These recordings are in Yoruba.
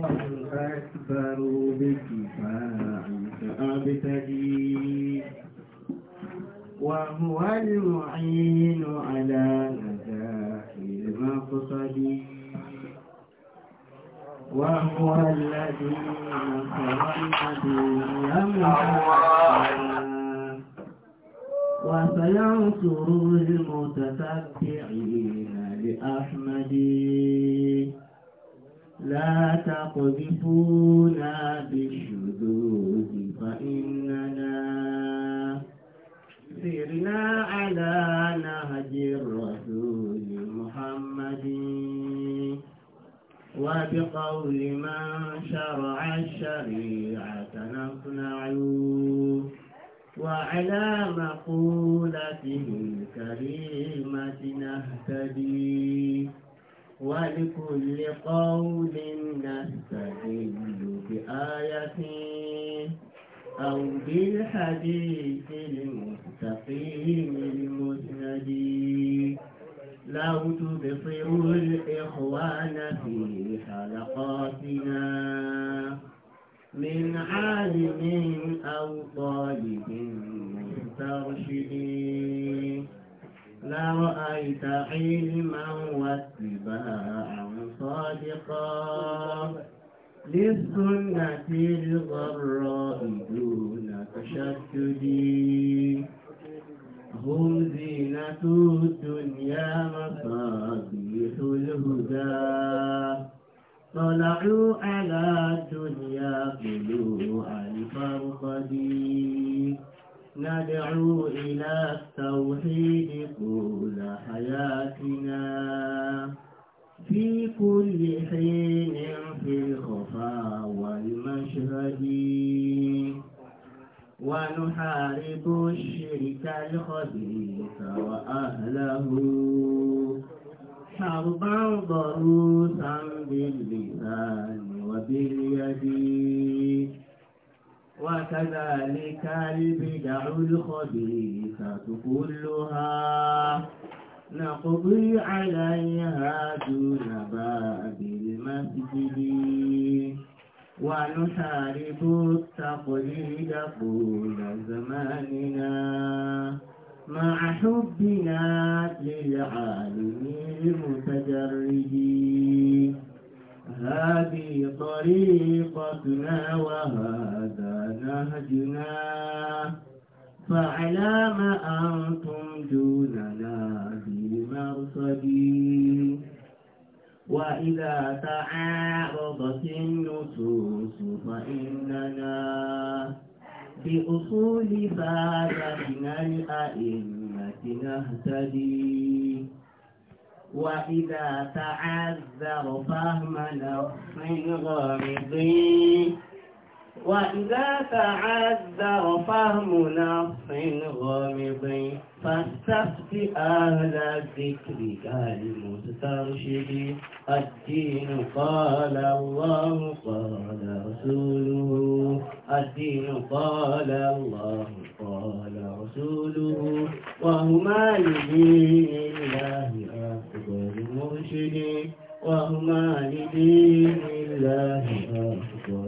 أكبر بكفاء فأبتدي وهو المعين على نجاح المقصد وهو الذي نصر العدو وسينصر المتتبعين لأحمد لا تقذفونا بالشذوذ فإننا سرنا على نهج الرسول محمد وبقول من شرع الشريعة نصنع وعلى مقولته الكريمة نهتدي ولكل قول نستدل بآية أو بالحديث المستقيم المسند لو تبصر الإخوان في حلقاتنا من عالم أو طالب مسترشدين لو رأيت علما واتباعا صادقا للسنة الغراء دون تشدد هم زينة الدنيا مصابيح الهدى طلعوا على الدنيا طلوع الفرقد ندعو إلى التوحيد طول حياتنا في كل حين في الخفا والمشهد ونحارب الشرك الخبيث وأهله حربا ضروسا باللسان وباليد وكذلك البدع الخبيثة كلها نقضي عليها دون باب المسجد ونحارب التقليد طول زماننا مع حبنا للعالم المتجرد هذه طريقتنا وهذا نهجنا فعلى ما أنتم دوننا في مرصدي وإذا تعارضت النصوص فإننا بأصول فاتحنا الأئمة نهتدي وإذا تعذر فهم نفس غامض وإذا تعذر فهم نفس غامض فاستفت أهل ذكرك المسترشد الدين قال الله قال رسوله الدين قال الله قال رسوله وهما لدين الله أفضل مرشد وهما لدين الله أفضل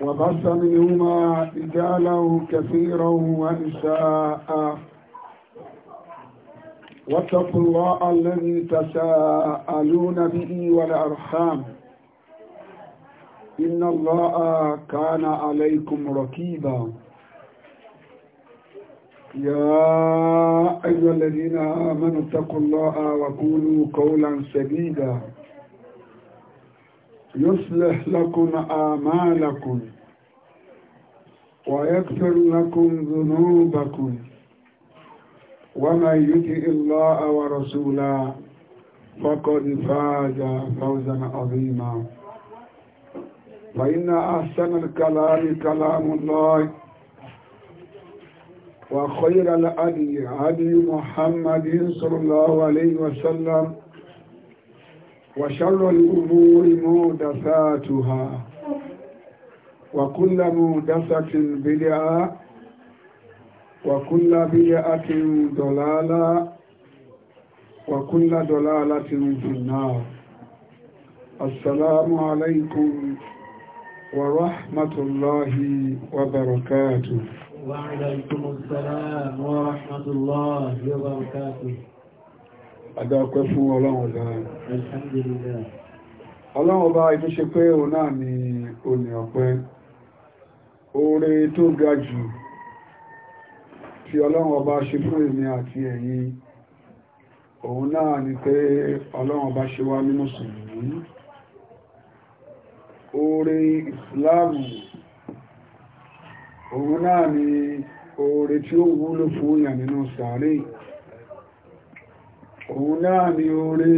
وبث منهما رجالا كثيرا ونساء واتقوا الله الذي تساءلون به والأرحام إن الله كان عليكم ركيبا يا أيها الذين آمنوا اتقوا الله وقولوا قولا سديدا يصلح لكم آمالكم ويغفر لكم ذنوبكم ومن يطع الله ورسوله فقد فاز فوزا عظيما فإن أحسن الكلام كلام الله وخير الأدي هدي محمد صلى الله عليه وسلم وشر الأمور مودساتها وكل مودسة بدعة وكل بدعة ضلالة وكل ضلالة في النار السلام عليكم ورحمة الله وبركاته وعليكم السلام ورحمة الله وبركاته adáwọ̀pẹ́ fún ọlọ́run ọ̀dára ọlọ́run ọba ìtúnṣe pé òun náà ni òní ọ̀pẹ́ oore tó ga jù tí ọlọ́run ọba ṣe fún èmi àti ẹ̀yin òun náà ni pé ọlọ́run ọba ṣe wá ní mùsùlùmí oore ìsìláàmù òun náà ni oore tí ó wúlò fún èèyàn nínú sàárè òun náà ni orí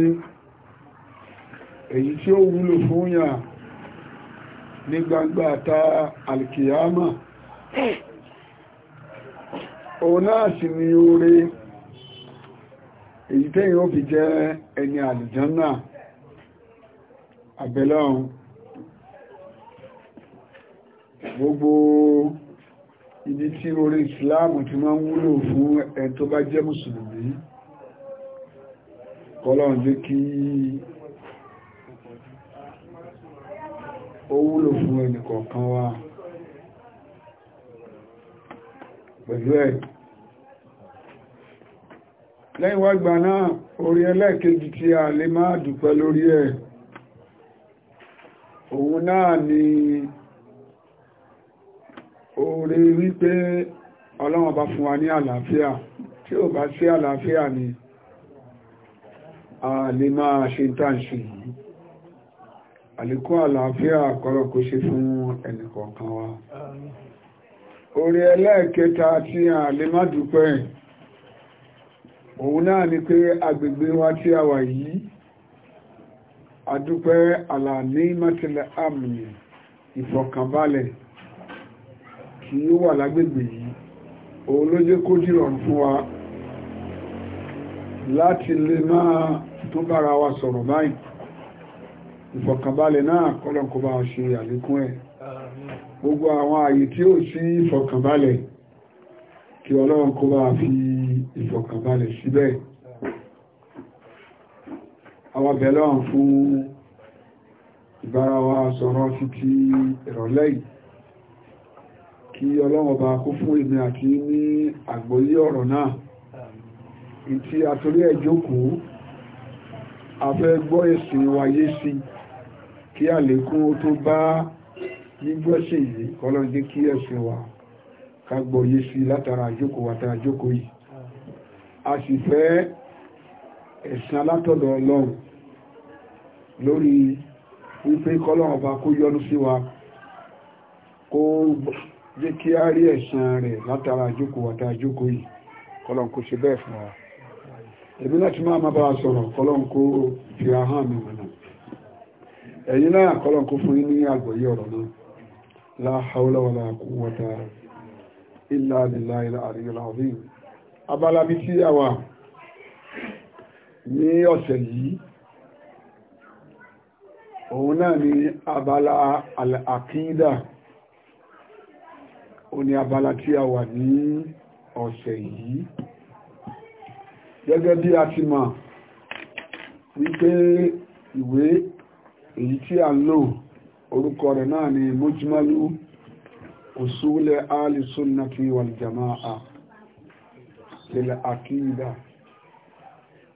èyí tí ó wúlò fún yà ní gbangba ta alkiyama òun náà sì ni orí èyí tẹ́yìn ó fi jẹ́ ẹni àlìjánà àbẹ̀lọ́run gbogbo ibi tí orí ìsìláàmù ti máa wúlò fún ẹ̀ tó bá jẹ́ mùsùlùmí kọlọ́run jẹ́ kí ó wúlò fún ẹnìkọ̀ọ̀kan wa pẹ̀lú ẹ̀ lẹ́yìn wá gbà náà orí ẹlẹ́ẹ̀kejì tí a lè máa dúpẹ́ lórí ẹ̀ òun náà ni oore wípé ọlọ́wọ́n bá fún wa ní àlàáfíà tí ó bá sí àlàáfíà ni. Àlàáfíà, lè máa ṣe tàṣì yìí àlékún àlàáfíà kọ́rọ̀ kó ṣe fún ẹnìkọ̀ọ̀kan wa orí ẹlẹ́ẹ̀kẹta tí a lè má dúpẹ́ òun náà ni pé agbègbè wa tí a wà yìí adúpẹ́ àlàní mọ́tílẹ̀ àmì ìfọ̀kànbalẹ̀ kí ó wà lágbègbè yìí òun ló jẹ́ kó dìrọ̀ fún wa láti lè máa tó bára wa sọ̀rọ̀ báyìí ìfọ̀kànbalẹ̀ náà kọ́lọ̀kọ́ bá ṣe àlékún ẹ̀ gbogbo àwọn àyè tí ó sí ìfọ̀kànbalẹ̀ kí ọlọ́run kó bá fi ìfọ̀kànbalẹ̀ síbẹ̀ àwọn bẹ̀lọ́n fún ìbára wa sọ̀rọ̀ sí ti ìrọ̀lẹ́ kí ọlọ́run bá kó fún èmi àti ní àgbọ́yé ọ̀rọ̀ náà ìtí àtúrí ẹ̀jókòó afẹ́ gbọ́ ẹ̀sìn wáyé sí kí àlékún ó tó bá gbígbọ́sìn yìí kọ́lọ́n jẹ́ kí ẹ̀sìn wa ká gbọ́ yé sí látara àjókò àtara àjókò yìí a sì fẹ́ ẹ̀sìn alátọ̀dọ̀ ọlọ́run lórí wípé kọ́lọ́n ọba kó yọ́nú sí wa kó jẹ́ kí á rí ẹ̀sìn rẹ̀ látara àjókò àtara àjókò yìí kọ́lọ́n kó ṣe bẹ́ẹ̀ fún wa èmi láti máa máa bá wa sọ̀rọ̀ kọ́lọ́nkó fi ahán mi wọ̀nà ẹ̀yin náà kọ́lọ́nkó fún yín ní àgbọ́yé ọ̀rọ̀ náà la hawla wala quwwata illa billahi al-aliyyil azim abala bí tí a wà ní ọ̀sẹ̀ yìí òun náà ni abala al-aqida ní abala tí a wà ní ọ̀sẹ̀ yìí gẹ́gẹ́ bí a ti mọ̀ wípé ìwé èyí tí a lò orúkọ rẹ̀ náà ni mujmalu usul ahli sunnati wal jama'a lil aqida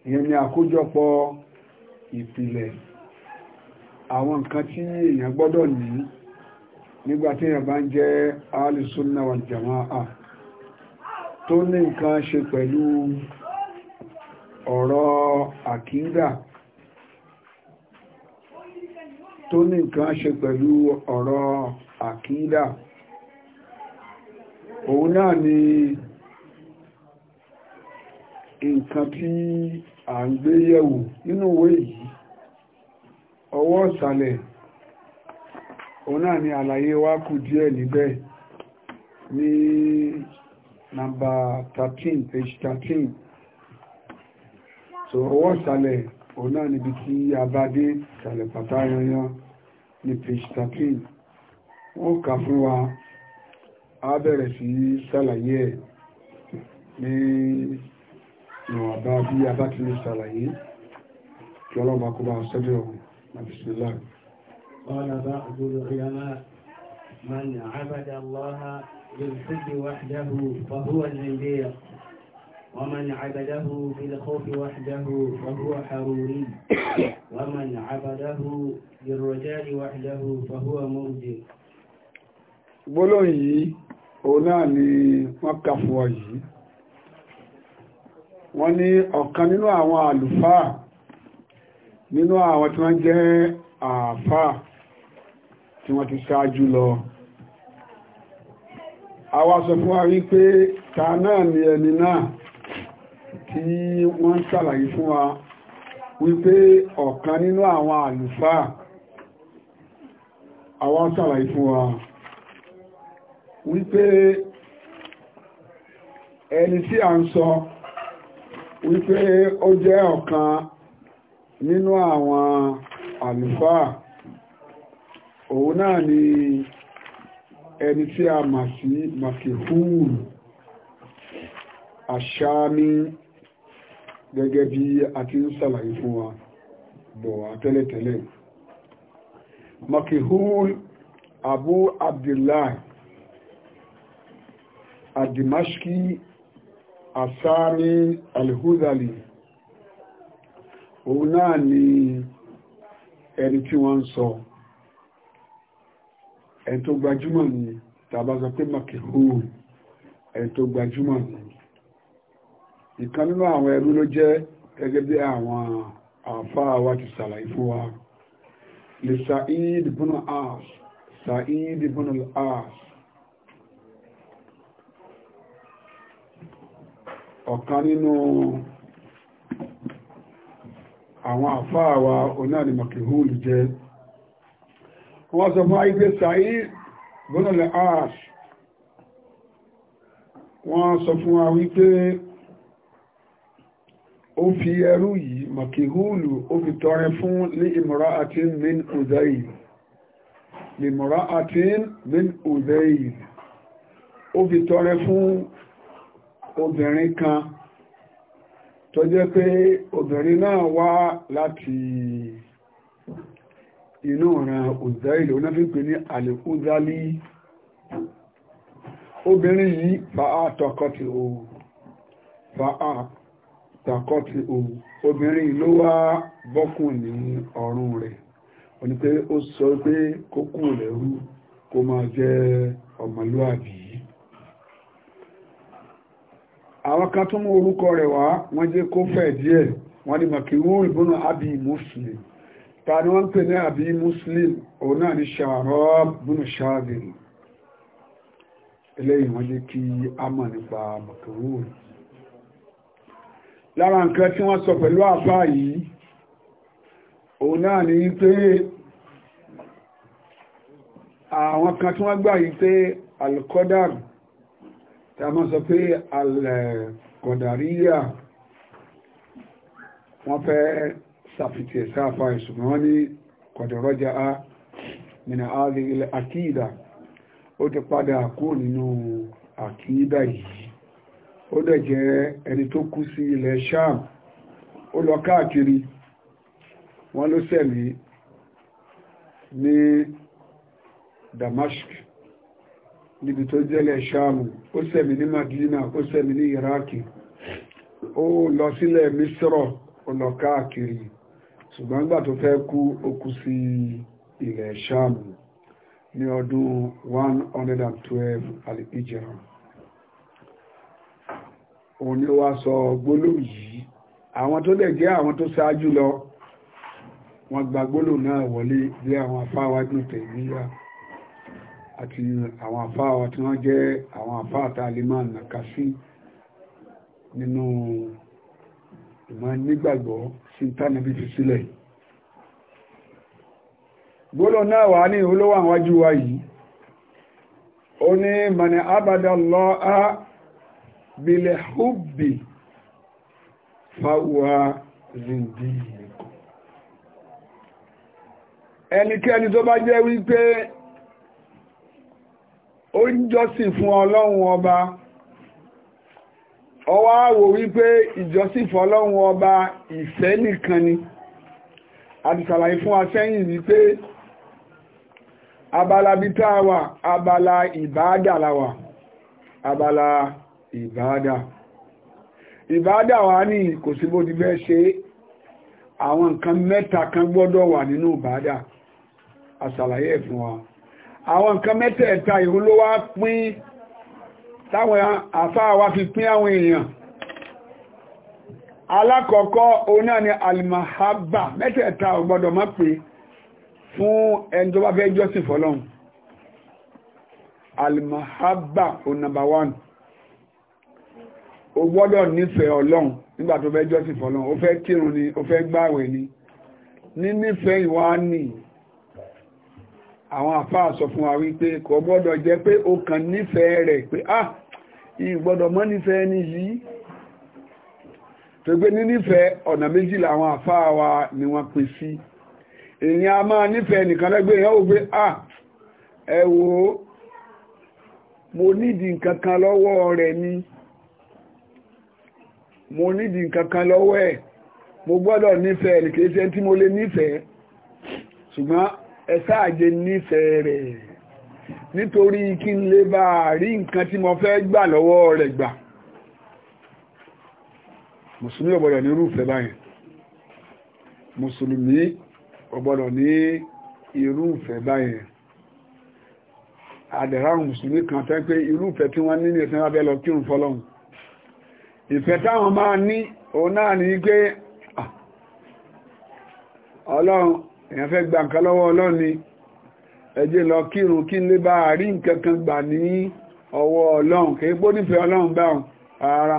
ìyẹn ni àkójọpọ̀ ìpìlẹ̀ àwọn nǹkan tí èèyàn gbọ́dọ̀ ní nígbàtí èèyàn bá ń jẹ́ ahli sunna wal jama'a tó ní nǹkan ṣe pẹ̀lú ọ̀rọ̀ àkídà tó ní nǹkan ṣe pẹ̀lú ọ̀rọ̀ àkídà òun náà ni nǹkan tí a ń gbé yẹ̀wò nínú ìwé yìí ọwọ́ ìsàlẹ̀ òun náà ni àlàyé wa kù díẹ̀ níbẹ̀ ní nàmbà 13 page 13 so ọwọ́ ìsàlẹ̀ òun náà níbi tí a bá dé ìsàlẹ̀ pàtà yanyan ní page 13 wọ́n kà fún wa a bẹ̀rẹ̀ sí ṣàlàyé ẹ̀ ní ìwọ̀nba bí a bá ti lè ṣàlàyé kí ọlọ́mọ akọba sọ́dọ̀ ọ̀hún àbísílá قال بعض العلماء من عبد الله بالحج وحده فهو العنديق ومن عبده بالخوف وحده فهو حروري ومن عبده بالرجاء وحده فهو مرجع gbólóhùn yìí òun náà ni wọ́n kà fún ọ yìí wọ́n ní ọ̀kan nínú àwọn àlùfáà nínú àwọn tí wọ́n jẹ́ àfáà tí wọ́n ti ṣáájú lọ àwa sọ fún wa wípé ta náà ni ẹni náà tí wọ́n ń ṣàlàyé fún wa wípé ọ̀kan nínú àwọn àlùfáà àwọn ṣàlàyé fún wa wípé ẹni tí a ń sọ wípé ó jẹ́ ọ̀kan nínú àwọn àlùfáà òun náà ni ẹni tí a mà sí màkìhúùrù àṣà ni gẹ́gẹ́ bí a ti ń sàlàyé fún wa bọ̀ àtẹ́lẹ̀tẹ́lẹ̀ makihul abu abdullahi adimashki asani alhuzali òun náà ni ẹni tí wọ́n ń sọ ẹni tó gbajúmọ̀ ni tàbá sọ pé makihul ẹni tó gbajúmọ̀ ni ìkan nínú àwọn ẹrú ló jẹ́ gẹ́gẹ́ bí àwọn àfáà wa ti sàlàyé fún wa lè Sa'id ibn al-As Sa'id ibn al-As ọ̀kan nínú àwọn àfáà wa onáàdì makihul jẹ́ wọ́n sọ fún àìgbé Sa'id ibn al wọ́n sọ fún wa wípé ó fi ẹrú yìí mọ̀kìhúlù ó fi tọrẹ fún lé ìmọ̀rá àti min uzair ìmọ̀rá àti min uzair ó fi tọrẹ fún obìnrin kan tó jẹ́ pé obìnrin náà wá láti inú ọ̀ràn uzair onáfíìpé ní alẹ́kúzálí obìnrin yìí fa àtọkọtì òun fa àtọkọtì takọ́tì obìnrin ló wá bọ́kùn ní ọrùn rẹ̀ ó pé ó sọ pé kókù rẹ̀ rú kó máa jẹ́ ọmọlúàbí àwọn kan tó mú orúkọ rẹ̀ wá wọ́n jẹ́ kó díẹ̀ wọ́n muslim ta ni wọ́n ń pè ní àbí muslim òun náà ṣáàbìrì eléyìí wọ́n jẹ́ kí a lára nǹkan tí wọ́n sọ pẹ̀lú àfá yìí òun náà ni pé àwọn kan tí wọ́n gbà yìí pé alkọ́dàr tí a máa sọ pé alkọ̀dàríyà wọ́n fẹ́ sàfitì ẹ̀sá àfá ìṣùgbọ́n wọ́n ní kọ̀dọ̀rọ́jà á nínú àárí ilẹ̀ àkídà ó ti padà kúrò nínú àkídà yìí ó dẹ̀ jẹ́ ẹni tó kú sí ilẹ̀ sham ó lọ káàkiri wọ́n ló sẹ̀mí ní damask níbi tó jẹ́lẹ̀ ṣáàmù ó sẹ̀mí ní madina ó sẹ̀mí ní iraki ó lọ sílẹ̀ misro ó lọ káàkiri ṣùgbọ́n gbà tó fẹ́ kú ó kú sí ilẹ̀ ṣáàmù ní ọdún 112 al òun ni wá sọ gbólóhùn yìí àwọn tó dẹ̀ jẹ́ àwọn tó ṣáájú lọ wọ́n gba gbólóhùn náà wọlé bí àwọn afáwa Ibn Taymiyyah àti àwọn afáwa tí wọ́n jẹ́ àwọn afá àtàlímọ̀ nàka sí nínú ìmọ̀ nígbàgbọ́ sí tánàbí fi sílẹ̀ gbólóhùn náà wà ní olówó àwọn wájú wa yìí ó ní mọ̀nà abadallah bílẹ̀ húbì fáwà zìndì ẹnikẹ́ni tó bá jẹ́ wípé ó ń jọ́sìn fún ọlọ́run ọba ọwá wò wípé ìjọ́sìn fún ọlọ́run ọba ìfẹ́ nìkan ni a ti sàlàyé fún wa sẹ́yìn wípé abala bí táwa abala ìbáàdà la abala ìbáadà ìbáadà wà ní kò sí bó ti fẹ́ ṣe àwọn nǹkan mẹ́ta kan gbọ́dọ̀ wà nínú ìbáadà àṣàlàyé ẹ̀ fún wa àwọn nǹkan mẹ́tẹ̀ẹ̀ta ìhun ló wá pín táwọn àfáà wá fi pín àwọn èèyàn alákọ̀ọ́kọ́ òun náà ni alimahaba mẹ́tẹ̀ẹ̀ta ò gbọ́dọ̀ má pé fún ẹni tó bá fẹ́ jọ́sìn fọ́lọ́hun alimahaba òun nàmbà 1 o gbọ́dọ̀ nífẹ̀ẹ́ ọlọ́run nígbà tó fẹ́ jọ́sìn fọlọ́run o fẹ́ kírun ni o fẹ́ gbààwẹ̀ ni ní nífẹ̀ẹ́ ìwà nì àwọn àfáà sọ fún wa wípé kò gbọ́dọ̀ jẹ́ pé o kàn nífẹ̀ẹ́ rẹ̀ pé ah ìgbọ́dọ̀ mọ́ nífẹ̀ẹ́ ni yìí tó gbé ní nífẹ̀ẹ́ ọ̀nà méjì làwọn àfáà wa ni wọ́n pín sí èèyàn a máa nífẹ̀ẹ́ nìkan lẹ́gbẹ́ èèyàn ò gbé ah ẹ wo mo nídìí nǹkan kan lọ́wọ́ rẹ̀ ni mo nídìí nǹkan kan lọ́wọ́ ẹ̀ mo gbọ́dọ̀ nífẹ̀ẹ́ ní kìí ṣe tí mo lè nífẹ̀ẹ́ ṣùgbọ́n ẹ sáàjẹ nífẹ̀ẹ́ rẹ̀ nítorí kí n lè bá rí nǹkan tí mo fẹ́ gbà lọ́wọ́ rẹ̀ gbà mùsùlùmí ò gbọ́dọ̀ ní irúfẹ́ báyìí mùsùlùmí ò gbọ́dọ̀ ní irúfẹ́ báyìí àdẹ̀ráhùn mùsùlùmí kan tẹ́ pé irúfẹ́ tí wọ́n ní ní ẹ̀sán lábẹ́ lọ kírun fọ́lọ́hùn ìfẹ́ táwọn máa ní òun náà ní pé ah, ọlọ́run èyàn fẹ́ gba nǹkan lọ́wọ́ ọlọ́run ni ẹjẹ́ lọ kírun kí lè bá rí nǹkan kan gbà ní ọwọ́ ọlọ́run kìí pó nífẹ̀ẹ́ ọlọ́run báhùn ara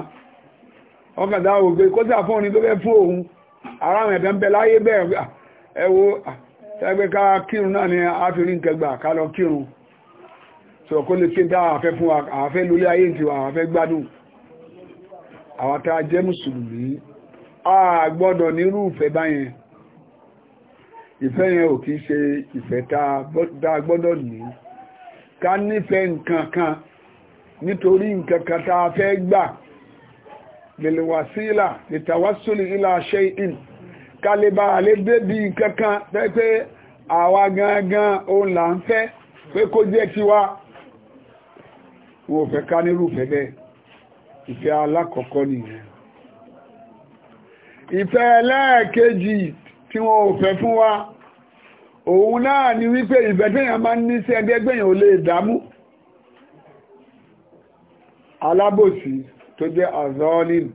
ọkàdá ògbé kó tí àfọ́n ní tó fẹ́ fún òun ara àwọn ẹ̀fẹ́ ń bẹ láyé bẹ́ẹ̀ ah, ẹ wo ah, ẹgbẹ́ ká kírun náà ni a fi rí nǹkan gbà ká lọ kírun sọ kó lè ké dá àfẹ́ fún àfẹ́ lórí ayé ìtìwà àfẹ́ gbádùn àwọn tá a jẹ́ mùsùlùmí a gbọ́dọ̀ nírú ìfẹ́ báyẹn ìfẹ́ yẹn ò kìí ṣe ìfẹ́ tá gbọ́dọ̀ ní ká nífẹ̀ẹ́ nǹkan kan nítorí nǹkan kan tá a fẹ́ gbà lèlèwàsílà ìtàwásólì ilá ṣe in ká lè bá lè débi nǹkan kan fẹ́ pé àwa gangan òun là ń fẹ́ pé kó jẹ́ tiwa wọn fẹ́ ká nírú ìfẹ́ bẹ́ẹ̀ ìfẹ́ alákọ̀ọ́kọ́ nìyẹn ìfẹ́ ẹlẹ́ẹ̀kejì tí wọ́n ò fẹ́ fún wa òun náà ni wípé ìfẹ́ tẹ́yàn máa ń ní sí ẹgbẹ́gbẹ̀yàn ò lè dámú alábòsí tó jẹ́ azọ́ọ́lìm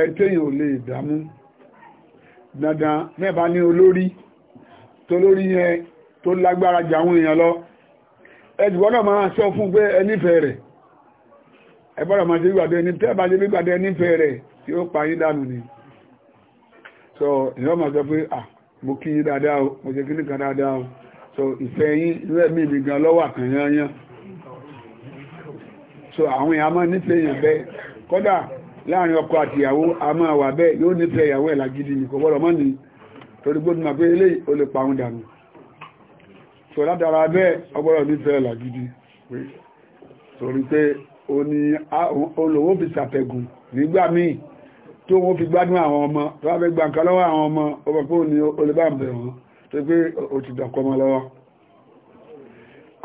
ẹ̀tẹ́yàn ò lè dámú dandan mẹ́bà ní olórí tó lórí yẹn tó lágbára jàwọn èèyàn lọ ẹ̀dùgbọ́n náà máa sọ fún pé ẹnífẹ̀ẹ́ rẹ̀ ẹgbọ́rọ̀ máa ṣe gbàdọ̀ ẹni tẹ́ bá ṣe gbàdọ̀ ẹni fẹ́ rẹ̀ tí ó pa yín dànù ni so ìyọ́ máa sọ pé à mo kí yín dáadáa o mo ṣe kíní kan dáadáa o so ìfẹ́ yín ilé mi ìbí gan lọ́wọ́ àkànyányán so àwọn èèyàn máa nífẹ̀ẹ́ èèyàn bẹ́ẹ̀ kódà láàrin ọkọ àti ìyàwó a máa wà bẹ́ẹ̀ yóò nífẹ̀ẹ́ ìyàwó ẹ̀ lágídí ni kò gbọ́dọ̀ mọ́ ni torí gbọ́dọ̀ máa pé eléyìí ó lè pa òun dànù so látara bẹ́ẹ̀ ọgbọ́dọ̀ nífẹ̀ẹ́ lágídí torí pé òní olowo fi sàfẹ́gùn nígbà míì tó wọ́n fi gbádùn àwọn ọmọ tó wá fẹ́ gba nǹkan àwọn ọmọ ọmọ pé òní wọn tó pé ó ti ọmọ lọwọ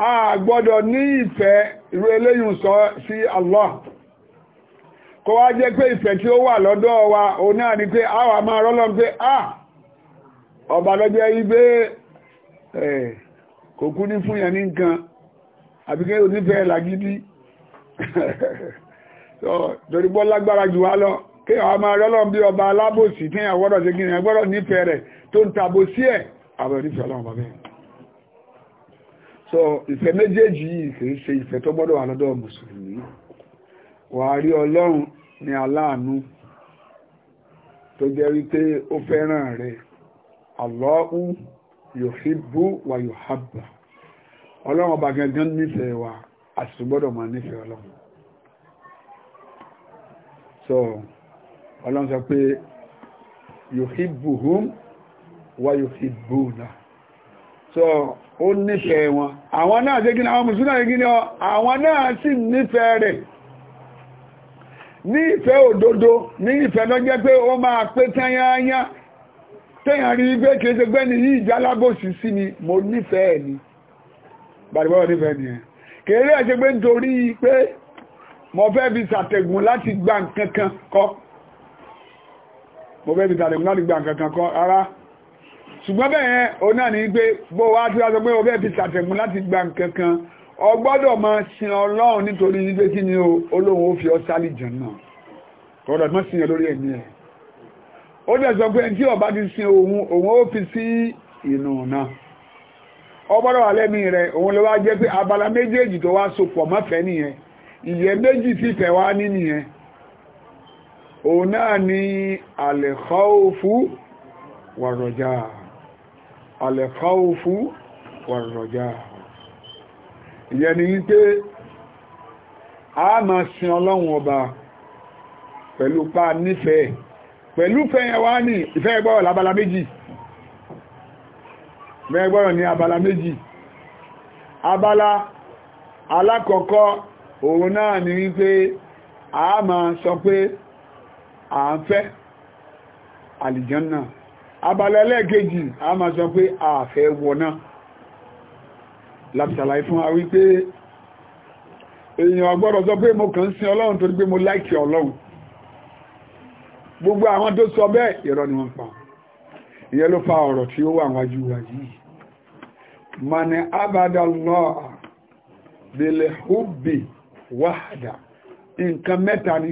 a gbọ́dọ̀ ní ìfẹ́ irú eléyìn sọ sí Allah kó wá jẹ́ pé ìfẹ́ tí ó wà wa o náà ni pé a wà máa rọ́lọ́ pé a ọba ibe ibé kò kú ní fún yẹn ní nǹkan àbíkẹ́ onífẹ́ làgídí torí bọ́ lágbára jù wá lọ kí àwọn ọmọ rẹ lọ́n bí ọba alábòsí kí èèyàn gbọ́dọ̀ sí kí èèyàn gbọ́dọ̀ nífẹ̀ẹ́ rẹ̀ tó ń tàbò sí ẹ̀ àwọn onífẹ̀ẹ́ ọlọ́run bàbá yẹn so ìfẹ́ méjèèjì yìí kì í ṣe ìfẹ́ tó gbọ́dọ̀ wà lọ́dọ̀ mùsùlùmí wà á rí ọlọ́run ní aláàánú tó jẹ́ wípé ó fẹ́ràn rẹ̀ Allahu yuhibbu wa yuhabba ọlọ́run ọba gangan nífẹ̀ẹ́ wa àti gbọ́dọ̀ máa nífẹ̀ẹ́ ọlọ́run so ọlọ́run sọ pé yuhibbuhum wa yuhibbuna so ó nífẹ̀ẹ́ wọn àwọn náà jẹ́ gíní àwọn mùsùlùmí náà gíní àwọn náà sì nífẹ̀ẹ́ rẹ̀ ní ìfẹ́ òdodo ní ìfẹ́ lọ jẹ́ pé ó máa pé tányányá tẹ́yàn rí pé kìí ṣe gbẹ́ni yìí ìjálábòsí sí ni mo nífẹ̀ẹ́ ni bàdìbọ́rọ̀ nífẹ̀ẹ́ ni ẹ̀ kèrè ẹ̀ṣẹ́ pé nítorí pé mo fẹ́ fi sàtẹ̀gùn láti gba nǹkan kan kọ́ mo fẹ́ fi sàtẹ̀gùn láti gba nǹkan kọ́ ara ṣùgbọ́n bẹ́ẹ̀ o náà ní pé bó wá tí wá sọ pé o fẹ́ fi sàtẹ̀gùn láti gba nǹkan kan o gbọ́dọ̀ máa sin ọlọ́run nítorí wípé kí ni olóhun ó fi ọ sálì jàn náà kọ́dọ̀ mọ́ sin lórí ẹ̀mí ẹ̀ ó dẹ̀ sọ pé tí ọba ti sin òun òun ó fi sí ìnù náà ọgbọ́dọ̀ wà lẹ́mí rẹ̀ òun ló wá jẹ́ pé abala méjèèjì tó wá sopọ̀ mọ́fẹ́ nìyẹn ìyẹ́ méjì tí fẹ́ wá ní nìyẹn òun náà ni alẹ́kọ́ọ̀fú wàrọ̀já alẹ́kọ́ọ̀fú wàrọ̀já ìyẹ́ ni wípé a máa sin ọlọ́run ọba pẹ̀lú pa nífẹ̀ẹ́ pẹ̀lú fẹ́yẹn wá ní ìfẹ́ ẹgbọ́ labala méjì mẹ́gbọ́rọ̀ ní abala méjì abala alákọ̀ọ́kọ́ òun náà ni wípé a máa sọ pé à ń fẹ́ àlìjánà abala ẹlẹ́ẹ̀kejì a máa sọ pé a fẹ́ wọná lábìsàlàyé fún wa wípé èèyàn gbọ́dọ̀ sọ pé mo kàn ń sin ọlọ́run torí pé mo láìkì ọlọ́run gbogbo àwọn tó sọ bẹ́ẹ̀ irọ́ ni wọ́n pa ìyẹn ló fa ọ̀rọ̀ tí ó wà wájú wa yìí nǹkan mẹ́ta ni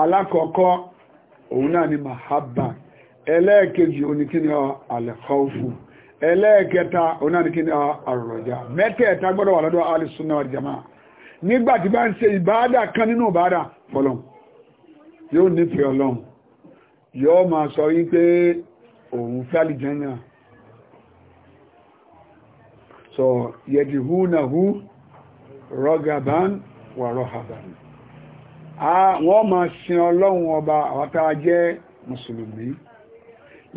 alákọ̀ọ́kọ́ òun náà ni mahabba ẹlẹ́ẹ̀kejì oníkíní alẹ́kọ́ọ̀fù ẹlẹ́ẹ̀kẹta oníkíní àrọ̀jà mẹ́tẹ̀ẹ̀ta gbọ́dọ̀ wà lọ́dọ̀ alìsúnà àjàmá nígbàtí bá ń ṣe ìbáadà kan nínú ìbáadà yóò máa sọ wípé òun fẹ́lì jẹ́nà so yẹ̀dì hú na hú rọ́gàbán wà rọ́hàbán wọ́n máa sin ọlọ́run ọba àwátá jẹ́ mùsùlùmí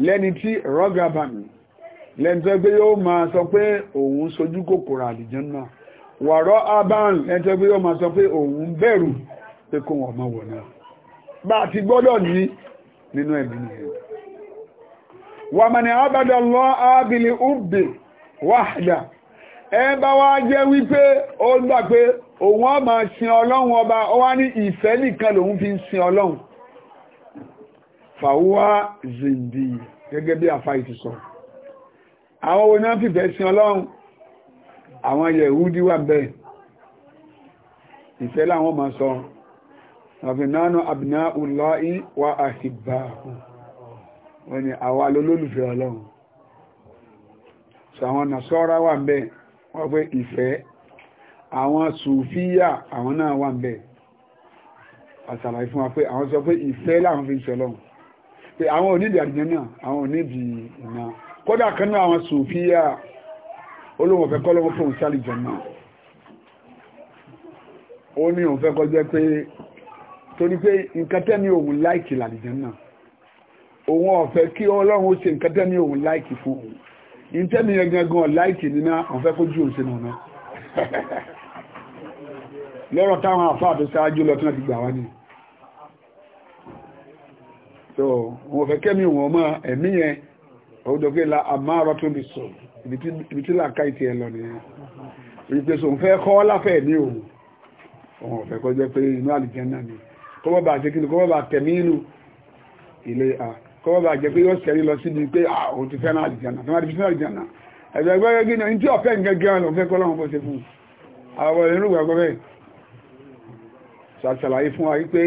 lẹ́ni tí rọ́gàbán lẹ́ni tó gbé yóò máa sọ pé òun sojú kòkòrò àlìjẹ́nà wàrọ́ abán lẹ́ni tó gbé yóò máa sọ pé òun bẹ̀rù pé kò wọ́n máa wọ̀ náà bá ti gbọ́dọ̀ ní nínú ẹ̀mí nìyẹn wà mọ̀nà àbádọ́ lọ ábìlì ùbì wàhálà ẹ bá wá jẹ́ wípé ó gbà pé òun á máa sin ọlọ́run ọba ó wá ní ìfẹ́ nìkan lòun fi ń sin ọlọ́run fàwọ́ zìndì gẹ́gẹ́ bí àfáì ti àwọn wo náà fìfẹ́ sin ọlọ́run àwọn yẹ̀húdí wà bẹ́ẹ̀ ìfẹ́ làwọn máa sọ àfinánà àbìnáùláì wà àṣìbáhù wọ́n ni àwa lólólùfẹ́ ọlọ́run sàwọn nàṣọ́ra wà ń bẹ wọ́n pé ìfẹ́ àwọn sùfíyà àwọn náà wà ń bẹ àṣàlàyé fún wa pé àwọn sọ pé ìfẹ́ láwọn fi ń sọlọ́run pé àwọn onídìí àdìjẹ́nà àwọn onídìí iná kódà kan náà àwọn sùfíyà olóhùn ọ̀fẹ́ kọ́lọ́wọ́ fún òun sálì ó ní òun fẹ́ kọjá pé torí pé nǹkan tẹ́mi òun láìkì làlìjánà òun ọ̀fẹ́ kí ọlọ́run ó ṣe nǹkan tẹ́mi òun láìkì fún òun ìtẹ́mi yẹn gangan láìkì nínú ọ̀fẹ́ kó jù òṣèlú náà lọ́rọ̀ táwọn àfáà tó sáájú lọ tí wọ́n ti gbà wá ní so wọ́n fẹ́ kẹ́mi wọ́n mọ́ ẹ̀mí yẹn ọdọ́gbé la àmárọ̀ tó lè sọ ibi tí làkà ìtì ẹ̀ lọ nìyẹn wípé so ń fẹ́ kọ́ láfẹ́ ní òun òun ọ̀fẹ́ kọjẹ́ pé inú àlìjẹ́ náà ni kọ́mọ́ bá jẹ́ kíni kọ́mọ́ bá tẹ̀mí ìlú ilé à kọ́mọ́ bá jẹ́ pé yóò sẹ́rí lọ síbi pé àwọn ti fẹ́ náà jẹ́nà tó máa di fẹ́ jẹ́nà ẹ̀sẹ̀ gbẹ́gbẹ́ gíní ní tí ọ̀fẹ́ nǹkan gẹ́rẹ́ lọ fẹ́ kọ́ lọ́wọ́ fọ́sẹ̀ fún àwọn ìrìnrùgbà gbọ́fẹ́ ṣàṣàlàyé fún wa wípé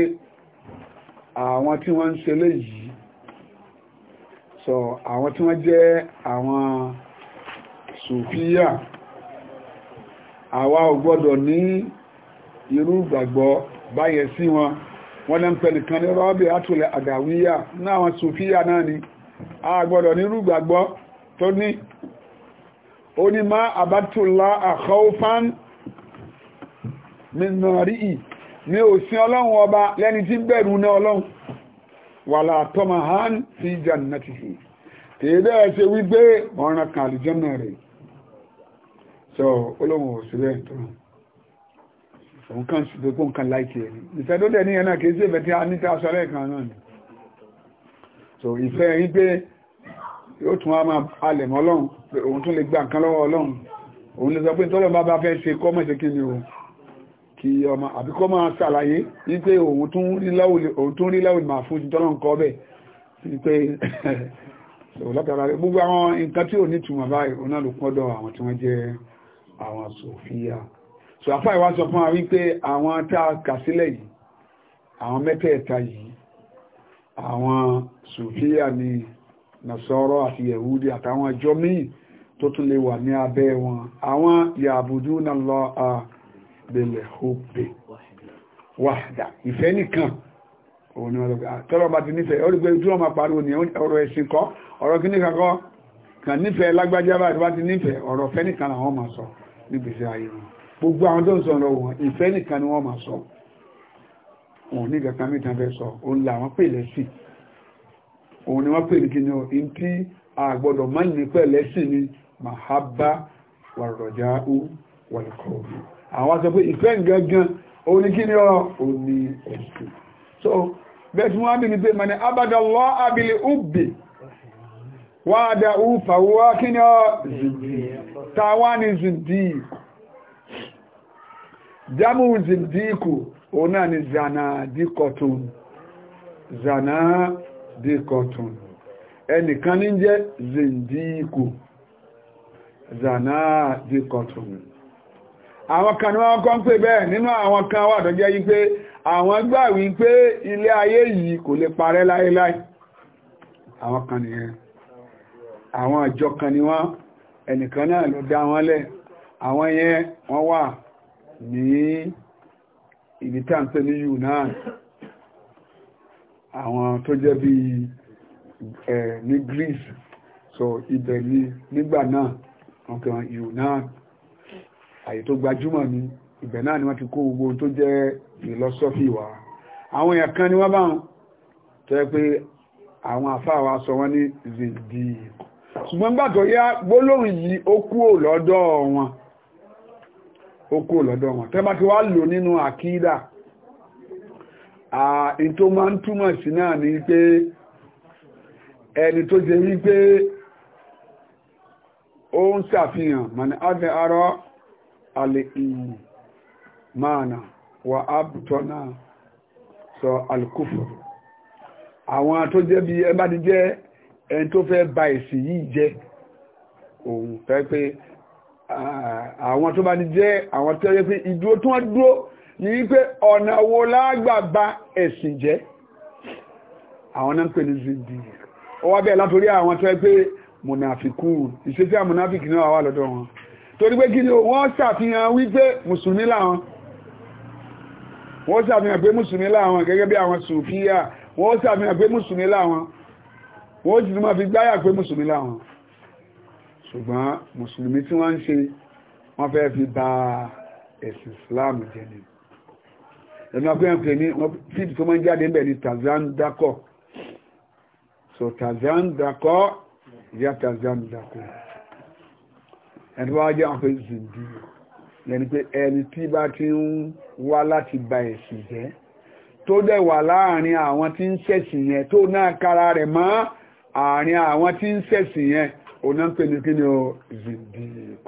àwọn tí wọ́n ń ṣe léyìí sọ àwọn tí wọ́n jẹ́ àwọn sùfíà àwa ò gbọ́dọ̀ ní irú ìgbàgbọ́ báyẹn sí wọn wọ́n lẹ́ ń pẹ̀lú kan ní rọ́bì átùlẹ̀ àgàwíyà náà wọn sùfíyà náà ni a gbọ́dọ̀ ní rúgbàgbọ́ tó ní ó ní má àbátùlá àkọ́ọ̀fán mìnàrí ì ní òsìn ọlọ́run ọba lẹ́ni tí bẹ̀rù ní ọlọ́run wà látọ́mà hàn sí jannatihi tèèdè ẹ̀ṣẹ̀ wípé ọ̀ràn kan àlìjọ́nà rẹ̀ so olóhun òsìlẹ̀ tó rán òun kan ṣùgbọ́n nǹkan láìkì ẹ̀ ni ìfẹ́ tó dẹ̀ níyẹn náà kìí sí ìfẹ́ tí a ní tàṣọ lẹ́ẹ̀kan náà ni so ìfẹ́ rí pé yóò tún wá máa alẹ̀ mọ́ ọlọ́run òun tún lè gba nǹkan lọ́wọ́ ọlọ́run òun lè sọ pé tọ́lọ̀ bá bá fẹ́ ṣe kọ́ mọ̀ ṣe kí ni o kí ọmọ àbí kọ́ máa ṣàlàyé wípé òun tún rí láwùlì máa fún tọ́lọ̀ ń kọ́ bẹ̀ wípé látara rẹ̀ gbogbo àwọn nǹkan tí ò ní ìtumọ̀ báyìí òun náà ló pọ́dọ̀ àwọn tí wọ́n jẹ́ àwọn sòfíà so àfáà ìwá sọ fún wa wípé àwọn tá a kà sílẹ̀ yìí àwọn mẹ́tẹ̀ẹ̀ta yìí àwọn sùfíà ni nàṣọ́rọ́ àti yẹ̀húdí àtàwọn ẹjọ́ míì tó tún lè wà ní abẹ́ wọn àwọn yàbùdú náà lọ àbẹ̀lẹ̀ hópe wàdà ìfẹ́ nìkan òun ni wọ́n lọ́gbà tọ́lọ́ bá ti nífẹ̀ẹ́ orí pé tí wọ́n máa pariwo ní ọ̀rọ̀ ẹ̀sìn kọ́ ọ̀rọ̀ kí nìkan kọ́ kàn nífẹ̀ẹ́ lágbájá bá ti nífẹ̀ẹ́ ọ̀rọ̀ fẹ́ nìkan làwọn máa sọ nígbèsè ayé wọn gbogbo àwọn tó ń sọ̀rọ̀ wọn ìfẹ́ nìkan ni wọ́n máa sọ wọn ní ìgbà kan mìíràn fẹ́ sọ òun là wọ́n pè lẹ́sìn òun ni wọ́n pè ní kí ni ohun tí àgbọ̀dọ̀ máa ń ní pẹ̀ lẹ́sìn ni mahaba wàrọ̀jà ó wàlùkọ́ òbí àwọn sọ pé ìfẹ́ gangan òun ni kí ni ọ òun ẹ̀sìn so bẹ́ẹ̀ tí wọ́n bí ní pé mani abadallọ́ abili ubi wáadà ufa wá kí ni ọ tàwa ni zùdíkù jamu zindiku òun náà ni zanadikotun zanadikotun ẹnìkan ní jẹ́ zindiku zanadikotun àwọn kan ní wọ́n kọ́ ń pè bẹ́ẹ̀ nínú àwọn kan wà tó jẹ́ yí pé àwọn gbà wípé ilé ayé yìí kò lè parẹ́ láéláé àwọn kan nìyẹn àwọn àjọ kan ni wọ́n ẹnìkan náà ló dá wọn lẹ̀ àwọn yẹn wọ́n wà ní ibi tá à ń pè ní Yunan àwọn tó jẹ́ bí ẹ ní Greece so ibẹ̀ ni nígbà náà wọ́n pè wọ́n Yunan àyè tó gbajúmọ̀ ni ibẹ̀ náà ni wọ́n ti kó gbogbo tó jẹ́ philosophy wa àwọn èèyàn kan ni wọ́n bá wọn tó yẹ pé àwọn àfáà wa sọ wọ́n ní zidi ṣùgbọ́n gbàtọ̀ yá gbólóhùn yìí ó kúrò lọ́dọ̀ wọn oko kú lọ́dọ̀ wọn tẹ́ bá ti wá lò nínú àkídà ààrín tó máa ń túmọ̀ sí náà ni pé ẹni tó jẹ wípé ó ń ṣàfihàn mani adẹ́ arọ́ alẹ́ ìyìn máàna wà ábùtọ́ náà sọ alùkúfù àwọn tó jẹ́ bí ẹ ti jẹ́ ẹni tó fẹ́ ba èsì yìí jẹ́ òun fẹ́ pé àwọn tó bá ní jẹ́ àwọn tó yẹ pé ìdúró tó wọ́n dúró ní wípé ọ̀nà wo lágbàgbà ẹ̀sìn jẹ́ àwọn náà ń pè ní zidi ó wá bẹ́ẹ̀ látòrí àwọn tó yẹ pé mùnàfikù ìṣesí àmùnàfikì náà wà lọ́dọ̀ wọn torí pé kí ni wọ́n ṣàfihàn wípé mùsùlùmí làwọn wọ́n ṣàfihàn pé mùsùlùmí làwọn gẹ́gẹ́ bí àwọn sùfíà wọ́n ṣàfihàn pé mùsùlùmí làwọn wọ́n sì tún máa fi gbáyà pé mùsùlùmí làwọn ṣùgbọ́n mùsùlùmí tí wọ́n ń ṣe wọ́n fẹ́ fi bà ẹ̀sìn Islam jẹ́ ni ẹ̀mí agbẹ́yàn pè ní fíìdì tó máa ń jáde ń bẹ̀ ní tazandakọ̀ so tazandakọ̀ ìyá tazandakọ̀ ẹni wọ́n jẹ́ àwọn ìzìndì lẹ́ni pé ẹni tí bá ti ń wá láti bà ẹ̀sìn jẹ́ tó dẹ̀ wà láàrin àwọn tí ń ṣẹ̀sìn yẹn tó náà kára rẹ̀ mọ́ àárín àwọn tí ń ṣẹ̀sìn yẹn ọ̀nà ń pè ní kí ni ó zìdìk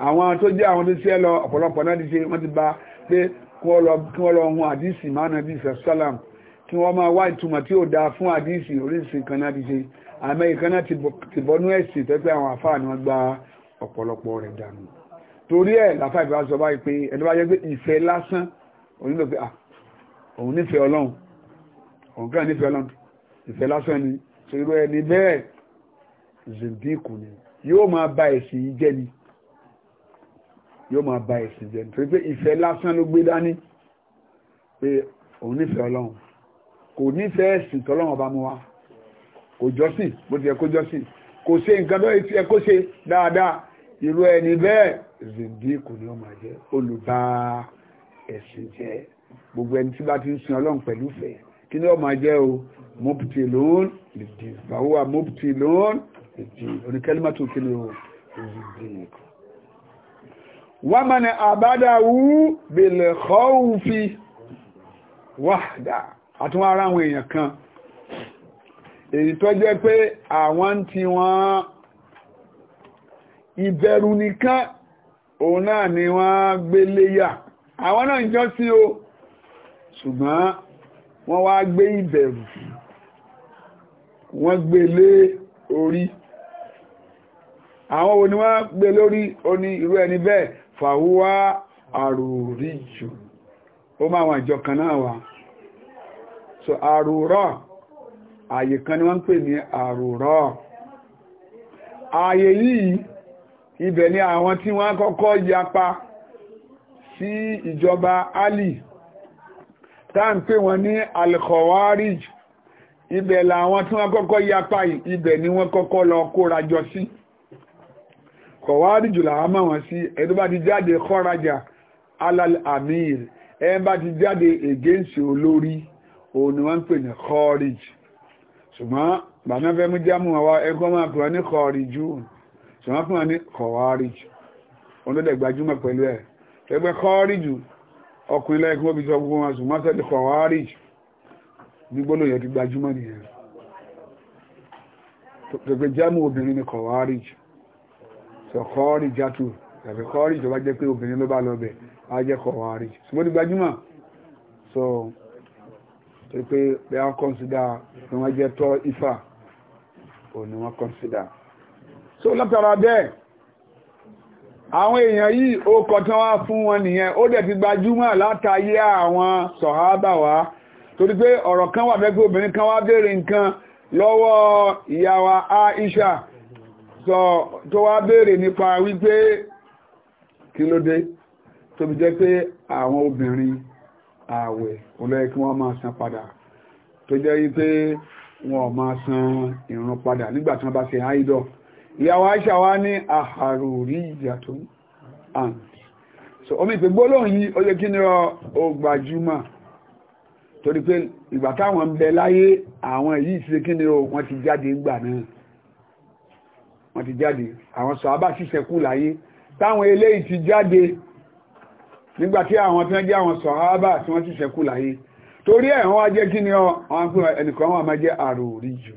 àwọn tó jẹ́ àwọn tó ṣe lọ ọ̀pọ̀lọpọ̀ náà ti ṣe wọ́n ti bá pé kí wọ́n lọ hun àdìsí mánà àdìsí sálàm kí wọ́n máa wá ìtumọ̀ tí ó dáa fún àdìsí oríṣi kan náà ti ṣe àmọ́ ìkan náà ti bọ́nú ẹ̀sìn tó àwọn àfáà ni wọ́n gba ọ̀pọ̀lọpọ̀ rẹ̀ dànù torí ẹ̀ làfáà ìbá sọ báyìí pé ẹni bá yẹ pé ìfẹ́ lásán onílò pé òun nífẹ̀ẹ́ ọlọ́run òun kàn nífẹ̀ẹ́ ọlọ́run ìfẹ́ lásán ni ṣòro ẹni bẹ́ẹ̀ zindiku ni yóò máa ba ẹ̀sìn yìí jẹ́ ni yóò máa ba ẹ̀sìn jẹ́ ni torí pé ìfẹ́ lásán ló gbé dání pé òun nífẹ̀ẹ́ ọlọ́run kò nífẹ̀ẹ́ ẹ̀sìn tọ́lọ́run ọba mú wa kò jọ́sìn bó ti yẹ kó jọ́sìn kò ṣe nǹkan tó yẹ kó ṣe dáadáa irú ẹni bẹ́ẹ̀ zindiku ni ó máa jẹ́ olùbá ẹ̀sìn jẹ́ gbogbo ẹni tí bá ti ń sin ọlọ́run pẹ̀lú fẹ́ kí ni ó máa jẹ́ o mọ́pútì lóun lè dì báwo wà lóun ìdí oníkẹ́límà tó kí ni o ìdí nìkan. wọ́n mọ̀ ní àbádáwú bèlè kọ́ọ̀fì wàdà àtúnwá ara àwọn èèyàn kan èyí tó jẹ́ pé àwọn tí wọ́n ìbẹ̀rù nìkan òun náà ni wọ́n gbéléyà àwọn náà ń jọ́ sí o ṣùgbọ́n wọ́n wá gbé ìbẹ̀rù wọ́n gbélé orí àwọn wo ni wọ́n gbé lórí oní irú ẹni bẹ́ẹ̀ fàwúwá àrùrí jù ó máa wọn ìjọ kan náà wà so àrùrọ̀ ààyè kan ni wọ́n ń pè ní àrùrọ̀ ààyè yìí ibẹ̀ ni àwọn tí wọ́n kọ́kọ́ yapa sí ìjọba Ali táà ń pè wọ́n ní alkhawarij ibẹ̀ làwọn tí wọ́n kọ́kọ́ yapa ibẹ̀ ni wọ́n kọ́kọ́ lọ kórajọ sí si kọ̀wárí jùlọ àwọn máa wọ́n sí ẹni bá ti jáde kọ́rajà alal amir ẹni bá ti jáde against olórí òun ni wọ́n ń pè ní kọ́rìj ṣùgbọ́n bàbá fẹ́ mú jámù àwa ẹgbọ́n máa pè wọ́n ní kọ́rìjú ṣùgbọ́n pè wọ́n ní kọ̀wáríj òun ló dẹ̀ gbajúmọ̀ pẹ̀lú ẹ̀ ẹgbẹ́ kọ́rìjù ọkùnrin lẹ́yìn kí wọ́n fi sọ gbogbo wọn ṣùgbọ́n sẹ́ni kọ̀wáríj gbígbóná yẹn ti gbajúmọ̀ nìyẹn pẹ̀pẹ̀ jámù obìnrin ni kọ̀wáríj sọ̀kọ́rì játù tàbí kọ́rì tó bá jẹ́ pé obìnrin ló bá lọ bẹ̀ á jẹ́ kọ̀wárì ṣùgbọ́n ti gbajúmọ̀ so tó pé pé á kọ́nsídà pé wọ́n jẹ́ tọ́ ifá ò ní wọ́n kọ́nsídà so látara bẹ́ẹ̀ àwọn èèyàn yìí ó kọ̀tán wá fún wọn nìyẹn ó dẹ̀ ti gbajúmọ̀ látayé àwọn sọ̀hábà wá torí pé ọ̀rọ̀ kan wà fẹ́ pé obìnrin kan wá béèrè nǹkan lọ́wọ́ ìyá Aisha sọ tó wá béèrè nípa wípé kí ló dé tó fi jẹ́ pé àwọn obìnrin ààwẹ̀ olóyẹ kí wọ́n máa san padà tó jẹ́ wípé wọn máa san ìrun padà nígbà tí wọ́n bá ṣe áìdọ̀ ìyàwó Aisha wá ní àhàrò rí ìyàtọ̀ and so omi ìpè gbólóhùn yìí ó yẹ kí ni ó gbajúmọ̀ torí pé ìgbà táwọn ń bẹ láyé àwọn èyí ti kí ni ó wọ́n ti jáde ńgbà náà wọ́n ti jáde àwọn sọ̀hábà sì ṣẹ́kù láyé táwọn eléyìí ti jáde nígbàtí àwọn tí wọ́n jẹ́ àwọn sọ̀hábà tí wọ́n ti ṣẹ́kù láyé torí ẹ̀ wọ́n wá jẹ́ kí ni wọ́n pè ẹnìkan wọn máa jẹ́ àròrí jù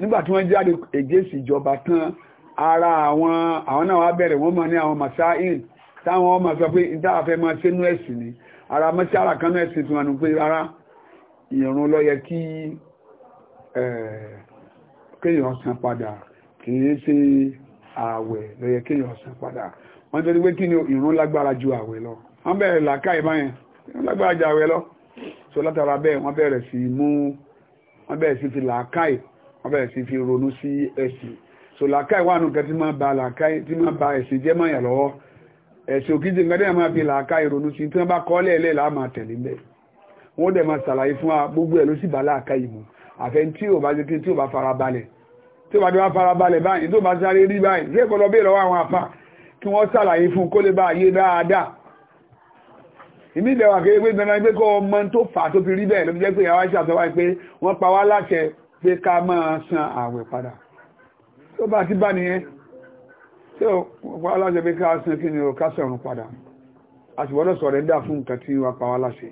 nígbàtí wọ́n jáde ègésì ìjọba tán ara àwọn àwọn náà wá bẹ̀rẹ̀ wọ́n máa ní àwọn masáìn táwọn ọmọ sọ pé ìdáàfẹ́ máa ṣe nú ẹ̀sìn ni ara mọ́ṣára kan náà ẹ̀sìn tí wọ́n nù pé rárá ìrún ló yẹ kí kéèyàn san padà kìí ṣe ààwẹ̀ ló yẹ kéèyàn san padà wọ́n tẹ́lẹ̀ pé kí ni ìrun lágbára ju ààwẹ̀ lọ wọ́n bẹ̀rẹ̀ làákà ìbáyẹn ìrun lágbára ju ààwẹ̀ lọ so látara bẹ́ẹ̀ wọ́n bẹ̀rẹ̀ sí mú wọ́n bẹ̀rẹ̀ sí fi làákà wọ́n bẹ̀rẹ̀ sí fi ronú sí ẹ̀sìn so làákà ìwà nǹkan tí máa ba làákà tí máa ba ẹ̀sìn jẹ́ mọ́yàn lọ́wọ́ ẹ̀sìn òkìtì nǹkan tẹ́yà máa fi làákà ìrònú sí tí wọ́n bá kọ́ lẹ́ẹ̀lẹ́ là á máa tẹ̀lé bẹ́ẹ̀ wọ́n dẹ̀ máa ṣàlàyé fún wa gbogbo ò bá jẹ́ tí ò bá fara tí ó bá dọ́wà farabalẹ̀ báyìí tó bá sáré rí báyìí tí ẹ̀kọ́ lọ bí ìrọwà àwọn àfà kí wọ́n sàlàyé fún kó lè bá ayé dáadáa ìmí ìdẹ̀wà kéré pé dandan pé kọ́ ọmọ tó fà tó fi rí bẹ́ẹ̀ ló fi jẹ́ pé ìyàwó àṣà sọ́wọ́ pé wọ́n pa wá láṣẹ pé ká máa san àwẹ̀ padà tó bá ti bá nìyẹn tí ó pa wá láṣẹ pé ká san kí ni ó ká sọ̀rùn padà àṣìwọ́dọ̀ sọ̀rọ̀ ẹ̀dá fún nǹkan tí wọ́n pa wá láṣẹ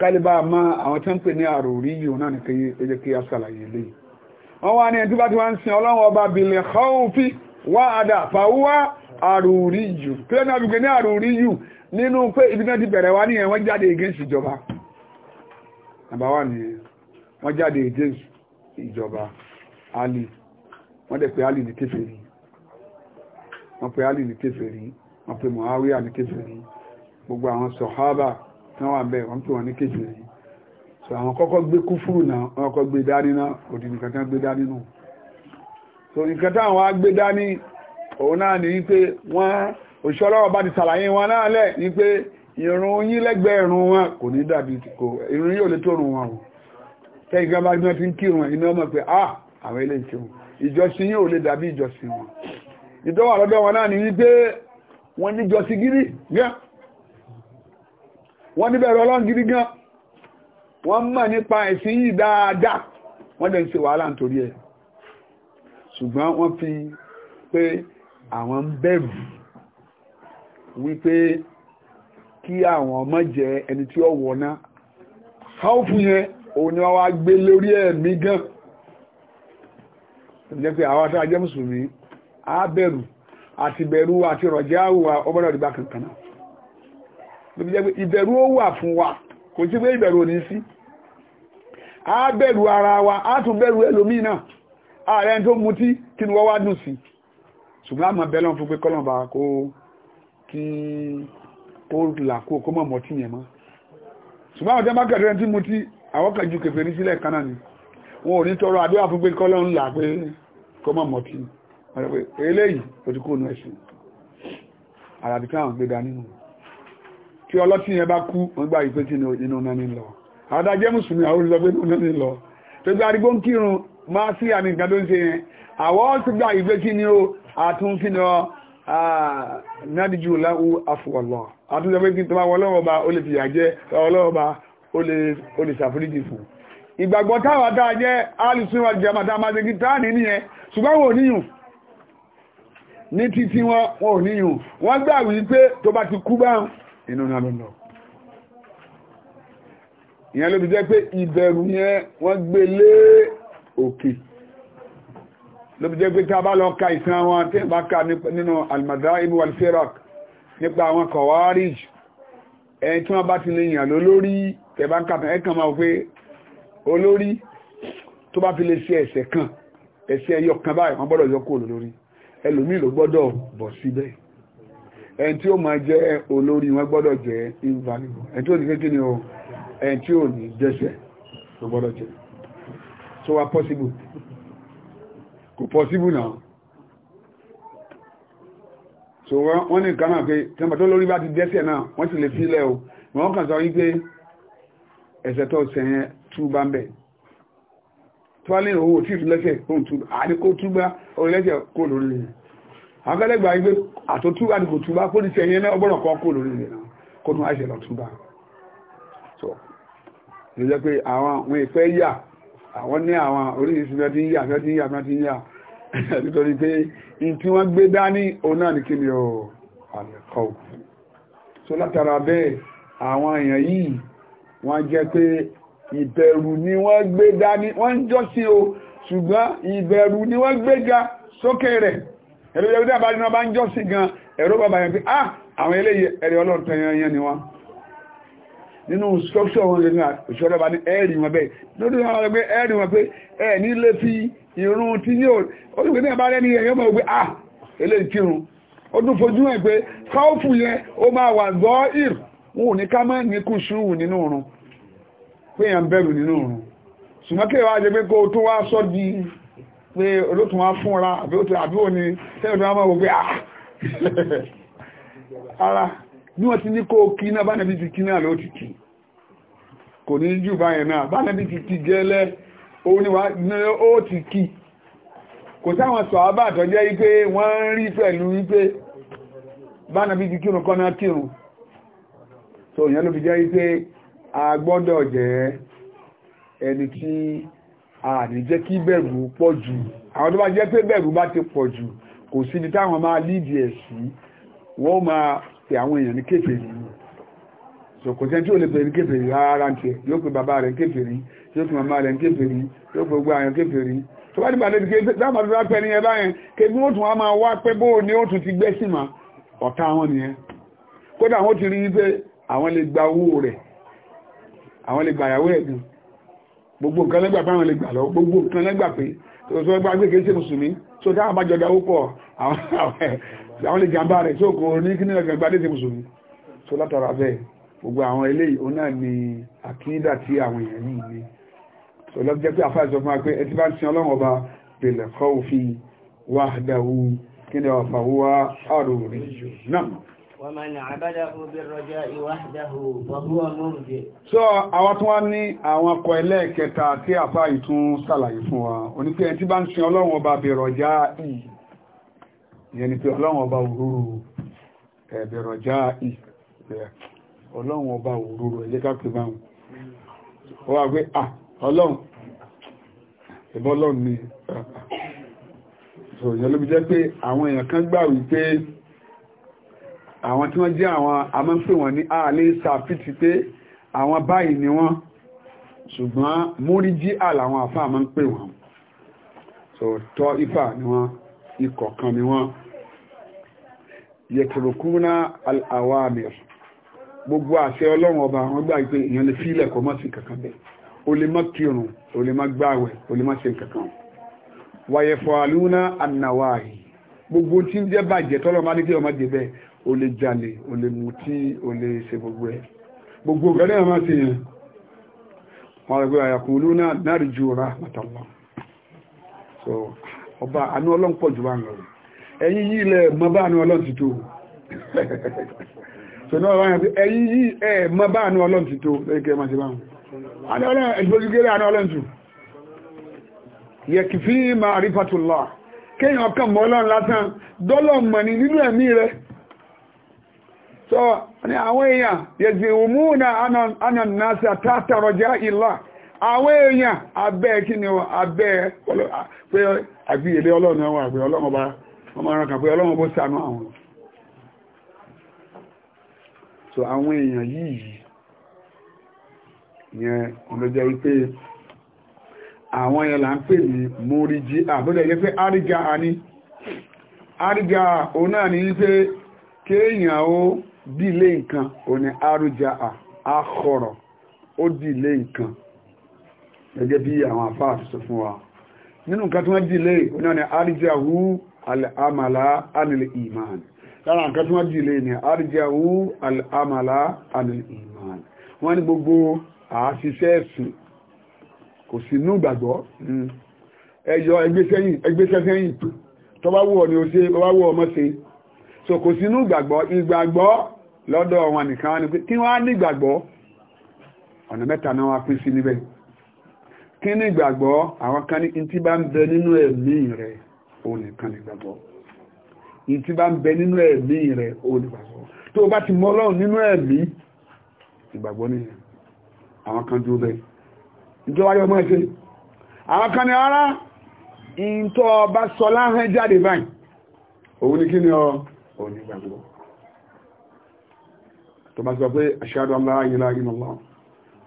kálíbà má àwọn tí ń pè ní àròrí yìí náà ní kéye ẹ jẹ́ kí a ṣàlàyé lé wọ́n wá ní ẹni tí bá ti wá ń sin ọlọ́run ọba bìlẹ̀ kọ́ọ̀fì wá àdà fàwúwá àròrí yìí kí ló ní àbùgbé ní àròrí yìí nínú pé ibi náà ti bẹ̀rẹ̀ wá nìyẹn wọ́n wọ́n jáde against ìjọba Ali wọ́n dẹ̀ Ali ní kèfèrí wọ́n Ali ní kèfèrí wọ́n gbogbo àwọn sọ̀hábà tán wà bẹ́ẹ̀ wọ́n pè wọ́n ní kéfìrí so àwọn kọ́kọ́ gbé kúfúrù náà wọ́n kọ́ gbé dání náà òdì nìkan tán gbé dání nù so nǹkan táwọn á gbé dání òun náà ní wípé wọ́n òṣìṣọ́lọ́wọ́ bá ti ṣàlàyé wọn náà lẹ̀ ní pé ìrun yín lẹ́gbẹ̀ẹ́ ìrun wọn kò ní dàbí kò ìrun yóò lè tórun wọn o tẹ́yìn gan bá gbọ́n ti ń kírun iná mọ̀ pé ah àwọn ilé ìṣẹ́wọ̀n ìjọsìn yóò lè dàbí ìjọsìn wọn ìtọ́wà lọ́dọ̀ wọn náà ní wípé wọ́n níjọsìn gírí gẹ́gẹ́ wọ́n níbẹ̀rẹ̀ ọlọ́run gidi gan wọ́n mọ̀ nípa ẹ̀sìn yìí dáadáa wọ́n dẹ̀ ń ṣe wàhálà nítorí ẹ̀ ṣùgbọ́n wọ́n fi pé àwọn ń bẹ̀rù wípé kí àwọn ọmọ jẹ ẹni tí ó wọ̀ náà káwọ́fù yẹn òun ni wọ́n wá gbé lórí ẹ̀mí gan jẹ́ pé àwọn àtàjẹ́ mùsùlùmí á bẹ̀rù àti bẹ̀rù àti rọ̀jẹ́ ọmọdé ọdí kankan náà lóbi ìbẹ̀rù ó wà fún wa kò sí pé ìbẹ̀rù ò ní sí a bẹ̀rù ara wa a tún bẹ̀rù ẹlòmíì náà ààrẹ tó mutí kí ni wọ́n wá dùn sí ṣùgbọ́n àmọ́ bẹ́lọ́n fún pé kọ́lọ̀bà kó kí ó làkó kó mọ̀ mọ̀tí yẹn mọ́ ṣùgbọ́n àwọn tẹ́mọ́ kẹ̀rẹ́ tí mutí àwọn kẹjú kẹfẹ́ ní sílẹ̀ kanáà ni wọn ò ní tọrọ àdúrà fún pé kọ́lọ̀ ń là pé kó mọ̀ mọ̀tí tí ọlọ́tí yẹn bá kú wọ́n gbà ìpé tí inú náà ní lọ àdájẹ́ mùsùlùmí àwọn olùsọgbé inú náà ní lọ tó gbà ń kírun máa sí àmì nǹkan tó ń ṣe yẹn àwọn ti gbà ìpé tí ni ó àtúnfin lọ nádìjú láwù àfọwọ́lọ́ àtúnṣe pé kí n tó máa wọ ọlọ́wọ́ bá ó lè fìyà jẹ ọlọ́wọ́ ó lè ṣàforíjì fún ìgbàgbọ́ táwa dáa jẹ́ alùsùn wa jẹ́ màtá máa ṣe táà ní nìyẹn ṣùgbọ́n wọn ò níyùn ní títí wọn wọn ò níyùn wọ́n gbà wípé tó bá ti kú báwọn inú náà ló lọ ìyẹn ló fi jẹ́ pé ìbẹ̀rù yẹn wọ́n gbé lé òkè ló fi jẹ́ pé tá a bá lọ ka ìsìn àwọn tí bá ka nínú al-madhahib wal-firaq nípa àwọn kọ̀wárìj ẹni tí wọ́n bá ti lè yàn lólórí tẹ̀bá ń kàtàn ẹ̀kàn máa pé olórí tó bá fi lè ṣe ẹ̀ṣẹ̀ kan ẹ̀ṣẹ̀ ẹyọ kan báyìí wọ́n gbọ́dọ̀ yọ lórí ẹlòmíì ló gbọ́dọ̀ bọ̀ síbẹ̀ ẹni tí ó máa jẹ́ olórí wọn gbọ́dọ̀ jẹ́ invaluable ẹni tí ó ní kékeré ni o ẹni tí ó ní jẹ́sẹ̀ ló gbọ́dọ̀ jẹ́ so wa possible kò possible náà so wọ́n ní nǹkan náà pé tẹ́mà tó lórí bá ti jẹ́sẹ̀ náà wọ́n sì lè fílẹ̀ o wọ́n kàn sọ wípé ẹ̀sẹ̀ tó sẹ̀yẹn túbá ń bẹ̀ tó wá lè owó tí ìtúlẹ́sẹ̀ kó túbá orílẹ̀-èdè kó lórí rẹ̀ akẹ́lẹ́gbà wípé àtòtúbà ní kò túbá kó ní sí ẹ̀yẹn náà ọgbọ́nà kan kó lórí ìrìnà kó ní àìṣẹ̀ túbá so ló jẹ́ pé àwọn wọn ìfẹ́ yà àwọn ní àwọn oríṣiríṣi fẹ́ ti ń yà fẹ́ ti ń yà fẹ́ ti so látara bẹ́ẹ̀ àwọn èèyàn yìí wọ́n jẹ́ pé ìbẹ̀rù o ṣùgbọ́n ìbẹ̀rù ni wọ́n gbé sókè rẹ̀ ẹ̀rọ ìjọba tí a bá rí náà bá ń jọ́sìn gan ẹ̀rọ bàbá yẹn pé ah àwọn eléyìí ẹ̀rọ ọlọ́run tó yan yan ni wọn nínú structure wọn lè ní ìṣòro bá ní ẹ̀rì wọn bẹ́ẹ̀ lórí wọn lọ pé ẹ̀rì wọn pé ẹ̀ ní lè fi irun tí yóò ó sì pé ah eléyìí kírun ó tún fojú ẹ̀ pé káwọ́fù yẹn ó máa wà gbọ́ ìr wọn ò ní ká mọ́ ní kùsùrù nínú òrun pé èèyàn bẹ̀rù nínú òrun pé olótùn wá fúnra àbí òní tẹ́lẹ̀ tó wá mọ́ gbogbo ara bí wọ́n ti ní kó kí náà bá nàbí ti kí náà ló ti kí kò ní jù báyẹn náà bá nàbí ti kí gẹ́lẹ́ òun ni ó ti kí kò sáwọn sọ̀hábà tó jẹ́ wípé wọ́n ń rí pẹ̀lú wípé bá nàbí ti kírun kọ́ náà kírun so ìyẹn ló fi jẹ́ wípé a gbọ́dọ̀ jẹ́ ẹni tí a ní jẹ́ kí bẹ̀rù pọ̀ jù àwọn tó bá jẹ́ pé bẹ̀rù bá ti pọ̀ jù kò síbi táwọn máa lídìí ẹ̀ sí wọ́n máa pe àwọn èèyàn ní kéferì so kò sẹ́ni tí ò lè pè ní kéferì rárá ń tiẹ̀ yóò pe bàbá rẹ̀ kéferì yóò pe màmá rẹ̀ kéferì yóò pe gbogbo àwọn kéferì tó bá dìgbà lórí kéferì dáàbà tó bá pẹ́ ní ẹ báyẹn kébí wọ́n tún wá máa wá pé bó ni ó tún ti gbẹ́ sí mà ọ̀tá wọn nìyẹn kódà wọ́n ti rí i pé àwọn lè gba owó rẹ̀ àwọn lè gbà yàwó gbogbo nǹkan lẹ́gbà pé àwọn lè gbà lọ gbogbo nǹkan lẹ́gbà pé tó ẹgbà gbé kéèsè mùsùlùmí tó dáhà bá jọdá ó pọ̀ àwọn lè jàmbá rẹ̀ tó kò ní kí nílẹ̀ gbà dé mùsùlùmí tó látara bẹ́ẹ̀ gbogbo àwọn eléyìí ó náà ni àkídà tí àwọn èèyàn yìí ni tó lọ ومن عبده بالرجاء وحده فهو مرجئ so àwọn tún wá ní àwọn kọ ẹlẹ́ẹ̀kẹta tí àfá ìtún sàlàyé fún wa onípé ẹni tí bá ń sin ọlọ́run ọba bẹ̀rọ̀já ì ìyẹn ni pé ọlọ́run ọba òróró ẹ̀bẹ̀rọ̀já ì ọlọ́run ọba òróró ẹ̀lẹ́ká pè máa ó wà pé à ọlọ́run ìbọ́lọ́run ni so ìyẹn ló bí jẹ́ pé àwọn èèyàn kan gbà wípé àwọn tí wọ́n jẹ́ àwọn amọ́pẹ́ wọn ní ààlẹ́ sàfíti pé àwọn báyìí ni wọ́n ṣùgbọ́n múrí jí àlàwọn àfá amọ́pẹ́ wọn so tọ́ ifá ni wọ́n ikọ̀ kan ni wọ́n yẹtùrùkúnná al-awamir gbogbo àṣẹ ọlọ́run ọba àwọn gbà pé èèyàn lè fílẹ̀ kọ́ mọ́ sí kankan bẹ́ẹ̀ o lè má kírun o lè má gbààwẹ̀ o lè má ṣe kankan wàyẹ̀fọ̀ àlúna annawahi gbogbo tí ń jẹ́ bàjẹ́ tọ́lọ́ máa ní kí ọmọ jẹ bẹ́ẹ̀ o lè jalè o lè mutí o lè ṣe gbogbo ẹ̀ gbogbo ọ̀gá náà máa ṣe yẹn wọ́n rẹ̀ pé àyàkùnlú náà náà rí ju rahmatallah so ọba àánú ọlọ́run pọ̀ jù wá ń lọ ẹ̀yin yìí lẹ̀ mọ́ bá àánú ọlọ́run ti tó so náà wáyé pé ẹ̀yin yìí ẹ̀ mọ́ bá àánú ọlọ́run ti tó lẹ́kẹ́ máa ṣe báwọn àánú ọlọ́run ẹ̀dùn ojú gẹ́rẹ́ àánú ọlọ́run tù yẹ kìfí máa rí fatullah kéèyàn kàn mọ́ ọlọ́run lásán dọ́lọ̀ mọ̀ ní nínú ẹ̀mí rẹ̀ sọ ni àwọn èèyàn yẹ̀sìn òmùnà ananasa tátàrọjá ìlà àwọn èèyàn abẹ́ kí ni abẹ́ pé àgbìyèlé ọlọ́run ẹwà pé ọlọ́run bá ọmọ ara kan pé ọlọ́run bó sànú àwọn èèyàn yìí àwọn yẹn là ń pè ní múríjí àbúlẹ̀ yẹ́ pé árígà ní árígà òun náà ní pé kéèyàn ó dìlé nǹkan òun ni árújà àkọ̀rọ̀ ó dìlé nǹkan gẹ́gẹ́ bí àwọn àfáà ti sọ fún wa nínú nǹkan tí wọ́n dìlé òun náà ni áríjà hu al'amala anil iman lára nǹkan tí wọ́n dìlé ni áríjà hu al'amala anil iman wọ́n ní gbogbo àṣìṣẹ́ ẹ̀sìn kò sí inú gbàgbọ́ ẹyọ ẹgbẹ́sẹ̀ sẹ́yìn tó bá wùọ́ ni ó ṣe bá wùọ́ ọmọ ṣe so kò sí inú gbàgbọ́ ìgbàgbọ́ lọ́dọ̀ wọn nìkan wọn ni pé kí wọ́n á ní gbàgbọ́ ọ̀nà mẹ́ta náà wá pín sí níbẹ̀ kí ní ìgbàgbọ́ àwọn kan ní tí bá ń bẹ nínú ẹ̀mí rẹ̀ ó nìkan ní gbàgbọ́ tí bá ń bẹ nínú ẹ̀mí rẹ̀ ó ní gbàgbọ́ tó bá ti mọ́ Ọlọ́run nínú ẹ̀mí ìgbàgbọ́ nìyẹn àwọn kan dúró bẹ́ẹ̀ ìjọwárí ọmọ ẹ̀ṣẹ́ àwọn kan ní ara in tó ọba sọ láhẹ́ jáde báyìí òun ní kí ni ọ òun tó bá sọ pé ashhadu an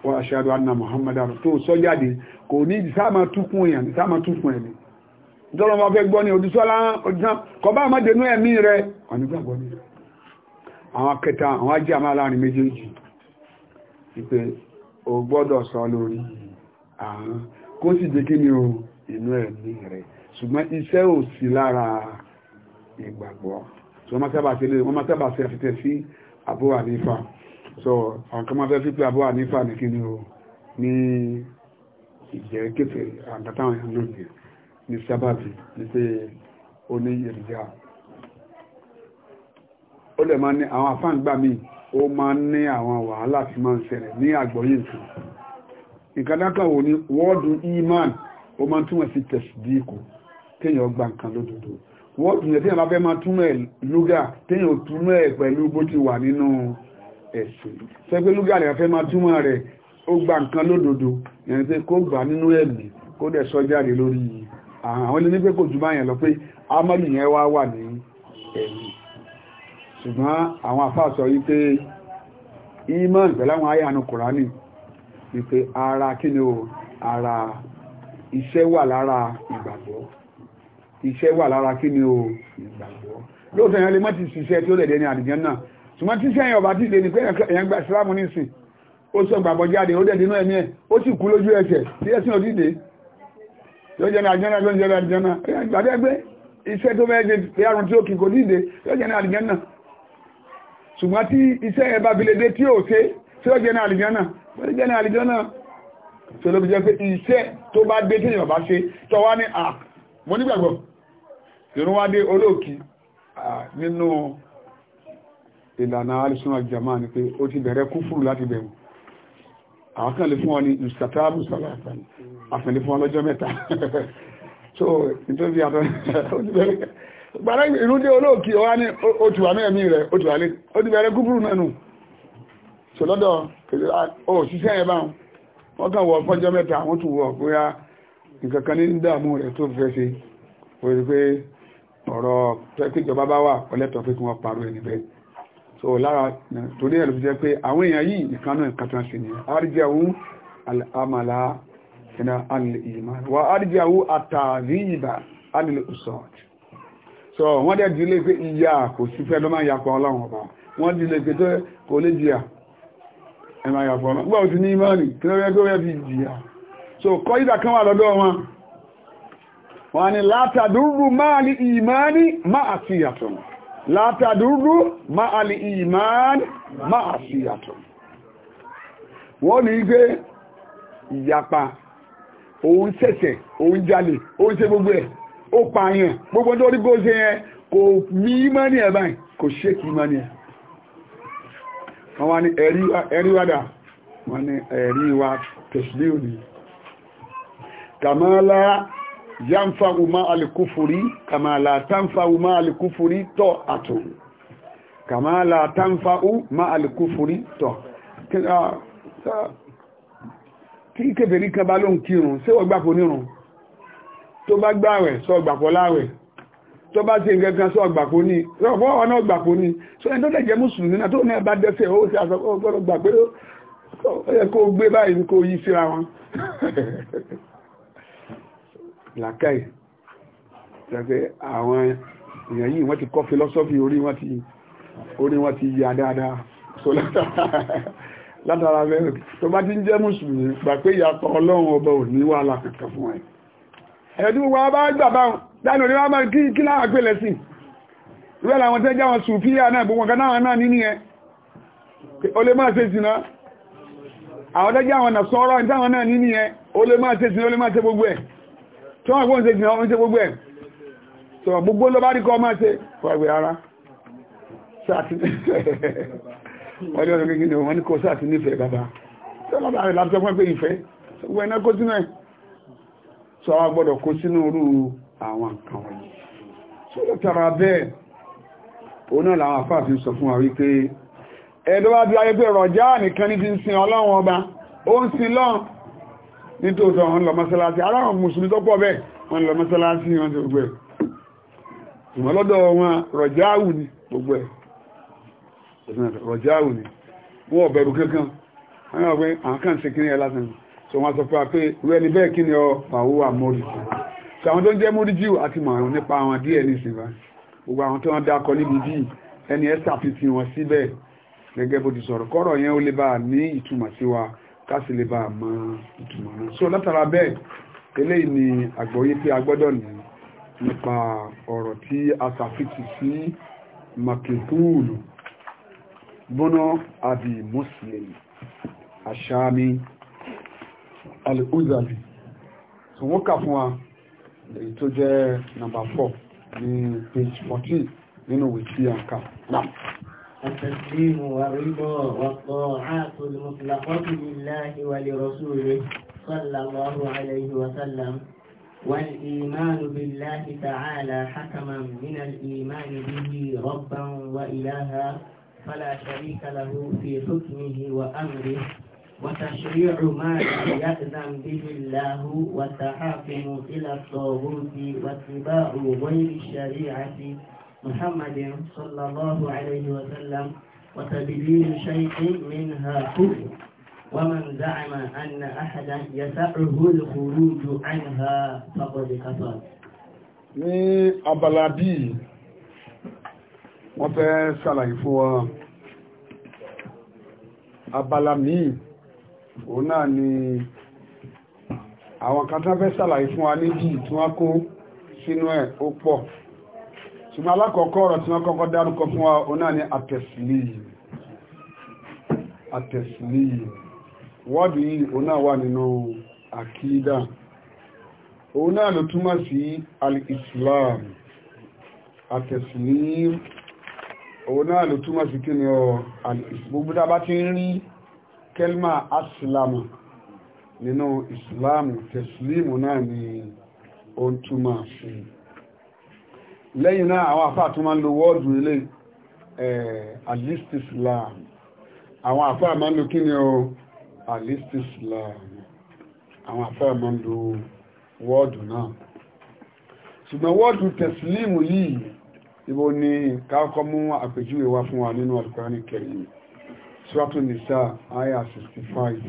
wa ashhadu anna muhammadan tó sọ jáde kò ní ìsáàmà túkún èèyàn ìsáàmà túkún ẹ̀mí ìjọba ọmọ fẹ́ gbọ́ ní òdúsọ́lá òdúsán kọ bá má dẹnu ẹ̀mí rẹ̀ ọ̀nígbàgbọ́ ní àwọn àrùn kó sì jẹ́ kí ni o inú ẹ̀mí rẹ̀ ṣùgbọ́n iṣẹ́ ò sí lára ìgbàgbọ́ so wọ́n sábà ṣe lè wọ́n máa sábà ṣe àfitẹ́ sí Abu Hanifa so àwọn kan máa fẹ́ fípé Abu Hanifa ní kí ni o ní ìjẹ́ kéfèé àgbàtàwọn èèyàn lónìí ní sábàbí ní pé ó ní ìrìjà ó lè máa ní àwọn afáǹgbà míì ó máa ń ní àwọn wàhálà tí máa ń ṣẹlẹ̀ ní àgbọ́yé nǹkan ìkàdákà wò ní wọ́ọ̀dù iman ó máa túmọ̀ sí tẹ̀sídìkù kéèyàn gba nǹkan lódodo wọ́ọ̀dù yẹn téèyàn bá fẹ́ máa túmọ̀ ẹ̀ lúgà téèyàn túmọ̀ ẹ̀ pẹ̀lú bó ti wà nínú ẹ̀sìn sẹ́gbẹ́ lúgà rẹ̀ fẹ́ máa túmọ̀ rẹ̀ ó gba nǹkan lódodo yẹn pé kó gbà nínú ẹ̀mí kó dẹ̀ sọ jáde lórí àwọn ilé nígbẹ́ kò jù yẹn lọ pé amọ́lì yẹn wá wà ní ẹ̀mí ṣùgbọ́n àwọn àfáà sọ wípé iman pẹ̀lú àwọn àyà nù kùránì wípé ara kíni o ara iṣẹ́ wà lára ìgbàgbọ́ iṣẹ́ wà lára kíni o ìgbàgbọ́ lóòótọ́ yẹn lè má ti ṣiṣẹ́ tí ó lè dé ní àdìjẹ́ náà ṣùgbọ́n tí sẹ́yìn ọba ti lè ní pé èèyàn gba ìsìlámù nísìn ó sọ gbàgbọ́ jáde ó dẹ̀dínú ẹ̀mí ẹ̀ ó sì kú lójú ẹsẹ̀ tí ẹ̀sìn òdìdè yóò jẹ́ ní àjẹ́nà yóò jẹ́ ní àjẹ́nà ìgbàdẹ́gbẹ́ iṣẹ́ tó mẹ́ẹ̀dẹ́ pé àrùn tí ó kì kò dìde yóò jẹ́ ní àjẹ́nà ṣùgbọ́n tí iṣẹ́ ẹ̀ bá fi lè dé tí ó ṣe tí ó jẹ́ ní àlìjánà wọ́n jẹ́ ní àlìjánà tí ó ló bí jẹ́ pé iṣẹ́ tó bá dé tíyàn bá ṣe tọ́ wá ní à ah, mo nígbàgbọ́ ìrún wá dé olóòkì nínú ìlànà alìsúnà jama ni pé ó ti bẹ̀rẹ̀ kúfùrù láti bẹ̀rù àwọn fún ọ ní ìsàtàbù sàlàtàní so nítorí àtọ́ gbàrẹ́ ìrún dé olóòkì ọwá ní ó tùwà mẹ́ẹ̀mí rẹ̀ ó tùwà lé ó ti bẹ̀rẹ̀ kúfùrù náà nù so lọ́dọ̀ òṣìṣẹ́ yẹn báwọn wọ́n kàn wọ fọ́jọ́ mẹ́ta àwọn tún wọ bóyá nǹkankan ní dààmú rẹ̀ tó fẹ́ ṣe orí pé ọ̀rọ̀ pẹ́kíjọba bá wà ọlẹ́tọ̀ pé kí wọ́n parọ́ ẹni bẹ́ẹ̀ so lára torí ẹ̀ ló fi jẹ́ pé àwọn èèyàn yìí nìkan náà nǹkan tán ṣe ni àríjẹ̀wú àmàlà ẹ̀nà àlìmá wà àríjẹ̀wú àtàrí ìbà àlìlẹ̀ ọ̀sọ̀t so wọ́n dẹ̀ dílé pé ìyá kò sí fẹ́ lọ́mọ ìyapa ọlọ́run ọba wọ́n dílé pé kò lè jìyà ẹmà yàfọ́ ọmọ gbọ́ òtù ní ìmọ́ni tí ó rẹ́ tó rẹ́ fi jìyà so kọ́ ìdà kan wà lọ́dọ̀ wọn wọ́n ni látàdúrú máa ní ìmọ́ni máa sí yàtọ̀ látàdúrú máa ní ìmọ́ni máa sí yàtọ̀ wọ́n ní gbé ìyapa òun ṣẹ̀ṣẹ̀ òun jalè òun ṣe gbogbo ẹ̀ ó pààyàn gbogbo tó rí bó yẹn kò mí ìmọ́ni ẹ̀ báyìí kò ṣe kì ẹ̀ wọ́n wá ní ẹ̀ríwádà wọ́n ní ẹ̀ríwá tẹ̀sílíò ní kàmàlá yánfàwù má alìkúfúrí kàmàlá tánfàwù má alìkúfúrí tọ́ àtò kàmàlá tánfàwù má alìkúfúrí tọ́ ah, kí kèfèrí kan bá lóhun kírun ṣé ó gbàpọ̀ nírun tó bá gbààwẹ̀ sọ gbàpọ̀ láàwẹ̀ tó bá ṣe nǹkan kan sọ ọgbàpó ní ọ̀pọ̀ ọ̀nà ọgbàpó ní so ẹni tó lè jẹ́ mùsùlùmí náà tó náà bá dẹ́sẹ̀ ó ti àṣọ ọgbọ́dọ̀ gbà pé ó yẹ kó gbé báyìí kó yí síra wọn làkàì philosophy orí wọn ti orí wọn ti yà dáadáa so látara rẹ̀ tó bá ti ń jẹ́ mùsùlùmí gbà pé ìyàtọ̀ ọlọ́run ọba ò ní wàhálà kankan fún ẹ̀ ẹ̀dí gbogbo wa bá gbà báwọn dáná ní wọ́n máa kí kí láwọn pè lẹ́sìn ìwé làwọn tẹ́ jáwọn sùfíà náà gbogbo nǹkan náà náà nínú yẹn o lè máa ṣe sìnà àwọn tẹ́ jáwọn nàṣọ́rọ̀ ìtàwọn náà nínú yẹn o lè máa ṣe sìnà o lè máa ṣe gbogbo ẹ̀ tí wọ́n kó ń ṣe sìnà o ń ṣe gbogbo ẹ̀ so a gbọ́dọ̀ kó sínú orú àwọn nǹkan wọ̀nyí so ló tara bẹ́ẹ̀ òun náà làwọn àfáàfin sọ fún wa wípé ẹ̀dọ́ bá bí ayé pé rọ̀já nìkan ní ti ń sin ọlọ́run ọba ó ń sin lọ́n nítòótọ́ wọn lọ mọ́sálásí aláwọn mùsùlùmí tó pọ̀ bẹ́ẹ̀ wọn lọ mọ́sálásí so wọ́n sọ fún wa pé ìwé ẹni bẹ́ẹ̀ kí ni ọ fàwọ́ àmóríjì so àwọn tó ń jẹ́ móríjì àti mọ̀ àwọn nípa àwọn díẹ̀ ní ìsìnwá gbogbo àwọn tó wọ́n dákọ níbi bíi ẹni ẹ ṣàfihàn wọn síbẹ̀ gẹ́gẹ́ bó ti sọ̀rọ̀ kọ́rọ̀ yẹn ó lè bá ní ìtumọ̀ sí wa ká sì lè bá mọ ìtumọ̀ náà so látara bẹ́ẹ̀ eléyìí ni àgbọ́yé tí a gbọ́dọ̀ ní nípa ọ̀rọ̀ tí a ṣàfihàn sí makipúùlù bọ́nà àbí mùsùlùmí àṣà mi al-uzali wọ́n kà fún wa èyí tó jẹ́ nàmbà 4 ní page 14 nínú ìwé tí a kà التسليم والرضا والطاعات المطلقة لله ولرسوله صلى الله عليه وسلم والإيمان بالله تعالى حكما من الإيمان به ربا وإلها فلا شريك له في حكمه وأمره وتشريع ما يأذن به الله وتحاكم إلى الطاغوت واتباع غير الشريعة محمد صلى الله عليه وسلم وتبليل شيء منها كفر ومن زعم أن أحدا يسعه الخروج عنها فقد كفر ní abala bíi wọ́n fẹ́ ṣàlàyé fún wa abala míì òun náà ni àwọn kan tán fẹ́ sàlàyé fún wa níbi tí wọ́n kó sínú ẹ̀ ó pọ̀ ṣùgbọ́n alákọ̀ọ́kọ́ ọ̀rọ̀ tí wọ́n kọ́kọ́ dárúkọ fún wa òun náà ni àtẹ̀sílíyìn àtẹ̀sílíyìn wọ́ọ̀dù yìí òun náà wà nínú àkídà òun náà ló túmọ̀ sí al-islam àtẹ̀sílíyìn òun náà ló túmọ̀ sí kí ni ọ gbogbo tá ti ń rí kẹlma asilama nínú ìsìláàmù tẹ̀sílímù náà ni ó ń túmọ̀ sí lẹ́yìn náà àwọn àfáà tó máa ń lo wọ́ọ̀dù ilé alistislam àwọn àfáà máa ń lo kíni o alistislam àwọn àfáà máa ń lo wọ́ọ̀dù náà ṣùgbọ́n wọ́ọ̀dù tẹ̀sílímù yìí ibo ni káàkọ́ mú àpèjúwe wá fún wa nínú Al-Qur'ani Suratul Nisa aya 65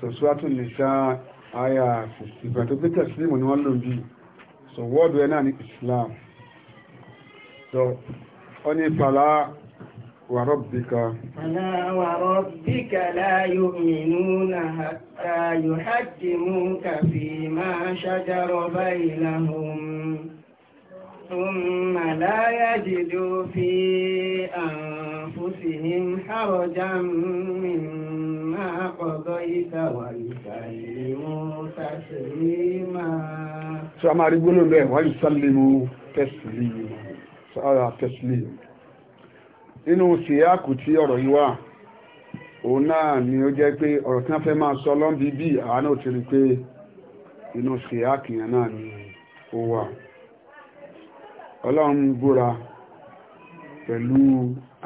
so Suratul Nisa aya 65 tó pé tẹ̀sílìmù ni wọ́n lò so wọ́ọ̀dù ẹ̀ náà ní Islam so ọ ní pàlá وربك فلا وربك لا يؤمنون حتى يحكموك فيما شجر بينهم ثم لا يجدوا في أنفسهم حرجا مما قضيت ويسلموا تسليما so a máa rí gbóná bẹ́ẹ̀ wáyé sálẹ̀mù síyáàkù tí ọ̀rọ̀ yìí wà òun náà ni ó jẹ́ pé ọ̀rọ̀ tí wọ́n fẹ́ máa sọ lọ́nbí bí àánú ti rí pé inú síyáàkù yẹn náà ni ó wà. ọlọ́run búra pẹ̀lú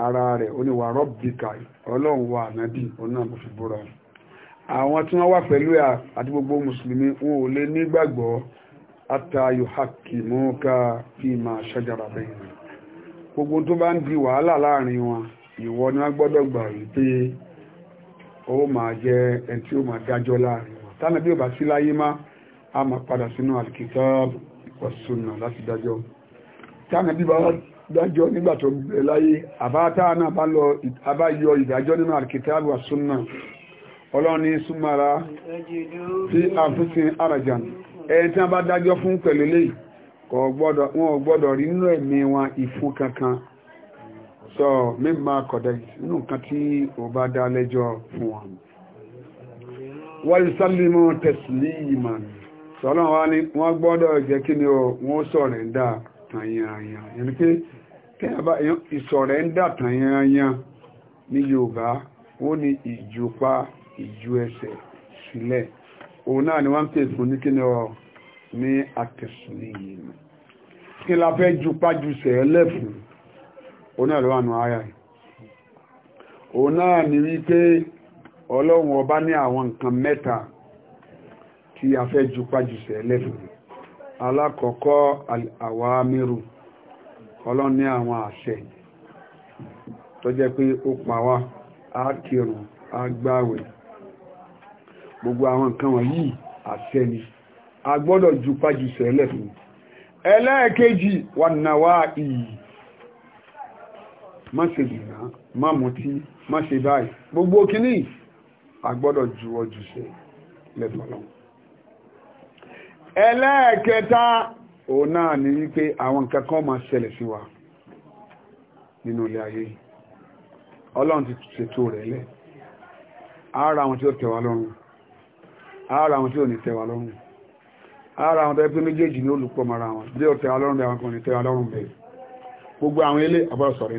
ara rẹ̀ ó ní wà rọ́bìkà ọlọ́run wà nábì òun náà mo fi búra àwọn tí wọ́n wà pẹ̀lú ẹ̀ àti gbogbo mùsùlùmí wọn ò lè nígbàgbọ́ atayo haki mọ́ká fi máa ṣájára bẹ́yìn gbogbo tó bá ń di wàhálà láàrin wọn ìwọ ni wọ́n gbọ́dọ̀ gbà wípé ó máa jẹ́ ẹni tí ó máa dájọ́ láàrin wọn tánà bí ò bá sí láyé má a máa padà sínú alkitab wa sunna láti dájọ́ táwọn bí bá dájọ́ nígbà tó bẹ̀rẹ̀ láyé àbátáà náà bá lọ àbáyọ ìdájọ́ nínú àkìtàbù àsúnà ọlọ́ni súnmọ́ra sí àfúnsin arajan ẹni tí wọ́n bá dájọ́ fún pẹ̀lú lè wọ́n gbọ́dọ̀ rí nínú ẹ̀mí wọn ìfún kankan sọ mímọ̀ kọ̀dẹ̀ nínú nǹkan tí ó bá dá lẹ́jọ́ fún wọn wọ́n sálímọ̀ tẹ̀sílì ìmọ̀ sọ́lọ́wọ́ ni gbọ́dọ̀ jẹ́ kí ni wọ́n sọ̀rẹ̀ dáa tàn yanyan yẹni pé kẹ́yàbá ìsọ̀rẹ́ ń dà tàn yanyan ní Yorùbá wọ́n ní ìjùpa ìjù ẹsẹ̀ sílẹ̀ òun náà ni wọ́n ń pè fún ní kí ni ọ ní àtẹ̀sùnìyìn kí la fẹ́ jupa ju sẹ́ẹ̀lẹ̀ fún òun náà ló wà ara yìí òun náà ni wípé ọlọ́run ọba ní àwọn nǹkan mẹ́ta tí a fẹ́ ju sẹ́ẹ̀lẹ̀ fún alákọ̀ọ́kọ́ àwámírù ọlọ́run ní àwọn àṣẹ tó jẹ́ pé ó pa wá á kírun á gbáwẹ̀ gbogbo àwọn nǹkan wọ̀nyí àṣẹ ni a gbọ́dọ̀ ju pájù sẹ́lẹ̀ fún ẹlẹ́ẹ̀kejì wà náwà ìyí má ṣe dìgbà má mutí má ṣe báyìí gbogbo kìíní a ju ọjù sẹ́lẹ̀ fọ́lọ́run ẹlẹ́ẹ̀kẹta òun náà ni wípé àwọn nǹkan kan máa ṣẹlẹ̀ sí wa nínú ilé ayé ọlọ́run ti ṣètò rẹ̀ lẹ́ ara àwọn tí ó lọ́rùn ara àwọn tí ò ní tẹ́wa lọ́rùn ara àwọn tẹ́pẹ́ méjèèjì ní olùpọ̀ mara wọn bí ó tẹ́wa lọ́rùn àwọn kan ní lọ́rùn bẹ́ẹ̀ gbogbo àwọn ilé sọ̀rọ̀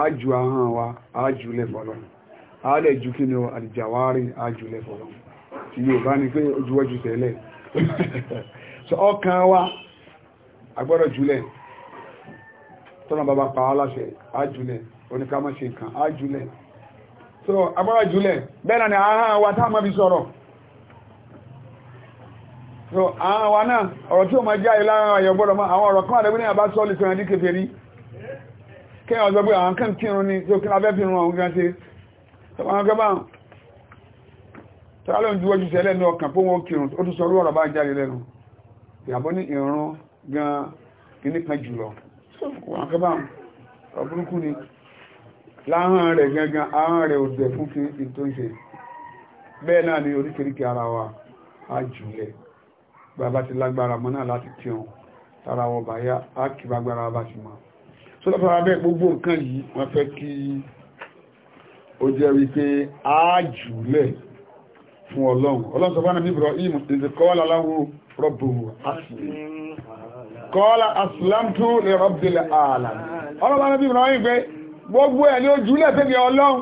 ájù ahọ́n wa ájù lẹ́fọ̀lọ́ àádẹ́ ju kí ni àdìjàwárí ájù lẹ́fọ̀lọ́ tí yóò bá ní pé so wa agbọ́dọ̀ jùlẹ̀ tọ́nà bàbá pa aláṣẹ ájùlẹ̀ oníkàmọ́ṣe kan ájùlẹ̀ so agbọ́dọ̀ jùlẹ̀ bẹ́ẹ̀ ni ahọ́n wa tá a máa fi wa náà ọ̀rọ̀ tí jẹ́ kan àdẹ́gbẹ́ ní àbá sọ́ọ̀lì kí ọjọ́ pé àwọn kan kírun ní tó kí lábẹ́ fi rún àwọn gan ṣe tọ́wọ́n gẹ́bà tọ́lá lóun juwọ́jú sí ẹlẹ́nu ọkàn pé wọ́n kírun ó tún sọ orú ọ̀rọ̀ bá jáde lẹ́nu ìyàbọ́ ní ìrún gan kìíní kan jùlọ wọ́n gẹ́bà ọ̀bùrúkú ni láhàn rẹ̀ gangan ahàn rẹ̀ ò dẹ̀ fún kí n tó ń ṣe bẹ́ẹ̀ náà ni oríkèríkè ara wa á jùlẹ̀ bàbá ti lágbára mọ́ náà láti kírun tara wọn bàyá á kì bá gbára bá ti mọ́ tó lọ́pàá abẹ́ gbogbo nǹkan yìí wọ́n fẹ́ kí ó jẹ́ wípé ájùlẹ̀ fún ọlọ́run ọlọ́run sọfánà bí Ibrahim ìdí kọ́ọ́lá láwọ́ rọ́bù kọ́ọ́lá asìlámtú lè rọ́bù lè ààlà ọlọ́run bí Ibrahim pé gbogbo ẹ̀ ní ojúlẹ̀ fẹ́kẹ̀ ọlọ́run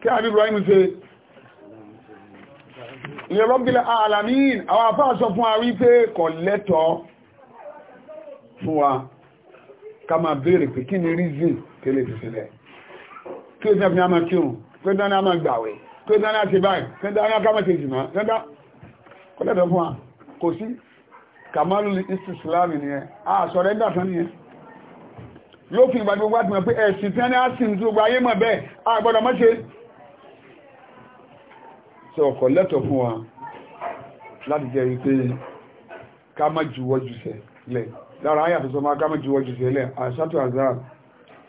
kí àbí Ibrahim ṣe lè rọ́bù lè ààlà míìn àwọn afáàsọ fún wa wípé kò lẹ́tọ̀ọ́ fún wa ká máa béèrè pé kí ni reason tí lè fi sílẹ̀ tí ó sẹ́fún àmà kírun tó dáná àmà gbàwẹ̀ tó dáná àti báyìí tó dáná kámà ti jùmọ̀ tó dá kó lẹ́tọ̀ fún wa kò sí kàmálù islam ni ẹ a sọ̀rọ̀ ẹgbà tán ni ẹ lófin ìgbàgbé wá ti mọ̀ pé ẹ̀sìn tí wọ́n ní á sì ń tó gba ayé mọ̀ bẹ́ẹ̀ a gbọ́dọ̀ mọ́ ṣe sọ ọkọ̀ lẹ́tọ̀ fún wa láti jẹ́ wípé ká má juwọ́ jù lẹ́yìn lára ayà tuntun ma kámọ̀ jù wọ́jú sílẹ̀ àṣàtò azar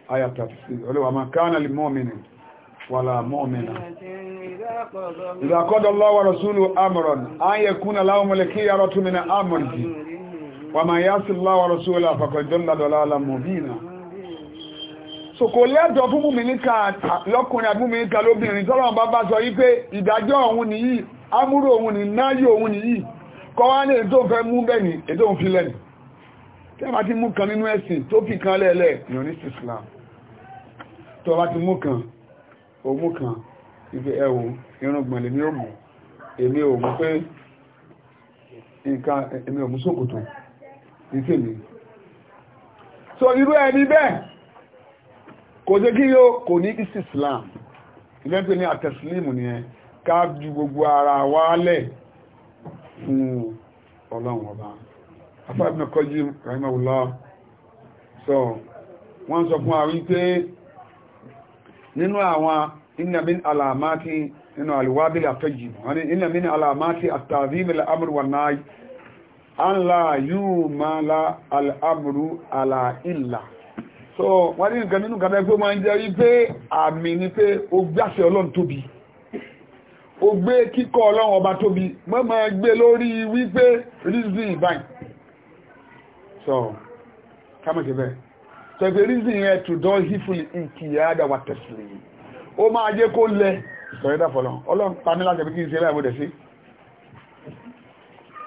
ayà 36 olówà ma káànà lè mọ́mìnì wàlà mọ́mìnà ìdàkọ́dọ̀ lọ́wọ́ rasúlù amọ̀rọ̀n ayẹ kúnà láwọn mọ̀lẹ̀kí yàrá túnmìnà amọ̀rìjì wà ma yá sí láwọn rasúlù àfàkọ̀dọ́ládọ̀lá mọ̀bìnà so kò lẹ́dọ̀ fún múmìníkà lọ́kùnrin àbúmìníkà lóbìnrin tọ́lọ̀ bá bá sọ yí pé ìdájọ́ òun nìyí amúrò òun ni náyò òun nìyí kọ́wá ní ètò òun fẹ́ mú bẹ́ẹ̀ ni ètò tẹ́bà ti mú kan nínú ẹ̀sìn tó fi kan lẹ́ẹ̀lẹ́ yàn ní Islam tó bá ti mú kan o mú kan ife ẹ̀wò irùngbọ̀n lèmi ò mú èmi ò mú pé nǹkan èmi ò mú ṣòkòtò ní tèmi so irú ẹni bẹ́ẹ̀ kò jẹ́ kí yóò kò ní Islam ilẹ́pẹ̀ ní àtẹ̀sílìmù ni ẹ ká ju gbogbo ara wálẹ̀ fún ọlọ́run ọba afá Ibn Qayyim rahimahullah so wọ́n sọ fún àrí pé nínú àwọn inna alamati nínú alwabil afẹ́jì wọ́n ni inna min alamati àtàzímì al'amuru wa náà an la yíò ma la al'amuru ala illa so wọ́n ní nǹkan nínú kàtà pé wọ́n jẹ́ rí pé àmì ni pé ó gbáṣẹ́ ọlọ́run tóbi ó gbé kíkọ́ ọlọ́run ọba tóbi mọ́ máa gbé lórí wípé reason báyìí so kámẹ́tì bẹ́ẹ̀ so if the reason yẹn to don hifun ìkìyàdà wà tẹ̀sílẹ̀ yìí ó máa jẹ́ kó lẹ sọ̀rẹ́dà fọlọ́n ọlọ́run pa mí láti ẹ̀bí kí n ṣe báyìí mo dẹ̀ sí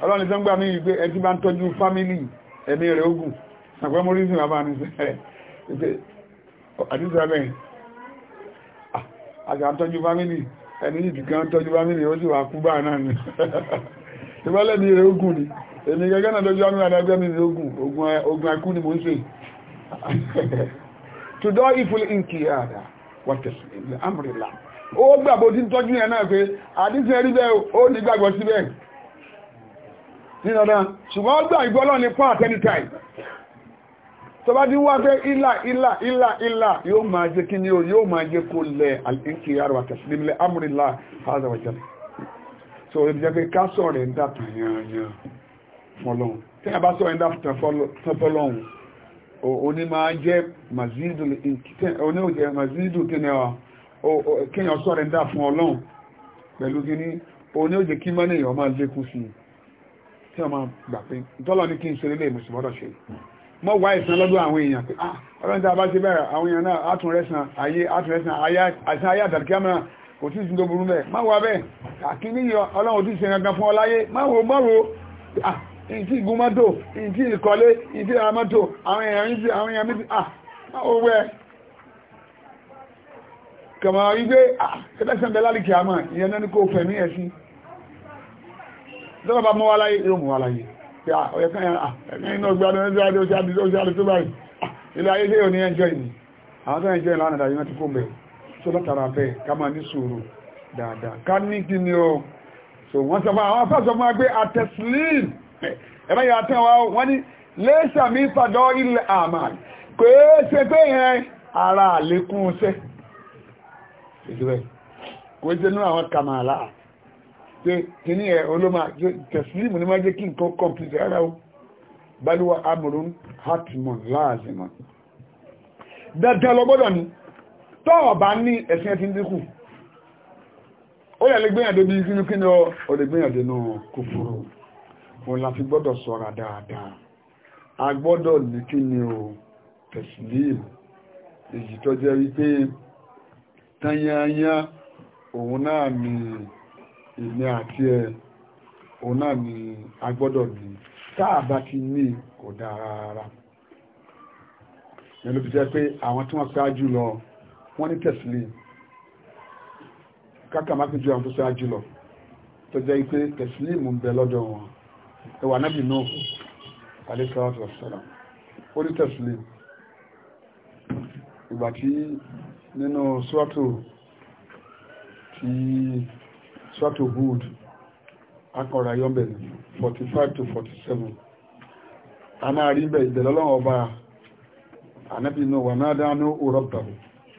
ọlọ́run ní sọ́ngbà mí gbé ẹni tí bá ń tọ́jú fámìlì ẹ̀mí rẹ̀ ogun sàpẹ́ mo rí sí bàbá mi sẹ́ẹ̀ àdìsí abẹ́yìn ah, àgbà tọ́jú fámìlì ẹni yìí kan tọ́jú fámìlì ó sì wà kú náà ni ìbálẹ̀ ní rẹ̀ ogun ni èmi gẹ́gẹ́ náà lójú ọdún ẹgbẹ́ mi lógún ogun ẹkú ni mo ń ṣe tùdọ́ ìfúlé ìkì àdá wàtẹ̀sùn ilẹ̀ amìrìlá ó gbàgbọ́ tí ń tọ́jú yẹn náà pé àdíṣẹ́ rí bẹ́ẹ̀ ó ní gbàgbọ́ síbẹ̀ nínú ṣùgbọ́n gbà ìgbọ́lọ́ ní fún àtẹ́nìtàì tó bá dín wá pé ìlà ìlà ìlà ìlà yóò máa jẹ́ kí ni o yóò máa jẹ́ kó lẹ àìkí àrùn àtẹ̀sílẹ̀ ilẹ̀ amìrìlá házàwàjẹ́ so ibi jẹ́ pé ká sọ̀rẹ̀ ń dàtà yàn yàn fọ́lọ́hun tí a bá sọ ẹ̀dá fọ́lọ́hun oní máa jẹ́ mazidu oní ò jẹ́ mazidu kíyàn sọ ẹ̀dá fún ọlọ́hun pẹ̀lú gíní oní ò jẹ́ kí mọ́nà èèyàn máa lékún sí tí a máa gbà pé tọ́lọ́ ní kí n ṣe lélẹ̀ ìmọ̀síwọ́dọ̀ ṣe mọ́ wá ìsan lọ́dọ̀ àwọn èèyàn pé ah ọlọ́run tí a bá ṣe bẹ́ẹ̀ àwọn èèyàn náà átúnrẹ́sàn ayé átúnrẹ́sàn àìsàn ayé àdàkíámẹ́ràn kò tí ìsìn tó burú bẹ́ẹ̀ má wà bẹ́ẹ̀ àkíní ọlọ́run tí ìsìn gangan fún ọláyé má wo mọ́rò ìtí ìgúnmọ́tò ìtí ìkọlé ìtí ìramọ́tò àwọn èèyàn ìtí àwọn èèyàn mítí ah, owó ẹ kàmà wípé ah, ẹlẹ́sẹ̀ bẹ lálìkì àmà ìyẹn náà ní kó fẹ̀ ní ẹ̀sí lọ́pàá mọ́ wá láyé yóò mọ́ wá láyé so wọ́n sọ fún àwọn afẹ́sọ fún agbé atẹ́sìlìmù ẹ̀mọ́ yà tán wá wọ́n ní lẹ́ṣà mi fàdọ́ ilẹ̀ àmà kò é ṣe pé yẹn ara àlékún ṣẹ́ ìlú kò é ṣe nú àwọn kàmàlà pé kí ní ẹ̀ olóma tẹ̀sílìmù ní má jẹ́ kí nǹkan kọ̀mpútà ara o balùwà amòrún hàtìmọ̀ láàzìmọ̀ dandan lọ gbọ́dọ̀ ni tọ́ọ̀ bá ní ẹ̀sìn ẹ̀sìn dínkù ó yà lè gbéyàn débi kínú kínú ọ lè gbéyàn dénú kúkúrú òun la fi gbọ́dọ̀ sọ́ra dáadáa a gbọ́dọ̀ ní kí ni o tẹ̀sílìm èyí tó jẹ́ wípé tanyanya òun náà ni ìní àti ẹ òun náà ni a gbọ́dọ̀ ní táà bá ti ní kò dáa rárá yẹn fi jẹ́ pé àwọn tí wọ́n ṣáájú lọ wọ́n ní tẹ̀sílìm kákà fi ju àwọn tó ṣáájú lọ tó jẹ́ pé tẹ̀sílìm ń bẹ lọ́dọ̀ wọn ẹwà nábì náà alẹ́ sọ́wọ́tí ọ̀sọ́lá ó ní tẹ̀sílẹ̀ ìgbà tí nínú sọ́tò tí sọ́tò hood akọ̀rọ̀ ayọ́bẹ̀ 45 to 47 a máa rí bẹ̀ ìdẹ̀lọ́lọ́wọ́ bá anábì náà wà náà dánú òrọ̀bà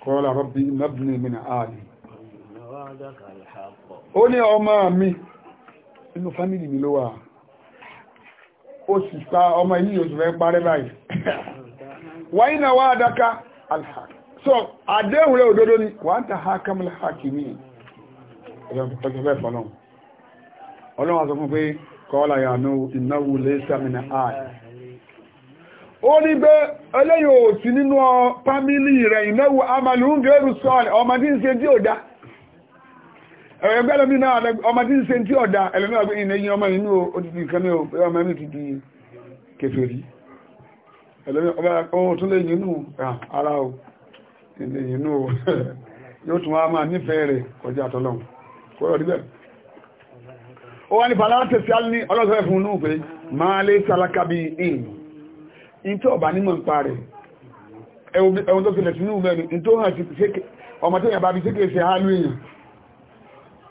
kọ́lá rọ́bì nábìnì mìnà áàlì ó ní ọmọ mi inú fámìlì mi ló wà oṣù ta ọmọ ilé oṣù rẹ̀ parẹ́ báyìí wáyé náà wá àdáká alhaka so àdéhùn rẹ̀ òdodo ni wà ń ta ha kamil ha ọjọ́ bẹ́ẹ̀ fọ́lọ́n ọlọ́run a sọ fún pé kọ́ọ́lá yàánú ní ìnáwó ẹgbẹ́ lómi náà ọmọ tí ń ṣe tí ọ̀dá ẹlẹ́mí ọgbẹ́ ìyìn lẹ́yìn ọmọ inú òtìtì ìkẹ́mẹ́ ọmọ inú ti di kèfèrí ẹlẹ́mí ọmọ tó lẹ́yìn inú ara o lẹ́yìn inú o yóò tún wá máa nífẹ̀ẹ́ rẹ̀ kọjá àtọ́lọ́hun kó rọ̀ díbẹ̀ ó wá ní fàlá tẹ̀sí á ní ọlọ́sọ̀rẹ́ fún inú pé máa lé sálákà bí ọmọ tó yàn bá bí sékèé ṣe hálú èèyàn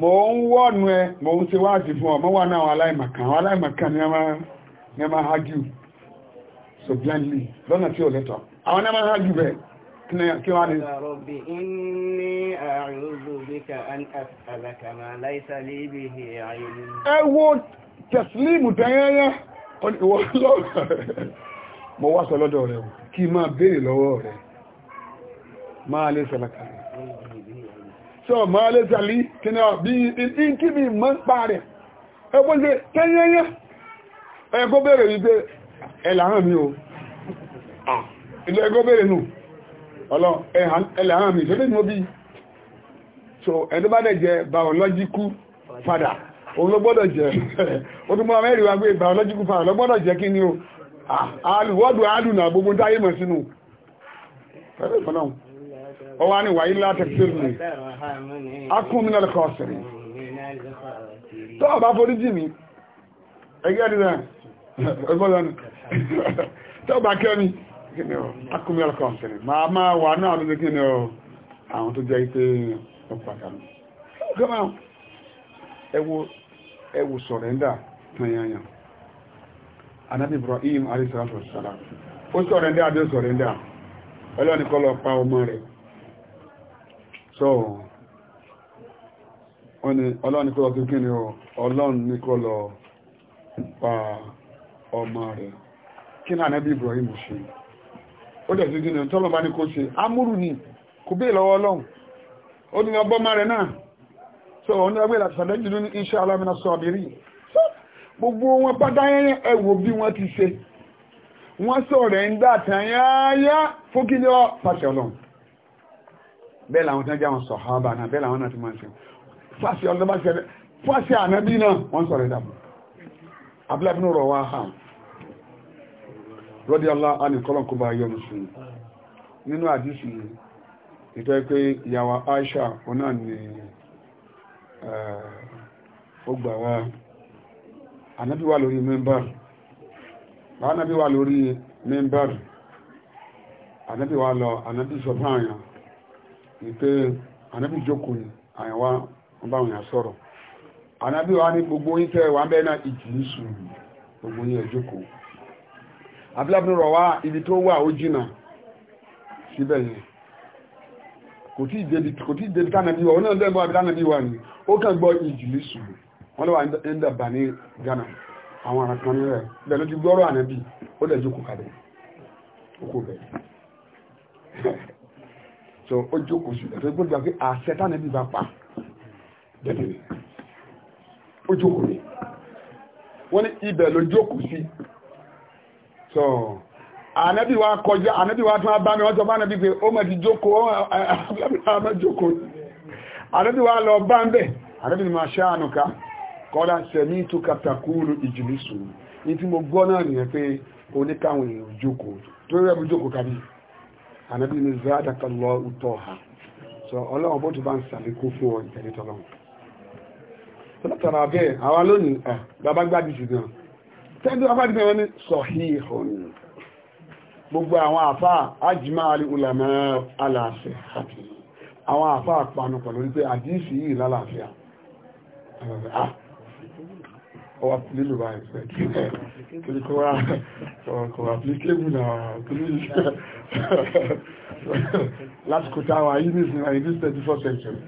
mò ń wọ́nu ẹ mò ń ṣe wáàsí fún ọmọ wà náà aláìmọ̀kan àwọn ni a máa hájú so blindly lọ́nà tí ó lẹ́tọ̀ àwọn náà máa hájú kí wá ní rabbi inni ma wo tẹ́yẹ́yẹ́ mo wá sọ lọ́dọ̀ rẹ̀ kí máa béèrè lọ́wọ́ rẹ̀ máa tí ọ máa lé jàlí kí ni ọ̀bí ìkíbi mọ́ ń pa rẹ̀ ẹgbọ́n jẹ́ tẹ́yẹyẹ ẹgbọ́ wípé ẹ̀làhàn mi o ilẹ̀ ẹgbọ́ bèèrè nù ọlọ ẹ̀làhàn mi ṣẹ́lẹ̀ mọ́ bí so ẹni bá dẹ̀ jẹ́ kí ni o ó wá ní wàyí látẹ̀kìtìrì ní akúnmínà lẹ́kọ̀ọ́sìrì tó ọba forí jì mí ẹgbẹ́ dìdá ẹgbọ́dọ̀ ní tó ọba kẹ́ mi akúnmínà lẹ́kọ̀ọ́sìrì máa máa wà náà lóde kí ni àwọn tó jẹ́ ipé ọpàdánù ẹ wo sọ̀rẹ́ndà tanyanyan anabi Ibrahim alayhi salatu wassalam ó sọ̀rẹ́ndà adé sọ̀rẹ́ndà ọlọ́ni kọ́ lọ pa ọmọ rẹ̀ so ọlọ́run ní kó lọ kíkí ni ọlọ́run ní kó lọ pa ọmọ rẹ̀ kí náà nẹ́bí Ibrahim ṣe ó dẹ̀ sí dínà tọ́lọ̀ bá ní kó ṣe amúrù ni kò bí lọ́wọ́ ọlọ́run ó ní ọgbọ́ ọmọ rẹ̀ náà so ọ̀n ní ọgbẹ́ ìlàtàlẹ́ jùlọ ní iṣẹ́ alámìnà sọ àbírí gbogbo wọn pátá yẹn ẹ̀wò bí wọ́n ti ṣe wọ́n sọ̀rẹ̀ ń dà tàn yáyá fókílẹ̀ pàṣẹ ọlọ́run bẹ́ẹ̀ làwọn tán jáwọn sọ̀hábà náà bẹ́ẹ̀ làwọn náà ti máa ṣe fásí ọlọ́bá ṣẹlẹ̀ fásí ànábí náà wọ́n sọ̀rọ̀ ìdàbò abúlábínú rọ̀ wá hàn rọ́dí ọlá anìkọ́lọ̀kọ́bà yọnu sí nínú àdísì ìtọ́ pé ìyàwó Aisha ọ̀nà ni eh, ó gbà wá ànábí wà lórí mẹ́mbàr ànábí wípé ànábì jókòó ni àyẹ̀wá wọn bá wọn yà sọrọ ànábì wa gbogbo yín tẹ́ wà bẹ́ẹ̀ náà ìjì ń sùn gbogbo yín ẹ̀ jókòó abúlábùnú ibi tó wà ó jìnà yẹn kò tí ìdèdè kò tí ìdèdè tánàbí wa onáà lẹ́gbọ́ àbí wa ni ó kàn gbọ́ ìjìlì sùn wọ́n lọ́wọ́ ní Ghana àwọn ará kan ti gbọ́rọ̀ ó kalẹ̀ ó kò so ó jókòó sí ẹ̀tọ́ gbọ́dọ̀ pé àṣẹ tánàbí bá pa dẹ̀dẹ̀rẹ̀ ó jókòó rẹ̀ wọ́n ní ibẹ̀ ló jókòó sí so ànábì wa kọjá ànábì wa tún bá mi wọ́n sọ bá ànábì pé ó mọ̀ ti jókòó ọmọ jókòó ànábì wa lọ bá ń bẹ̀ ànábì ni máa ṣe ànùká kọ́lá sẹ̀mí tó kàtàkùrù ìjìlísù ní tí mo gbọ́ náà nìyẹn pé oníkàwọn èèyàn jókòó tó rẹ̀ mú jókòó kábíyì ànábì ní záàdàkà lọ utọ́ ha so ọlọ́run bó ti bá ń sàlékún fún ọ ìtẹ̀lé tọ́lọ́run tó látara bẹ́ẹ̀ àwa lónìí à bàbá gbádùn jù gan tẹ́jú afáàdì bẹ́ẹ̀ wọ́n ní sọ̀hí ìhọ̀nì gbogbo àwọn àfá ajímá alì ulàmọ́ aláàfẹ́ àti àwọn àfá àpanupọ̀ lórí pé àdíìsì yìí lálàáfíà ọwà nílò bá ìfẹ́ kí ẹ̀ torí wá kọ̀ àplikébù náà torí ní ìsinmi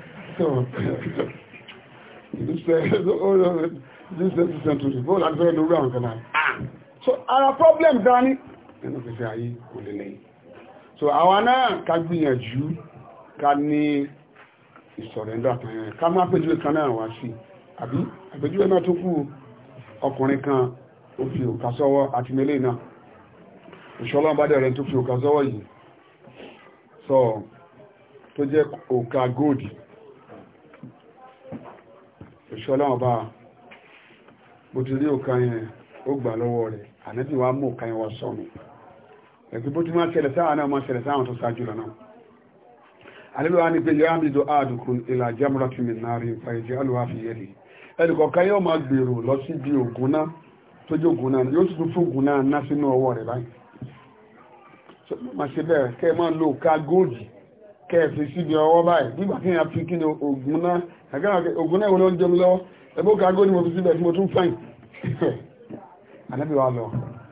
so in this 24 láti fẹ́ lórí àwọn kanáà ah! so ara problem dání nínú fífẹ́ ayé kò lè lẹ́yìn so àwa náà ká gbìyànjú ká ní ìsọ̀rẹ̀ndà ká má pèjú ìkanáà wá sí àbí àpèjú ẹ̀ tó kú ọkùnrin kan ó fi òkà sọ́wọ́ àti mẹ́lẹ̀ náà òṣọ́lọ́n bá dẹ̀rẹ̀ tó fi òkà sọ́wọ́ yìí sọ tó jẹ́ òkà góòdì òṣọ́lọ́n bá bó ti rí òkà yẹn ó gbà lọ́wọ́ rẹ̀ ànẹ́bí wa mú òkà yẹn wá sọ́mi ẹ̀kú bó ti máa ṣẹlẹ̀ sáà náà máa pé yóò á bí do àdùkùn ìlà jámúra tìmí náà rí ẹnìkọ̀ọ̀kan yóò máa gbèrò lọ sí ibi ògùn náà tó jẹ́ ògùn náà yóò tún fún ògùn náà ná sínú ọwọ́ rẹ̀ báyìí máa ṣe bẹ́ẹ̀ kẹ́ ẹ máa lo ká góòjì kẹ́ ẹ fi síbi ọwọ́ báyìí nígbà tí èèyàn fi kí ni ògùn náà àgbà ògùn náà ìwọlọ́ ń jẹun lọ́wọ́ ẹgbẹ́ ká góòjì mo fi síbẹ̀ tí mo tún fáìn ànábì lọ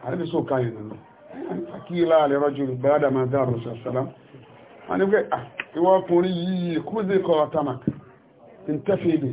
ànábì sọ ah, yìí nínú tamak ń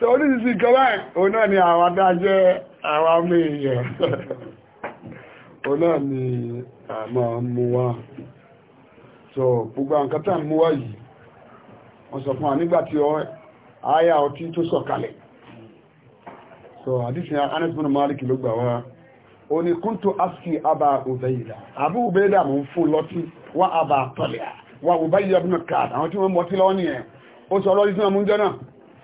so oníṣìṣì gọ́lá òun náà ni àwọn adájẹ́ àwọn ọmọ èèyàn òun ni àmọ́ mú wá so gbogbo nǹkan tá mú wá yìí wọ́n sọ fún wa nígbàtí àyà ọtí tó sọ̀kalẹ̀ so àdísì Anas bin Malik ló gbà ó ní kúntù aski abba ubayda abu ubayda mú fún lọ́tí wá abba tọ́lẹ̀ wá ubayda bin Ka'b àwọn tí wọ́n mọ́tí lọ́wọ́ náà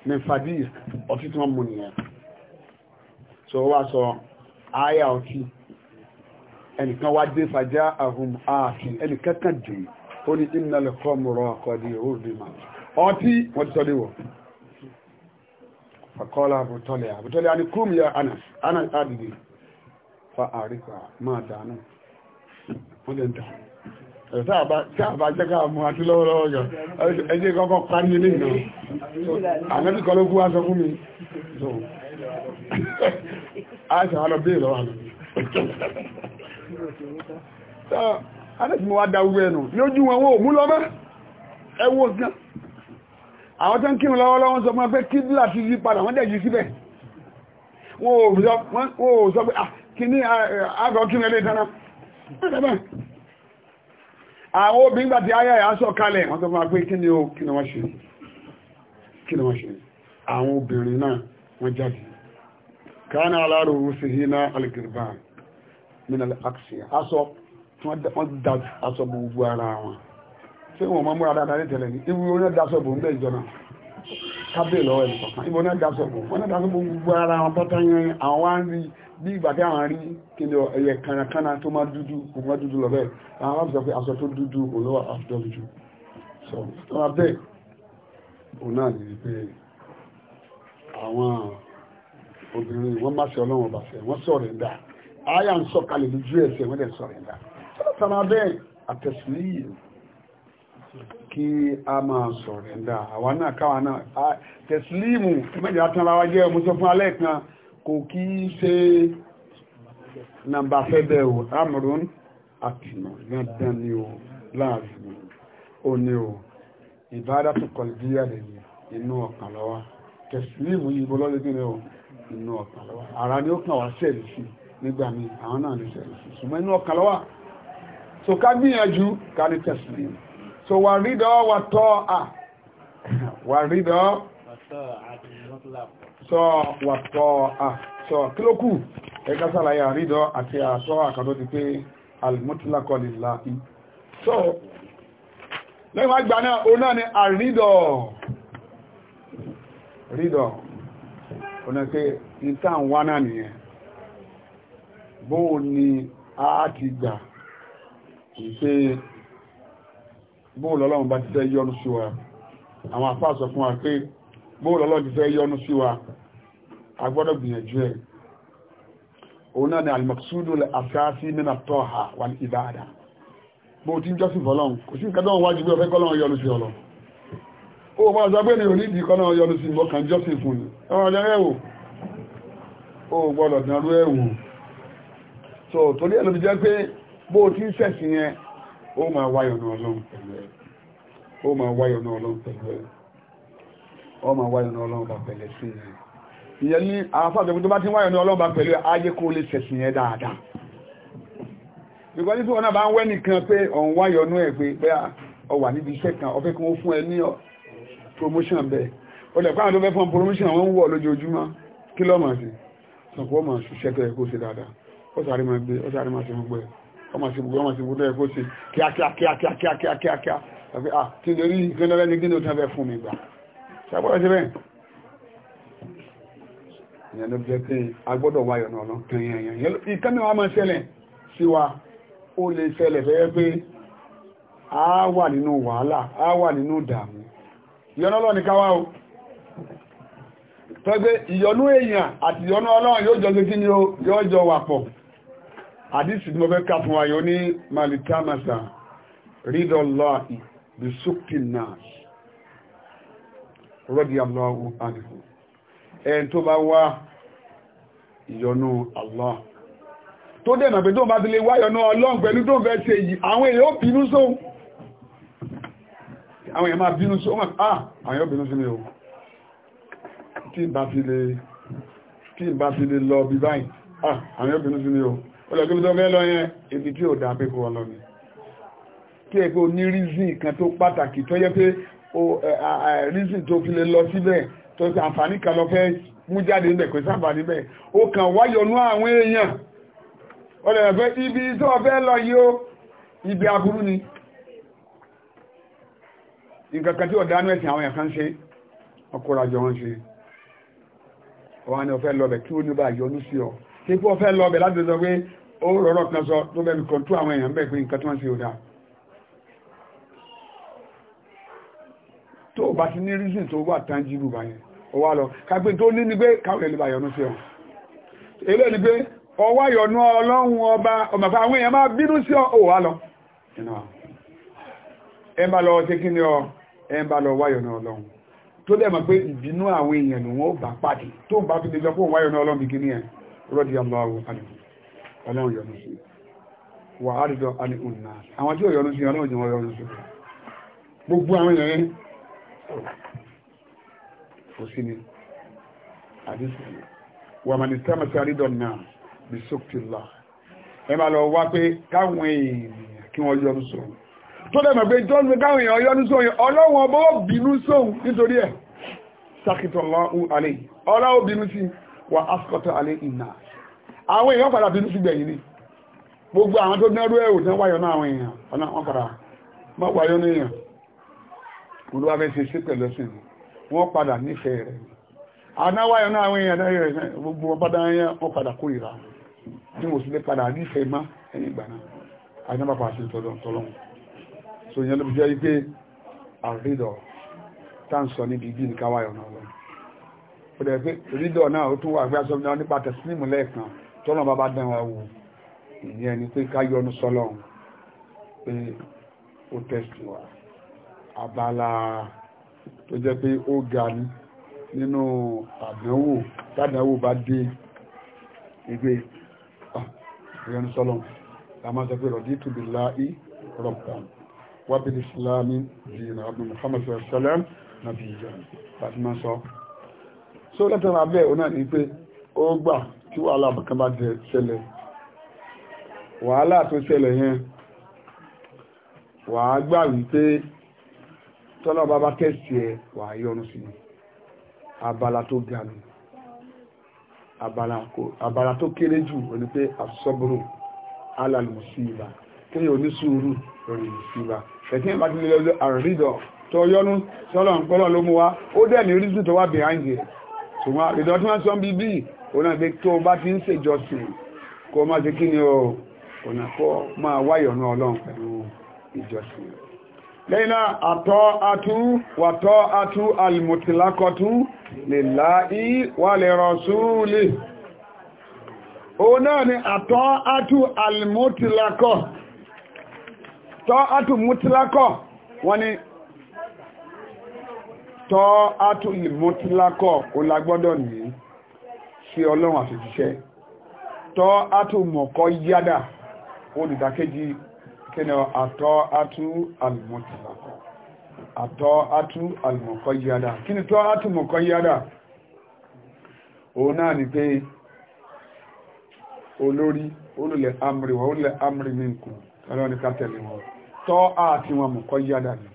mefadis ọtí tí wọ́n mú nìyẹn so wá sọ àyà ọtí ẹnìkan wá dé fàjá ahùn ààkì ẹnìkẹ́kàn dé ó ní ìnàlẹ̀ kọmùrọ̀ ọkọ̀dì òrùbìmọ̀ ọtí wọ́n ti sọ déwọ̀ fàkọ́lá àbútọ́lẹ̀ àbútọ́lẹ̀ a ní kúrùm ya anas anas adìdì fa àríkà máa dànù wọ́n lè dànù sáàbá jẹ́ká mú àti lọ́wọ́lọ́wọ́ jọ ẹjẹ́ kọ́kọ́ parí ilé ìnà àmẹ́bí kọ́ a ṣe wá lọ bí ìlọ́wà lọ so adẹ́sí mo wá dá owó ẹnu ní ojú wọn wọ́n mú lọ́mọ́ ẹwọ́ gan àwọn tó ń kírun lọ́wọ́lọ́wọ́ sọ fún pé kíbílà ti yí padà àwọn obìnrin gbàtí ayẹ́ ẹ̀ aṣọ kalẹ̀ wọ́n tó máa pé kí ni ó kí ni wọ́n ṣe kí ni wọ́n ṣe àwọn obìnrin náà wọ́n jáde káàna aláàrò rúsì hínà alìkìrìbà minal axia aṣọ wọ́n dá aṣọ gbogbo ara wọn tí wọ́n máa múra dáadáa ní tẹ̀lẹ̀ ní ibi oní dáṣọ bò ń bẹ́ ìjọ náà kábẹ̀ lọ́wọ́ ẹ̀ nìkan ibi oní dáṣọ bò wọ́n dáṣọ gbogbo ara wọn pátá yẹn àwọn wá ń rí bí ìgbà tí àwọn rí kíndọ̀ ẹyẹ kànàkànà tó má dúdú kò má dúdú lọ bẹ́ẹ̀ àwọn àbùsọ pé aṣọ tó dúdú olówó àfidọ́lù jù sọ tọ́ra bẹ́ẹ̀ òun náà ní pé àwọn obìnrin wọ́n má ṣe ọlọ́wọ́n bá fẹ́ wọ́n sọ̀rọ̀ ẹ̀dá àyà ń sọ kalẹ̀ lójú ẹsẹ̀ wọ́n dẹ̀ sọ̀rọ̀ ẹ̀dá tọ́ra bẹ́ẹ̀ àtẹ̀sílẹ̀ kò kí í ṣe nàmbà fẹ́bẹ̀ o amúrún àtìmọ̀ dandan ni o láàrin o ní o ìbára tó inú ọ̀kan lọ́wọ́ tẹ̀sílìmù ìbò lọ́lẹ́gbẹ̀rẹ̀ o inú ọ̀kan lọ́wọ́ ara ni ó kàn wá sẹ́ẹ̀lì sí nígbà míì àwọn náà ní sẹ́ẹ̀lì sí ṣùgbọ́n inú ọ̀kan lọ́wọ́ so ká gbìyànjú ká ní tẹ̀sílìmù so wà rídọ́ wà tọ́ à wà rídọ́ wà tọ́ àti mọ́tòlápù sọ wàtọ̀ àṣọ kílókù ẹ̀ka sàlàyé àrídọ́ àti àṣọ àkàdọ́ ti pé almutlaqo lillahi so lẹ́yìn wá gbà náà òun náà ni àrídọ̀ rídọ̀ òun náà pé ìta ń wá náà nìyẹn bóò ni a ti gbà ìpé bóò lọ́lọ́run bá ti fẹ́ yọ́nú sí wa àwọn àfáà sọ fún wa pé bóòlù ọlọ́dún fẹ́ yọnu sí wa a gbìyànjú ẹ̀ òun náà ni al-maqsudu al-asasi min at-taha wal-ibada bó ń jọ́sìn fọ́lọ́n kò sí nǹkan tó wájú bí ọ̀fẹ́ kọ́lọ́n yọnu sí ọlọ́ ó sọ pé ní yọnu sí mọ́kàn jọ́sìn fún ẹ̀wò ó gbọ́dọ̀ ẹ̀wò torí jẹ́ pé ọmọ wáyọ̀ ní ọlọ́run bá pẹ̀lẹ́ sí i ìyẹn ní àwọn afáàbẹ̀kú tó bá ti wáyọ̀ ní ọlọ́run bá pẹ̀lú ayé kó lè sẹ̀sìn yẹn dáadáa ìgbọ́n nítorí ọ̀nà bá ń wẹ́ nìkan pé ọ̀n wáyọ̀ ní ẹ̀ pé pé ọ wà níbi iṣẹ́ kan ọ̀fẹ́ kan ó fún ẹ ní promotion bẹ́ẹ̀ ó lẹ̀ pàwọn tó fẹ́ fún promotion wọ́n ń wọ̀ lójoojúmọ́ kí lọ́mọ̀ sí sọ̀kọ́ ọmọ ṣiṣẹ́ tó yẹ kó ṣe dáadáa ó sáré máa gbé ó sáré máa ṣe gbogbo ẹ̀ ọmọ sí gbogbo ọmọ sí gbogbo ẹ̀ kó ṣe kíákíákíákíákíákíá ṣàgbọ́dọ̀ ṣe bẹ́ẹ̀ ìyẹn ló jẹ́ pé agbọ́dọ̀ wá yọ̀nà ọ̀nà kan yẹn yẹn ìkànnì wa máa ṣẹlẹ̀ sí wa ó lè ṣẹlẹ̀ fẹ́ẹ́ pé a wà nínú wàhálà a wà nínú ìdààmú ìyọnà ọlọ́ni káwá o tọ́gbẹ́ ìyọnú èèyàn àti ìyọnú ọlọ́run yóò jọ gẹ́gí ni yóò jọ wà pọ̀ àdísì ni mo fẹ́ ká fún wa yóò ní malitamasa rídọ̀lọ́ì bisúkìnnáà rọ́dí aláwọ̀ àdìfò ẹn tó bá wá ìyọnú Allah tó dẹ̀nà pé tó bá ti lè wá ìyọnú ọlọ́run pẹ̀lú tó fẹ́ ṣe yìí àwọn èèyàn bínú só àwọn èèyàn máa bínú só wọ́n à ah, àwọn èèyàn bínú sí mi o tí n bá ti lè lọ bí báyìí à ah, àwọn èèyàn bínú sí mi o ọlọ́gbẹ́ tó fẹ́ lọ yẹn ibi tí ò dá pé kó ọlọ́ni kí ẹgbẹ́ onírízìn kan tó pàtàkì tó yẹ reason tó fi lè lọ síbẹ̀ tó ti àǹfààní kan lọ fẹ́ mú jáde níbẹ̀ kò sábà níbẹ̀ ó kàn wáyọnú àwọn èèyàn ó lè fẹ́ ibi tó fẹ́ lọ yìí ó ibi aburú ni nǹkan kan tí ọ̀dá nú ẹ̀sìn àwọn èèyàn kan ṣe ọkùnrajọ wọn ṣe wọ́n ni ó fẹ́ lọ́bẹ̀ kí ó ní bá yọnú sí ọ tí ó fẹ́ lọ́bẹ̀ láti sọ pé ó rọrọ̀ kan sọ tó bẹ́ẹ̀ mi kọ̀ntú àwọn èèyàn bẹ́ẹ̀ pé nǹkan tí wọ́n ṣe ò dáa tó bá ti ní reason tó wà tangible báyẹn ó wá lọ kágbé tó ní ní pé káwọn ẹlẹ́bà yọnú sí ọ̀hún èlé ni pé ọwá yọnú ọlọ́run ọba ọmọfà àwọn èèyàn máa bínú sí ọ wá lọ ẹ bá lọ ṣe kí ni ọ ẹ bá lọ wá yọnú ọlọ́run tó dẹ̀ mọ̀ pé ìbínú àwọn èèyàn ni wọ́n bá pàdé tó bá fi lè sọ fún wáyọ̀ náà ọlọ́run bí kíní ẹ̀ rọ́dí ọlọ́run ọlọ́run yọ̀nù sí wà á rí lọ alẹ́ òun náà àwọn tí ò yọ̀nù sí ọlọ́run jẹ́ wọ́n yọ̀nù sí gbogbo àwọn èèyàn kò sí ni àdìsí wà mà ní sẹ́mà sí àrídọ̀ náà bí sókìlá ẹ máa lọ wá pé káwọn èèyàn kí wọ́n yọnu sóhun tó dẹ̀ mọ̀ pé jọ́nù káwọn èèyàn yọnu sóhun ọlọ́wọ́n bó bínú sóhun nítorí ẹ̀ sákìtọ̀ lọ́hùn alẹ́ ọlọ́wọ́ bínú sí wà áfíkọ́tọ̀ alẹ́ ìnà àwọn èèyàn padà bínú sí gbẹ̀yìn ni gbogbo àwọn tó dẹ́rú ẹ̀wò tán wáyọ̀ náà àwọn èèyàn ọ̀nà wọn padà má wáyọ̀ náà olúwa fẹ́ ṣe sí pẹ̀lú ẹ̀sìn wọ́n padà nífẹ̀ẹ́ rẹ̀ anáwáyọ̀ náà àwọn èèyàn náà rẹ̀ gbogbo wọn padà yẹn wọ́n padà kó ìra tí mo sì lè padà nífẹ̀ẹ́ má ẹ̀yìn ìgbà náà àyínábà pàṣẹ tọ́lọ́hún so ìyẹn ló fi jẹ́ pé àrídọ̀ tá ń sọ níbi ibi ní káwáyọ̀ náà lọ ó dẹ̀ pé rídọ̀ náà ó tún wà pé aṣọ náà nípa tẹ̀sílímù lẹ́ẹ̀kan tọ́lọ́ bá bá dán wa wò ìyẹn ni pé ká yọnu sọlọ́hún pé ó tẹ̀sí wa abala tó jẹ́ pé ó ga ní nínú àdánwò tàdánwò bá dé igbe ìrìn sọ́lọ̀ lámásẹ́ pé rọ̀dí tó bèèrè láì rọ̀pá wábílì islami di ìrìnàbí muhammadu na fi ìjà láti máa sọ so látara bẹ́ẹ̀ ó náà ní pé ó gbà tí wàhálà bàkan bá jẹ ṣẹlẹ̀ wàhálà tó ṣẹlẹ̀ yẹn wàá gbà wípé tọ́lọ́ bàbá tẹ̀sí ẹ wà á yọnu sí ni abala tó ga nù abala tó kéré jù ó ní pé àsọ́bùrù alàlùmùsíìbà kéèyàn onísùúrù lórí ìmùsíìbà ẹ̀kí bá ti lè lọ àrídọ̀ tó yọnu tọ́lọ̀ ń pọ́lọ̀ ló mú wá ó dẹ̀ ní rísù tó wà behind it ṣùgbọ́n àrídọ̀ tí wọ́n sọ bí bí òun àgbẹ̀ tó bá ti ń ṣèjọsìn kó má ṣe kí ni ó òun àkọ́ máa wáyọ̀ náà ọlọ́run pẹ̀lú ìjọsìn rẹ̀ lẹ́yìnà àtọ́ atú wàtọ́ atú alìmọ̀tìlákọtú lè láì wà lè rọ̀súlè o náà ni àtọ́ atú alìmọ̀tìlákọ̀ tọ́ atú mọ̀tìlákọ̀ wọ́n ni tọ́ atú alìmọ̀tìlákọ̀ o lágbọ́dọ̀ ní sí ọlọ́run àṣìṣẹ́ tọ́ atú mọ̀kọ́ yádà olùdákejì kíni àtọ́ atú alìmọ̀tìlákọ̀ àtọ́ atú alìmọ̀kọ́yíyádá kíni tọ́ atú mọ̀kọ́yíyádá òun náà ni pé olórí olùlẹ̀ amri wà olùlẹ̀ amri minku tọ́lọ́ ní kátẹ̀lẹ̀ wọn tọ́ àti wọn mọ̀kọ́yíyádá ni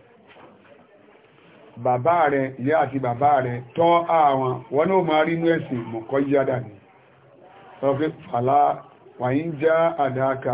bàbá rẹ̀ ìyá àti bàbá rẹ̀ tọ́ àwọn wọn náà máa rí inú ẹ̀sìn mọ̀kọ́yíyádá ni sọ pé fàlá wàyí ń já àdáka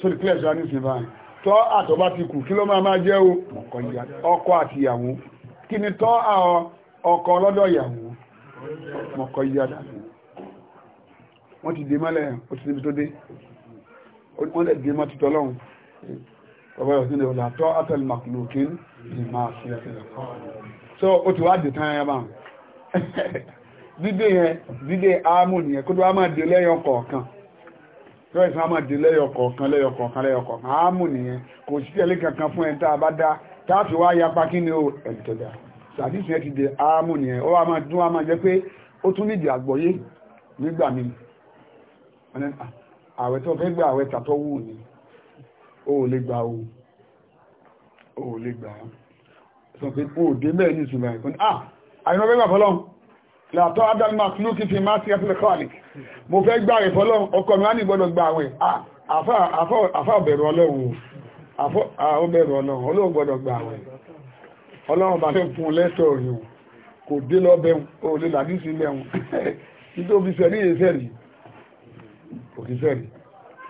tó di clear journey sí báyìí tọ́ àtọ̀bá ti kù kí ló máa máa jẹ́ ọkọ àti ìyàwó kí ni tọ́ àwọn ọkọ ọlọ́dọ̀ ìyàwó mọ̀kọ ìyàdà wọ́n ti dé mọ́lẹ̀ ó ti débi tó dé wọ́n lẹ̀ dé mọ́ títọ́ lọ́hùn ọ̀bọ̀ ìrọ̀sìn lè ọ̀là tọ́ àtẹ̀lì màkùlùkín ní máa sí ẹ̀sẹ̀ so ó ti wá dé tán ẹ̀yà báwọn dídé yẹn dídé ámù nìyẹn kó tó wá máa dé lẹ́yìn ọkọ̀ kan tó ẹ̀sìn àmọ́ di lẹ́yọkọ̀ọ̀kan lẹ́yọkọ̀ọ̀kan lẹ́yọkọ̀ọ̀kan áàmù nìyẹn kò sí tẹ̀lé kankan fún ẹni a bá dá táàfì wá yapa kí ni ó ẹ̀dì sàdísì ẹ ti di áàmù nìyẹn ó wá dún wá jẹ́ pé ó tún nídìí àgbọ́yé nígbà mi àwẹ̀ tó fẹ́ gbà àwẹ̀ tàtọ́ wù ni ó lè gbà ó ó lè gbà ó sọ pé ó dé bẹ́ẹ̀ ní ìsúnmọ́ ẹ̀kọ́ látọ́ adalmaklúkì fi máa sí ẹ̀fẹ́ kọ́ọ̀lì mo fẹ́ gbà rẹ̀ fọ́lọ́ ọkọ̀ mi wá ní gbọ́dọ̀ gbà wẹ̀ àfá ọ̀bẹ̀rù ọlọ́run ọlọ́run gbọ́dọ̀ gbà wẹ̀ ọlọ́run bá fẹ́ fún lẹ́tọ̀ òyìn kò dé lọ́bẹ̀ olè làdísí lẹ́hun nítorí sẹ́rí èsẹ́rí òkìsẹ́rí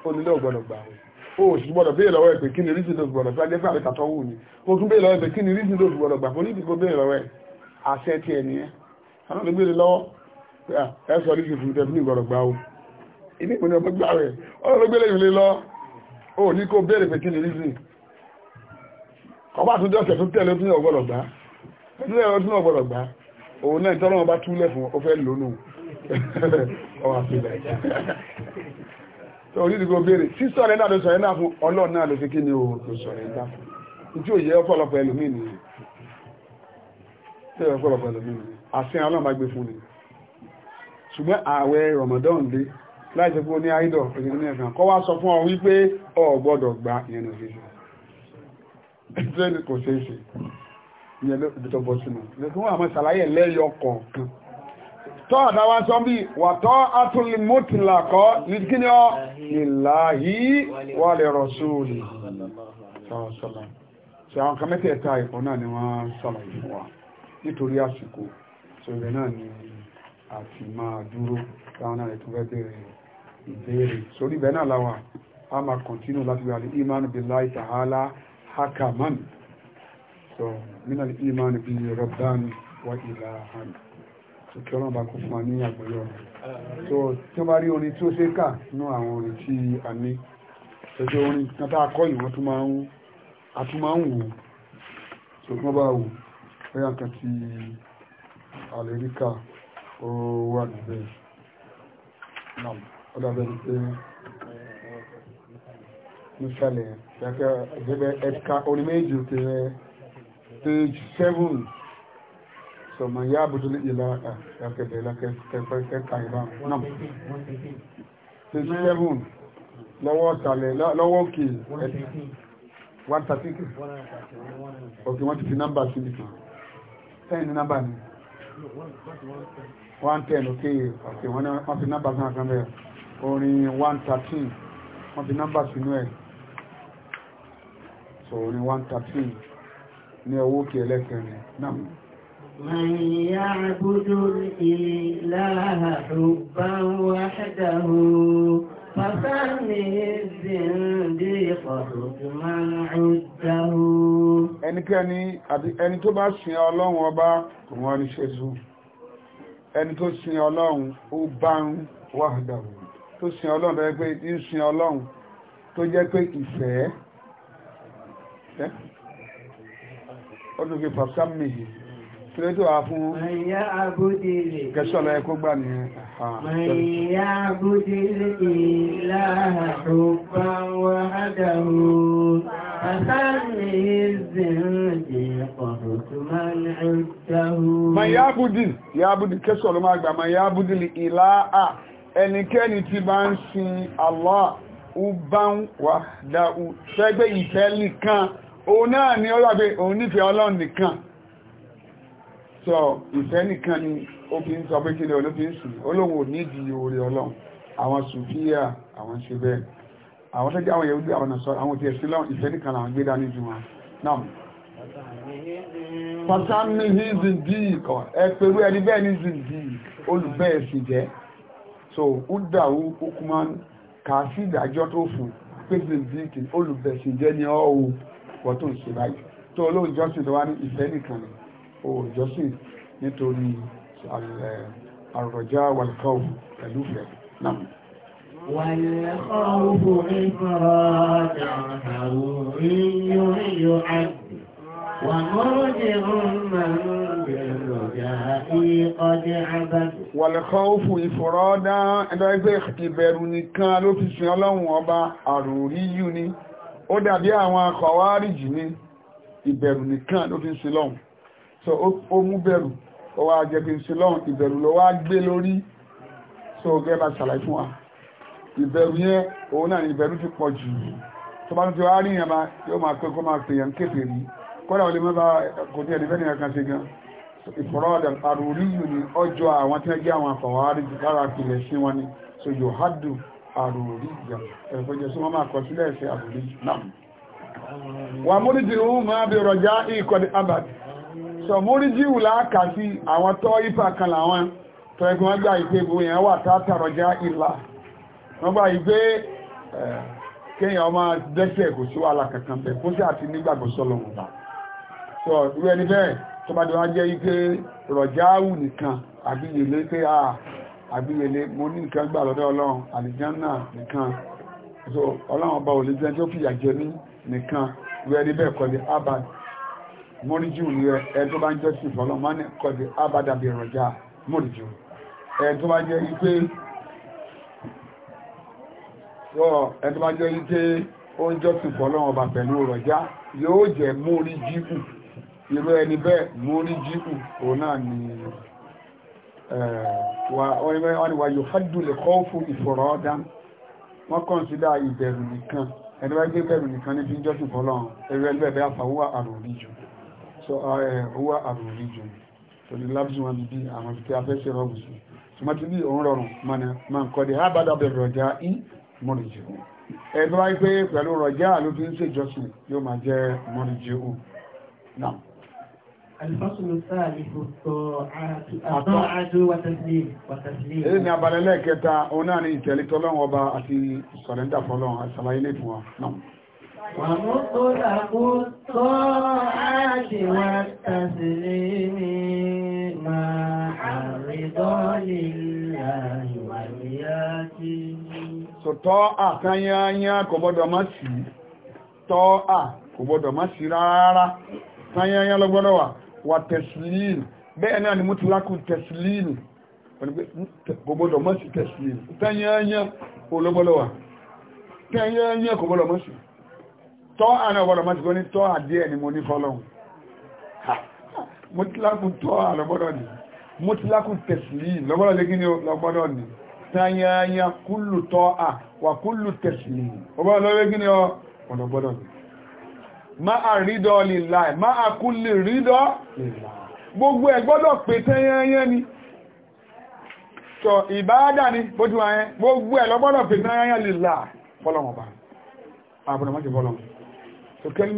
onílé ọ̀gbọ́dọ̀ gbà wẹ̀ ó sì gbọ́dọ̀ béèrè lọ́wọ́ ẹ̀ pé kí ni rísì ló gbọ́dọ̀ tó ajẹ́ fún àbẹ̀tàtọ́wù ni ó tún béèrè lọ́wọ́ ẹ̀ pé kí ni rísì ló gbọ́dọ̀ gbà fún àwọn olùgbèrè lọ́wọ́ ah, ẹ̀sọ́ ní ṣùfún tẹ́ fún ìgbọ̀rọ̀ gbáwó inú ìpínlẹ̀ ọmọ gbà rẹ̀ olùgbèrè ìlú lọ ó ní kó bẹ̀rẹ̀ pẹ̀tí ní rízìn ọba tún jọ́sẹ̀ tún tẹ̀lé tún ọgbọ̀rọ̀ gbá ẹ̀sùn ẹ̀rọ tún ọgbọ̀rọ̀ gbá òun náà tọ́lọ́ ọba túlẹ̀ fún ọ fẹ́ lónú ọwà sílẹ̀ tó orí ìdìgbò bèèrè sísọ rẹ̀ náà ló sọ ẹ̀nà fún ọlọ́ọ̀ náà ló fi kí ni o ló sọ rẹ̀ náà fún tí ò yẹ ọ̀pọ̀lọpọ̀ ẹlòmíì nìyẹn àṣẹ ọlọ́run bá gbé fún ni ṣùgbọ́n ààwẹ̀ Ramadan dé láì ṣe fún ní àìdọ̀ ìrìn ní ẹ̀sán kọ́ wá sọ fún ọ wípé o gbọ́dọ̀ gba ìyẹn òṣèṣe ìtẹ́lẹ̀ kò ṣe é ṣe ìyẹn ló ibi tó bọ́ sínú lẹ́kùn wọn àmọ́ ṣàlàyé lẹ́yọ kọ̀ọ̀kan tọ́ àdáwà sọ bí wà ni ọ ìlàhí wà lè rọ̀ṣúlì kan mẹ́tẹ̀ẹ̀ta ìfọ̀ náà ni wọ́n ṣàlàyé fún wa nítorí àsìkò so náà ni àti máa dúró táwọn náà tó fẹ́ bẹ̀rẹ̀ ìbéèrè sórí ibẹ̀ náà láwà a máa kọ̀ntínú láti wà ní iman billahi ta'ala hakaman so min al iman bi rabban wa ilahan so kí ọlọ́run bá kó fún wa ní àgbẹ̀yọ̀ so tí wọ́n bá rí orin tí ó ṣe kà nínú àwọn orin tí a ní ṣẹjọ́ orin kan tá a kọ́ ìwọ̀n tó tún máa ń wò so tí wọ́n bá wò ó yà ti àlèríkà ó wà níbẹ̀ ọ̀dàbẹ̀ eh, ní pé nísàlẹ̀ ẹ̀kẹ́ ẹ̀gbẹ́ ẹ̀ka oníméjì ti rẹ̀ page 7 sọmọ ya àbúdó ní ìlà ẹ̀kẹ́bẹ̀ ẹ̀ka ìbá náà page 7 lọ́wọ́ ọ̀tàlẹ̀ lọ́wọ́ òkè 130 ok wọ́n ti fi nọ́mbà síbi kan 10 ní nọ́mbà ni one ten òkè ọ̀sẹ̀ wọ́n fi nọ́mbà sínú àkànbẹ̀ orin one thirteen wọ́n fi nọ́mbà sínú ẹ̀ so orin one thirteen ní owó kí ẹlẹ́kẹrin náà. من يعبد الإله حبا وحده فسمه الزنديق حكما عده ẹnikẹ́ni àti ẹni tó bá sin ọlọ́run ọba kò wọ́n ní ṣẹ́sù ẹni tó sin ọlọ́run ó bá ń wàhádàwò tó sin ọlọ́run tó jẹ́ pé ń sin ọlọ́run tó jẹ́ pé ìfẹ́ ọdún kí pàṣẹ mìíràn tí ó tó wà fún kẹsọ́lọ́ ẹkó gbà nìyẹn من يعبد الإله حبا وحده فسمه الزنديق حكما عده من يعبد يعبد كسر المعبد من يعبد الإله ẹnikẹ́ni tí bá ń sin Allah uban wahdahu ṣẹ́gbẹ́ ìfẹ́ nìkan òun náà ni ó òun nífẹ̀ẹ́ Ọlọ́run nìkan sọ ìfẹ́ nìkan ni ó fi ń sọ pé kílẹ̀ olóbi ń sùn olóhùn ò ní ìdí oore ọlọ́run àwọn sùfíà àwọn ṣe bẹ́ẹ̀ àwọn tẹ́jẹ́ àwọn yẹ̀wú àwọn ọ̀nà sọ àwọn òtí ẹ̀sìn lọ́wọ́ ìfẹ́ nìkan làwọn gbé dání ju wọn náà pàtàmì ní zindik ẹ pẹ̀lú ẹni bẹ́ẹ̀ ní zindik olùbẹ́ ẹ̀sìn jẹ́ so ó dàwó okuman kà sí ìdájọ́ tó fún pé zindik olùbẹ̀sìn jẹ́ ni ọ́ o wọ́n tó ń ṣe báyìí tó olóhùn jọ́sìn tó wá ní ìfẹ́ nìkan òjọ́sìn nítorí àrọ̀já wàlkọ́ù pẹ̀lú fẹ́ náà والخوف إفراد حروري يعد ومرجع من بالرجاء قد عبد والخوف إفراد ẹgbẹ́ ìbẹ̀rù nìkan ló fi sin ọlọ́run ọba àròrí yìí ni ó dàbí àwọn akọwárìjì ní ìbẹ̀rù nìkan ló fi sin lọ́run so ó mú bẹ̀rù ó wá jẹ́ pé ṣùlọ́n ìbẹ̀rù ló wá gbé lórí so gẹ́gẹ́ bá ṣàlàyé fún wa ìbẹ̀rù yẹn òun náà ni ìbẹ̀rù ti pọ̀ jù tó bá ti wá rí yẹn bá yóò máa pé kó máa pè yẹn kéfè rí kódà ó lè mọ́ bá kò tí ẹni fẹ́ni kan ṣe gan ìfọ̀rọ̀dà àròrí yìí ni ọjọ́ àwọn tí wọ́n jẹ́ àwọn àfọwárí lára ìpìlẹ̀ sí wọn ni so yóò hádù àròrí yẹn ẹ̀fọ́ jẹ́ sí wọ́n máa kọ sílẹ̀ ẹ̀ṣẹ̀ àròrí náà wà múrídìí òun máa bẹ̀rọ̀ já ìkọ̀dí abàdì sọ̀múrí jíù láàkà sí àwọn tọ́ ipa kan làwọn tọ́ ẹgbẹ́ wọ́n gbà ìpé gbogbo èèyàn wà tátàrọjá ìlà wọ́n gbà ìgbé kéèyàn ọmọ dẹ́sẹ̀ kò sí wàhálà kankan bẹ̀ fún sí àti nígbàgbọ́ sọ́lọ̀ wọn bá sọ irú ẹni bẹ́ẹ̀ tó bá dọ́wà jẹ́ ike rọ̀jáwù nìkan àbíyèlé pé a àbíyèlé mo ní nǹkan gbà lọ́dọ̀ ọlọ́run àlìjánà nìkan so ọlọ́run ọba ò lè jẹ́ tí ó fìyà jẹ mí nìkan irú ẹni bẹ́ẹ̀ kọ́ ni mọ́ríjù ní ẹ̀ẹ́dọ́ bá ń jẹ́ sí fọ́lọ́ máa ń kọ́dé ábádàbí ìrọ̀já mọ́ríjù ẹ̀ẹ́dọ́ bá jẹ́ ipé ẹ̀ẹ́dọ́ bá jẹ́ ipé ó ń jọ́ sí fọ́lọ́ ọba pẹ̀lú ìrọ̀já yóò jẹ́ mọ́ríjù irú ẹni bẹ́ẹ̀ mọ́ríjù òun náà ni wọ́n ni wà yóò hádùn lè kọ́ fún ìfọ̀rọ̀ ọ̀dá wọ́n kọ́nsídà ìbẹ̀rù nìkan ẹni bá gbé bẹ̀rù nìkan ní fi ń jọ́sìn fọ́lọ́run ẹgbẹ́ ẹgbẹ́ àfàwọ́ àròrí jù so eh, huwa àrùnríjùn torí lábùsùn wọn bí àwọn fi kí a fẹ́ ṣe rọ́bù sí ṣùgbọ́n tí bí òun rọrùn mọ̀nà máa ń kọ́dé hábàdà bẹ̀rẹ̀ rọ̀já í mọ̀rìjì ẹ̀dọ́ wáyé pé pẹ̀lú rọ̀já ló fi ń ṣèjọsìn yóò máa jẹ́ mọ̀rìjì ó náà Èyí ni abalẹ̀ lẹ́ẹ̀kẹta, òun náà ni ìtẹ̀lé tọ́lọ́run ọba àti sọ̀rẹ́ndà fọ́lọ́run àti lè fún wa náà. Wà mú tó tọ́ àtanyanya kò gbọ́dọ̀ má sí tọ́ à kò gbọ́dọ̀ má sí rárá tanyanya ló gbọ́dọ̀ wà wà tẹ̀sílìlì bẹ́ẹ̀ náà ni mú ti lákùn tẹ̀sílìlì kò gbọ́dọ̀ má sí tẹ̀sílìlì tanyanya ni mo ní fọ́lọ́hun mú ti lákùn tọ́ à lọ́gbọ́dọ̀ ni mú ti lákùn tẹ̀sílìlì lọ́gbọ́dọ̀ lé kí ni lọ́gbọ́dọ̀ ni tanyanya kulu tọ́ à wà kúlù tẹ̀sìlì ọba ọlọ́rẹ́ gíní ọ ọ̀nàgbọ́dọ̀ ma a rídọ́ lílá ma a kúlù rídọ́ lílá gbogbo ẹ̀ gbọ́dọ̀ pé tanyanya ni sọ ìbáadà ni bójú ayẹ́ gbogbo ẹ̀ lọ́gbọ́dọ̀ pé tanyanya lílá fọ́lọ́mọba àbùnàmọ́jẹ́ fọ́lọ́mọ tó kẹ́lí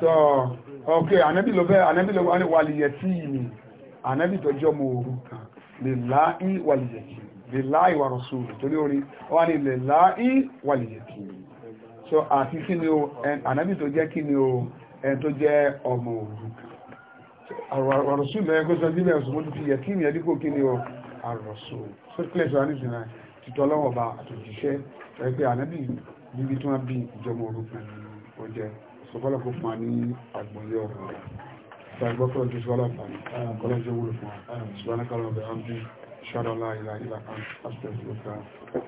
so ok anabi ló bẹ́ẹ̀ anabi ló wọ́n wàlìyẹ̀tì ni anabi tó jọ mọ òru kan lè láì wàlìyẹ̀tì lè láì wà rọ̀sùlù torí orí wọ́n ni lè láì wàlìyẹ̀tì so ati kí o anabi tó jẹ́ kí ni o ẹni tó jẹ́ ọmọ òru kan àrọ̀sùlù ẹ̀ kó sọ sí ilẹ̀ mo ti fi yẹ̀tì ni ẹ̀dínkù kí ni o àrọ̀sùlù so clear so anibi náà títọ́ lọ́wọ́ bá àtòjíṣẹ́ ẹgbẹ́ anabi níbi tí wọ́n bí ìjọba òru kan ó sọkọ́lọ̀ kó fún wa ní àgbọ̀yé ọ̀rọ̀ rẹ̀ gbàgbọ́ kọ́ ju sọ́lá fàní kọ́lọ́ jẹ́ wúlò fún wa ṣùgbọ́n kọ́lọ́ ọ̀bẹ̀ àmì ṣọ́lá láìlà ìlà kan aspect lóka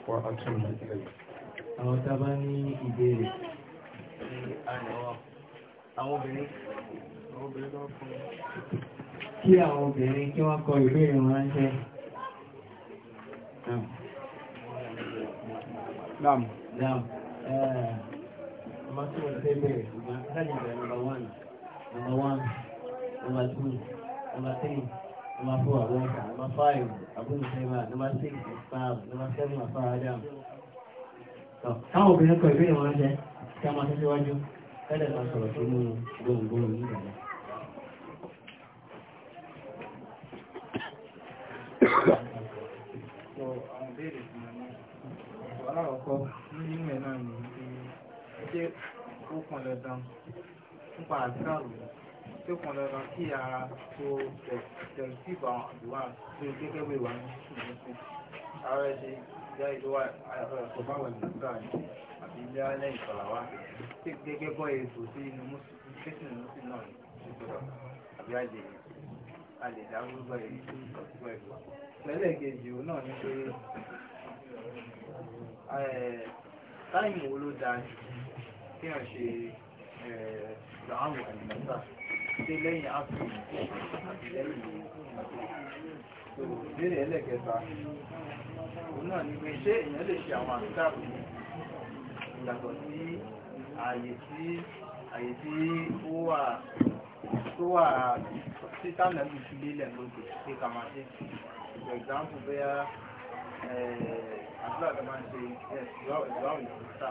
wà á tún ní ilẹ̀ yìí. àwọn tá a bá ní ìbéèrè àwọn obìnrin kí àwọn obìnrin kí wọ́n kọ ìbéèrè wọn ránṣẹ́. Naam. Naam. Ọba tí wọ́n fẹ́ bẹ̀rẹ̀ ṣùgbọ́n káàdì ìgbà nọmba one, nọmba one, nọmba two, nọmba three, nọmba four, Abọ́ǹkà, nọmba five, Abúlùsẹ́mà, nọmba six, Ìfàm, nọmba seven, Afáradàm. Káwọn obìnrin kọ ìbéèrè wọn jẹ kí a máa tẹ́sí wájú káàdì máa sọ̀rọ̀ tó mú gbòǹgbòǹ yìí dàgbà. So, àwọn béèrè ti mọ̀ ní ọ̀pọ̀ aláwọ̀kọ́ nínú ẹ̀ náà ni ṣé ó pọn dandan nípa àdúrà rẹ̀ ṣé ó pọn dandan kí ara tó tẹ̀síìbù àwọn àdúrà tó gẹ́gẹ́ bí ìwà ní ṣùgbọ́n sí ara ṣe ìyá ìlú wa àyàfẹ́ báwọn ìlúgbà ní àbí ilé alẹ́ ìfọ̀làwá tí gẹ́gẹ́ bọ́ èso sí inú mùsùlùmí fẹ́sìn mùsùlùmí náà ìgbọ̀dọ̀ àbí àlè àlè dárúgbà èyí tó sọ sí ẹ̀gbọ́n. lẹ́lẹ̀ náà ní pé táìmù wo ló dáa jù kí a ṣe ṣàwọn àlùmọ́tà tí lẹ́yìn ápùn àti lẹ́yìn tó bèèrè ẹlẹ́kẹta òun náà ni pé ṣé èèyàn lè ṣe àwọn àtúntàbù ìyàtọ̀ sí ààyè tí ààyè tí ó wà tó wà tí tánà bí fi lélẹ̀ lóde pé ká máa ṣe for example bóyá àdúrà tó máa ń ṣe ìwà ìwà ìwà ìwà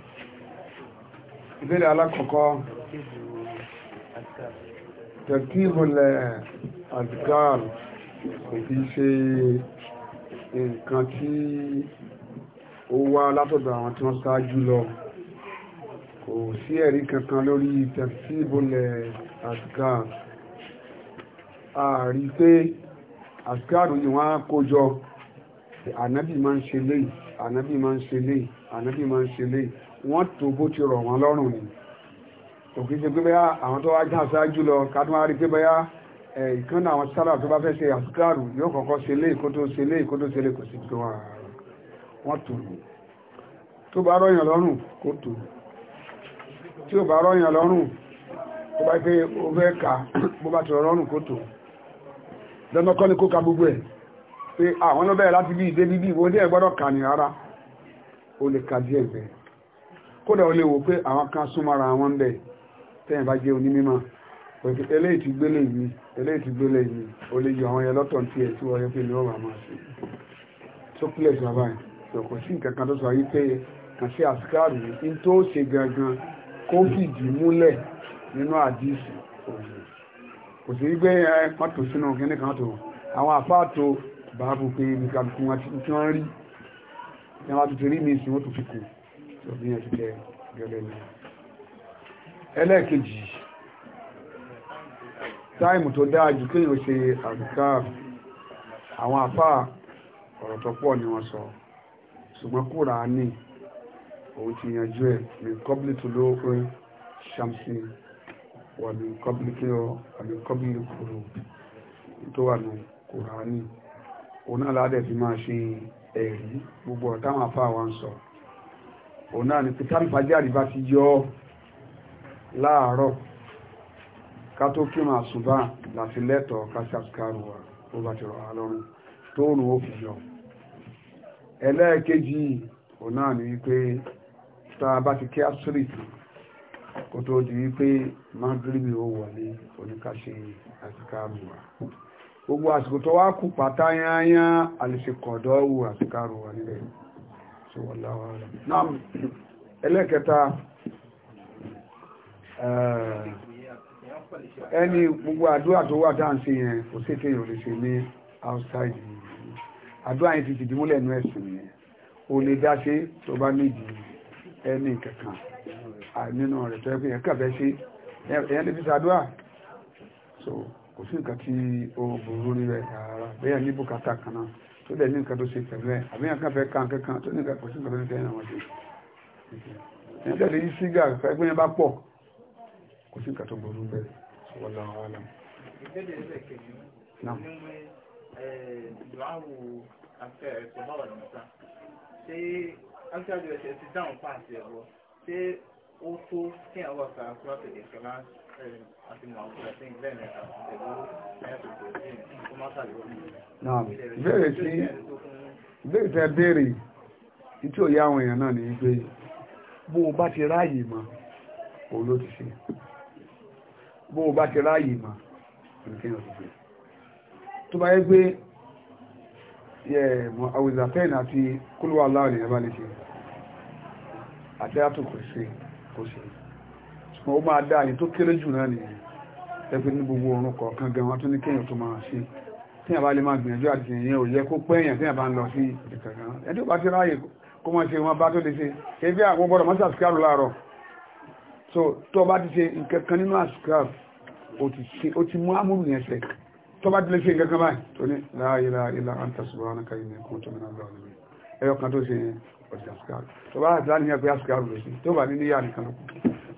ìbéèrè alákọ̀ọ́kọ́ tẹ̀kíhùlẹ̀ àdìgáàlù kò kí ṣe nǹkan tí ó wá látọ̀dọ̀ àwọn tí wọ́n ṣáájú lọ kò sí ẹ̀rí kankan lórí tẹ̀kíhùlẹ̀ àdìgáàlù ààrí pé àdìgáàlù ni wọ́n á kójọ ànábì máa ń ṣe léyìí ànábì máa ń ṣe léyìí ànábì máa ń ṣe léyìí wọ́n tó bó ti rọ̀ wọ́n lọ́rùn ni kò kí ṣe pé bẹ́yà àwọn tó wá jẹ́ àṣáájú lọ kádùn á rí pé bẹ́yà ìkànnì àwọn sára tó bá fẹ́ ṣe àṣíkàrù yóò kọ́kọ́ ṣe lé ìkó tó ṣe lé ìkó tó ṣe lé kò sí tó wọ́n tó tó bá rọ̀yàn lọ́rùn kó tó tí ò bá rọ̀yàn lọ́rùn tó bá pé ó fẹ́ ka bó bá ti rọ̀rùn kó tó dandan kọ́ ni kó ka gbogbo ẹ̀ pé àwọn ló bẹ̀rẹ̀ láti bí ìdé bíbí ìwọ́n dé ẹ̀gbọ́dọ̀ kà ní rárá ó lè ka díẹ̀ bẹ́ẹ̀ kódà ó lè wò pé àwọn kan súnmọ́ra àwọn ń bẹ̀ tẹ́yìn bá jẹ́ onímímọ̀ pẹ̀lú eléyìí ti gbélé yìí eléyìí ti gbélé yìí ó lè yọ àwọn ẹlọ́tọ̀ tí ẹ̀ tí wọ́n yẹ pé ní ọ̀rọ̀ àmọ́ sí tó pílẹ̀ sí bàbá yìí kò sí nǹkan kan tó sọ yí pé kàn sí àsìkáàrù yìí ní tó nínú àdìsí kò sí gbé ẹ mọ́tò sínú kíní kan tó àwọn àfáàtò bàbá pé nìkan tí wọ́n rí tí wọ́n rí mi sí wọ́n tó fi kù tó bí ẹ̀ṣẹ́ gẹ́lẹ́ ní ẹlẹ́ẹ̀kejì táìmù tó dáa jù kí yíò ṣe àbùká àwọn àfá ọ̀rọ̀ tó pọ̀ ni wọ́n sọ ṣùgbọ́n kúrà ní òun ti yanjú ẹ̀ ní kọ́bílì tó lóore ṣàmsì wà ní kọ́bílì kí ọ wà ní kọ́bílì kúrò tó wà ní kúrà ní òun náà ládẹ̀ fi máa ṣe ẹ̀rí gbogbo ọ̀táwọn àfá wa ń sọ òun náà ni pé tálùfájárì bá ti yọ láàárọ̀ ká tó kí máa ṣùgbà láti lẹ́tọ̀ọ́ ká ṣàṣkárù wa ó bá ti rọ̀ lọ́rùn tó rùn ó fi yọ ẹlẹ́ẹ̀kejì òun náà ni wípé tá a bá ti kí àṣírí tán kó tó di wípé mágíríbì ó wọlé oníkàṣe àṣkárù wa gbogbo àsìkò tó wá kù pátá yányán àlèṣe kọ̀dọ̀ wù àṣkárù wa nílẹ̀ yìí náà ẹlẹ́kẹta eh, ẹni gbogbo àdúrà tó wà dáǹsì yẹn kò sí ètò ìròlè sí ní outside àdúrà yẹn ti fìdí múlẹ̀ nú ẹ̀sìn yẹn o lè dá sí tó bá nídìí ẹni kankan nínú rẹ̀ tó ẹkùn yẹn kàfẹ́ sí ẹ̀yẹn lè fi sàdúrà so kò sí nǹkan tí ó burú rí rẹ̀ rárá bẹ́ẹ̀ ní bùkátà kan náà tó dẹ̀ ní nǹkan tó ṣe pẹ̀lú ẹ̀ àbí nǹkan fẹ́ kan kankan tó ní nǹkan pọ̀ sí nǹkan tó ń fẹ́ ẹ̀ràn wọn ṣe ẹ̀yìn tẹ̀lé yí sígà ẹgbẹ́ yẹn bá pọ̀ kò sí nǹkan tó burú bẹ́ẹ̀ sọ́wọ́lá wa lọ. ìbéèrè ẹ̀rẹ́ kẹ̀mí ní ìlọ́wọ́ afẹ́ ẹ̀sọ́ bá wà ní ọ̀sán ṣé afẹ́ àjọ ẹ̀sẹ̀ ti dáhùn pàṣẹ ẹ̀rọ ó tó kí àwọn àkàrà kúrò àtẹ̀lẹ̀ ìbéèrè sí ìbéèrè tẹ béèrè tí ò yá àwọn èèyàn náà ní pé bó o bá ti ráàyè mọ́ òun ló ti ṣe bó o bá ti ráàyè mọ́ nìkan ọ̀sùn pé tó bá yẹ pé àwùzàfẹ́ẹ̀nì àti kúlúwà láàrin ẹ̀bá lè ṣe àti àtòkò ṣe kò ṣe ó máa dá àyè tó kéré jù náà nìyẹn ẹgbẹ́ ní gbogbo orun kọ̀ọ̀kan gan wọn tó ní kéèyàn tó máa ṣe tí àbá lè máa gbìyànjú àti èèyàn ò yẹ kó pẹ́ èèyàn tí àbá ń lọ sí ìkàgán ẹni so tó bá ti ṣe nǹkan kan nínú àskáp ó ti mú àmúrù yẹn ṣe tó bá ti lè ṣe nǹkan kan báyìí tó ní láàyè láàyè láàyè anta subhanaka inni kuntu minaz zalimin ẹyọ kan tó bá àti láàyè ní ẹgbẹ́ àskáp lè ṣe tó bá ní níyà nìkan lókùn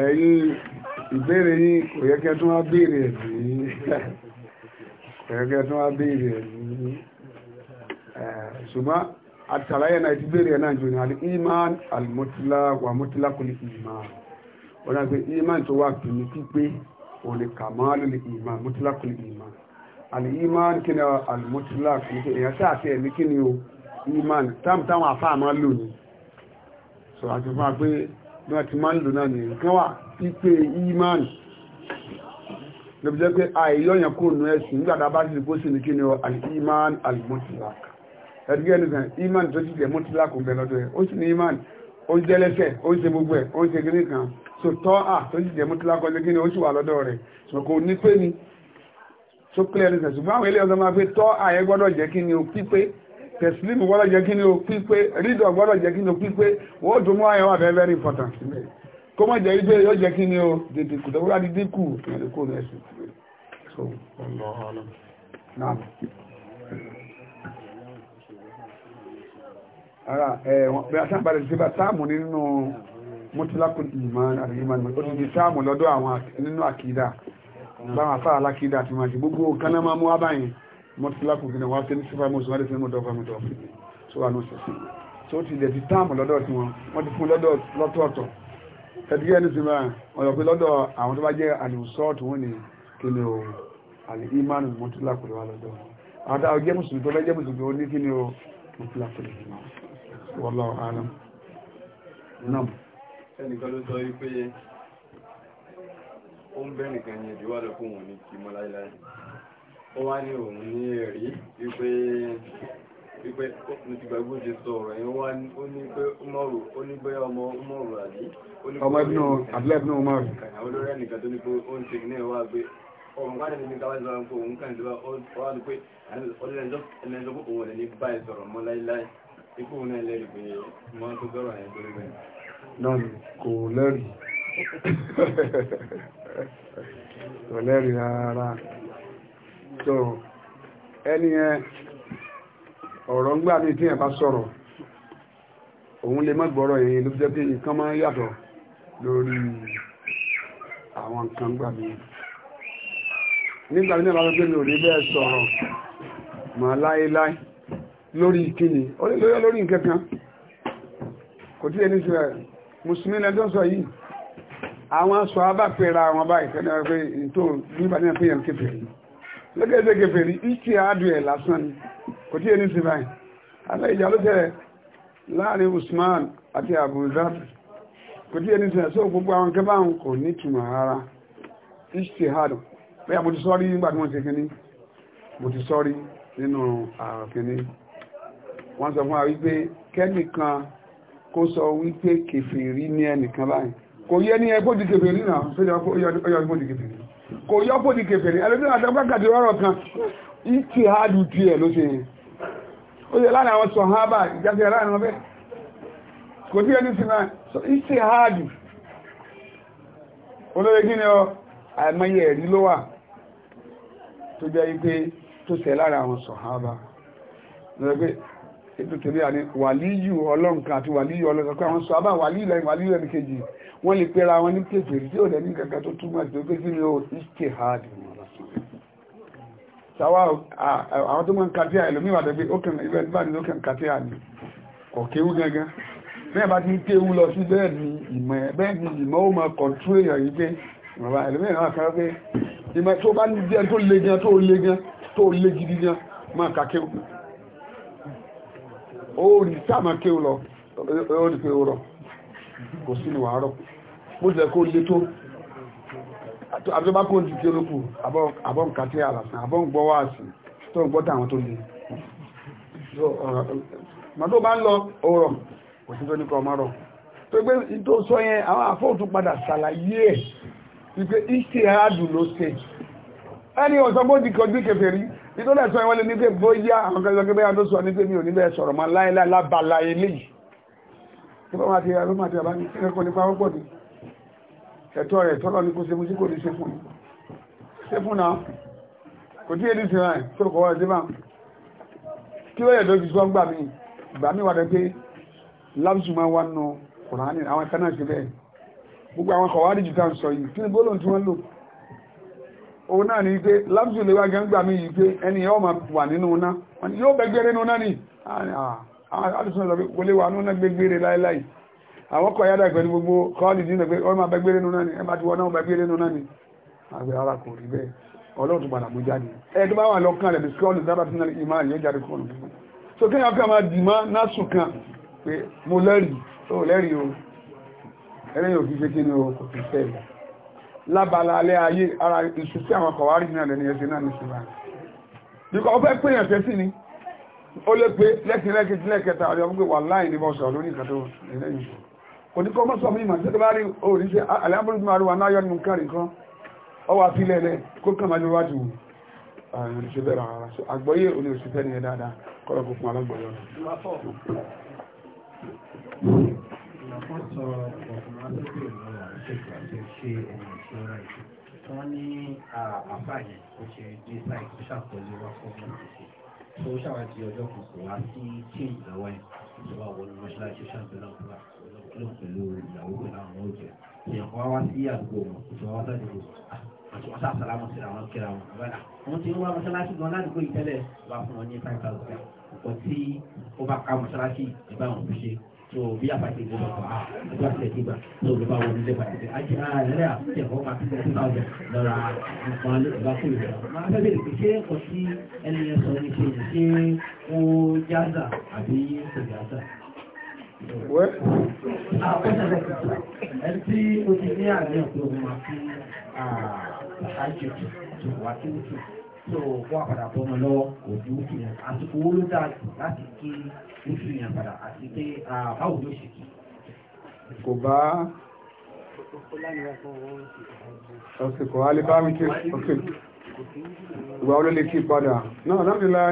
ẹ̀yìn ìbéèrè yìí kò yẹ kẹ́ tún wá béèrè ẹ̀ ní kò yẹ kẹ́ tún wá béèrè ẹ̀ ní ṣùgbọ́n àtàlàyé náà ti béèrè náà jù ní al-iman al wa mutla kò ní iman wọ́n náà pé iman tó wà pè ní pípé òun ni kàmáàlù ní iman mutla kò ní iman al-iman kí ni al kò ní pé èèyàn sáà ti ẹ̀mí kí ni o iman táwọn afáàmọ́ lò ní sọ̀rọ̀ àti fún wa pé ní wọ́n ti máa ń lò náà nìyẹn kí wọ́n pípé ìmánì lóbi jẹ́ pé àìyọ́yàn nù ẹ̀sìn nígbàdá bá ti bó kí ni ọ ìmánì àlùmọ́tìláàkì ẹ̀dùgẹ́ nìkan ìmánì tó ti jẹ́ mọ́tìláàkì ń bẹ lọ́dọ̀ ẹ̀ ó sì ní ìmánì ó jẹ́ lẹ́sẹ̀ ó ṣe gbogbo ẹ̀ ó ṣe gírí kan so tọ́ à tó sì jẹ́ mọ́tìláàkì ọjọ́ gíní ó sì wà lọ́dọ̀ rẹ̀ kò ní ni tó kílẹ̀ nìkan ṣùgbọ́n àwọn ilé ọ̀sán máa fi tọ́ àyẹ́ gbọ́dọ̀ jẹ́ kí ni ó tẹ̀sílímù gbọ́dọ̀ jẹ́ kí ni o pípé rídọ̀ gbọ́dọ̀ jẹ́ kí ni o pípé wọ́n dùn mọ́ àyàn wà very very important sílẹ̀ kó mọ̀ jẹ́ wípé yóò jẹ́ kí ni o dèdè kù tọ́wọ́lá di dínkù ìrìn kò ní ẹ̀sìn so naam ara ẹ̀wọ̀n bí a sábà lè ṣe bá táàmù nínú mọ́tílákùn ìmán àti ìmán ó ti di táàmù lọ́dọ̀ àwọn nínú àkídà báwọn afárá alákídà ti mọ́tíláàkù gínà wá sí ní sífà mọ́sùn wọ́n lè fi mọ́dọ́fà mọ́dọ́fà tó wà náà sẹ̀sìn tó ti lè ti táàmù lọ́dọ̀ tí wọ́n wọ́n ti fún lọ́dọ̀ lọ́tọ̀ọ̀tọ̀ ẹ̀dí ẹni sí máa wọ́n lọ pé lọ́dọ̀ àwọn tó bá jẹ́ àlùsọ́ọ̀tù wọn ni kí ni o àlè ìmánu mọ́tíláàkù lọ́wọ́ lọ́dọ̀ àti àwọn jẹ́ mùsùlùmí tó bá jẹ́ mùsùlùmí ó ní kí o alam nam ó wá ní òun ní ẹ̀rí wípé wípé mo ti gbàgbó ti sọ ọ̀rọ̀ yẹn wá ó ní pé Umaru ó ní pé ọmọ Umaru àbí ọmọ ẹbínú abúlé ẹbínú Umaru àwọn olórí ẹnìkan tó ní pé ó ń ṣe ní ẹwà pé ọmọ bá dẹni ká wá sí ọmọ òun kàn sí wá ní pé ọlẹ́jọ́ pé òun ní báyìí sọ̀rọ̀ mọ́ láíláí ikú òun náà lẹ́rìí pé mo tó sọ̀rọ̀ yẹn lórí bẹ́ẹ̀. náà kò lẹ́rìí kò lẹ́rìí rárá so ẹni ẹ ọ̀rọ̀ ńgbà ní tí ẹ bá sọ̀rọ̀ òun lè má gbọ́rọ̀ yẹn ló jẹ́ pé nǹkan máa yàtọ̀ lórí àwọn nǹkan gbà mí nígbà náà lọ́wọ́ pé mi ò rí bẹ́ẹ̀ sọ̀rọ̀ mà láéláé lórí ìkíni ó lè lóyọ́ lórí nǹkan kan kò tí ẹni sọ mùsùlùmí lẹ́jọ́ sọ yìí àwọn aṣọ abápẹ́ra àwọn báyìí fẹ́ẹ́ náà pé nítorí nígbà náà pé yẹn kéfèé lọ́gẹ́dẹ́ gẹ̀fẹ̀rí ìkí àádùn ẹ̀ lásán ni kò tí ẹni sí báyìí alẹ́ ìjà láàrin Usman àti abuzar kò tí ẹni sí ẹ̀ sóò àwọn kẹfà ń kò ní túmọ̀ ara ìkí àádùn bẹ́ẹ̀ mo ti sọ́rí nígbà tí kíní mo ti nínú kíní sọ fún wa wípé kó sọ wípé ní ẹnìkan báyìí kò yẹ ní ẹ kó di náà ó yọ kó kò yọ́pò di kèfèrè ẹlẹ́bí àtẹ́gbàgàdì rọ́rọ̀ kan ìtì hádù tí ẹ ló ṣe ó yẹ láàrin àwọn sọ̀hábà ìjáfẹ́ láàrin ọbẹ̀ kò sí ẹni sí náà ìtì hádù olóre kí ni ọ àìmọye ẹ̀rí ló wà tó jẹ́ ipé tó ṣẹ láàrin àwọn sọ̀hábà lọ́pẹ́ ètò torí àní wàlíyù ọlọ́nkan àti wàlíyù ọlọ́nkan pé àwọn sọ abá wàlíyù lẹ́yìn wàlíyù ẹni kejì wọ́n lè pẹ́ra wọn ní kéfèrè tí ó lẹ́ ní gàgà tó túmọ̀ sí pé kí ni ó ìṣe hàdì àwọn tó mọ̀ ń kàtí àìlò míwà tẹ́gbé ìbẹ̀ nígbà ní ó kàn kàtí àìlò ọ̀kéwú ni ìmọ̀ bẹ́ẹ̀ ni ìmọ̀ ó mọ̀ kọ̀tú èèyàn yìí pé ìmọ̀ ẹlòmíràn náà kọ́ pé ìmọ̀ tó bá ní jẹ́ tó le gan tó le ó rí sáàmà kí o lọ ó pé o rọ kò sí ni wà rọ bó jẹ́ kó lé tó àtọ́bá kó jù kí o lókù àbọ́n kàtí àlàsàn àbọ́n gbọ́ wá sí tó ń gbọ́ta àwọn tó lè uh, ma tó bá ń lọ ọ̀rọ̀ kò sí tó ní kọ ọmọ rọ tó gbé tó sọ yẹn àwọn afọ́ọ̀tún padà ṣàlàyé ẹ̀ wípé iṣẹ́ àádùn ló ṣe ẹni ọ̀sán bó ti kọjú kẹfẹ́ rí nítorí ẹ̀sọ́ ìwọ́n lè ní pé bóyá àwọn kẹsàn kí bẹ́yà tó sọ ní pé mi ò ní bẹ́ẹ̀ sọ̀rọ̀ máa láìláì lábàlá ilé yìí tí wọ́n máa ti ẹ̀rọ máa ti àbá ní ẹ̀kọ́ nípa ọ̀pọ̀ ní ẹ̀tọ́ rẹ̀ tọ́lọ́ ní kó ṣe mú sí kò ní ṣe fún ní ṣe fún náà kò tí èdè sìnrà ẹ̀ tó kọ́ pé lábùsù wà nù kùránì àwọn ìkaná ṣe gbogbo àwọn kọ̀wárì jù tá sọ yìí kí ni bólóhùn tí wọ́n lò òun náà ní pé lápùsù lè wá gẹ́gbà mí yìí pé ẹni yọ́ ma wà nínú iná yóò bẹ̀gbẹ̀rẹ̀ nínú náà ni ah, alùsùn sọ pé kò lè wà nínú náà gbẹ̀gbẹ̀rẹ̀ láíláì àwọn kọ̀ yádà pẹ̀lú gbogbo kọ́ọ̀lì dínà pé ọmọ bẹ̀gbẹ̀rẹ̀ nínú náà ni ẹ bá ti wọ́n náà bẹ̀gbẹ̀rẹ̀ nínú náà ni àgbẹ̀ ara kò rí bẹ́ẹ̀ ọlọ́run padà mú jáde ẹ tó bá wà lọ́kàn rẹ̀ bísíkọ́ọ̀lù sábà náà ìmá o ẹlẹ́yìn òfin ṣe kí lábala alẹ́ ayé ara ìṣù sí àwọn kọ̀wárí náà lẹ́ni ẹ̀sìn náà ní ṣùgbà nípa ọfẹ́ pé èèyàn tẹ́sí ni ó lé pé lẹ́kìnlẹ́kìtì lẹ́kẹta ọ̀rẹ́ ọmọ pé wà láì ní bọ́sọ̀ lórí ìkàtọ̀ ìlẹ́yìn kò ní kọ́ mọ́sọ̀ mímọ̀ tí ó bá rí oríṣẹ́ aláàbùrùdùn àríwá náà yọ́nù kárí kan ọ wà sílẹ̀ lẹ́ kó kàn máa jọwá jù oríṣẹ́ bẹ̀rẹ̀ ara àgbọ́yé òní òṣìṣẹ́ ni ẹ dáadáa kọ́lọ̀ kó fún alágbọ̀yọ́ Thank you wọ́n ní àbá yẹn ó ṣe ní sáì tó ṣàkóso wá fún kẹ́kẹ́sì tó ṣàwádìí ọjọ́ kan kò wá sí change lọ́wọ́ ẹ̀ ìjọba wo ni mọ́ṣáláṣí ṣàgbélà ọ̀gá lóun pẹ̀lú ìyàwó pẹ̀lú àwọn oúnjẹ èèyàn kan wá sí àdúgbò wọn ìjọba wá sáré àti wọn sáà sálámù síra wọn kíra wọn àbáyà wọn ti ń wá mọ́ṣáláṣí gan ládùúgbò yìí wá fún wọn ní five thousand nǹkan tí ó bá ká mọ́ṣáláṣí ìbáwọn fi ṣe so bí a bá ti gbé lọ́kọ̀ á ẹgbẹ́ àti ẹ̀dígbà tó ló bá wọlé lé àti àlẹ́ àti ẹ̀kọ́ máa bá ọjà lọ́ra nǹkan alẹ́ kúrò lọ́ra. máa fẹ́ bèrè pé ṣé ẹ̀kọ́ sí ẹni yẹn sọ ní ṣe ní ṣé ó jáza àbí kò jáza. ẹni tí o ti ní àlẹ́ ọ̀pẹ̀ òun máa fi àṣàjù tó wá sí òtún tó fún àpàdà tó mọ lọ́wọ́ kò sí wúṣù yẹn àsìkò owó ló dáa jù láti kí wúṣù yẹn padà àti pé báwo ló ṣe kí. kò bá ọ̀sìnkò alibáwíkì ọ̀sìn ìgbà wo ló lè kí padà náà lábìlá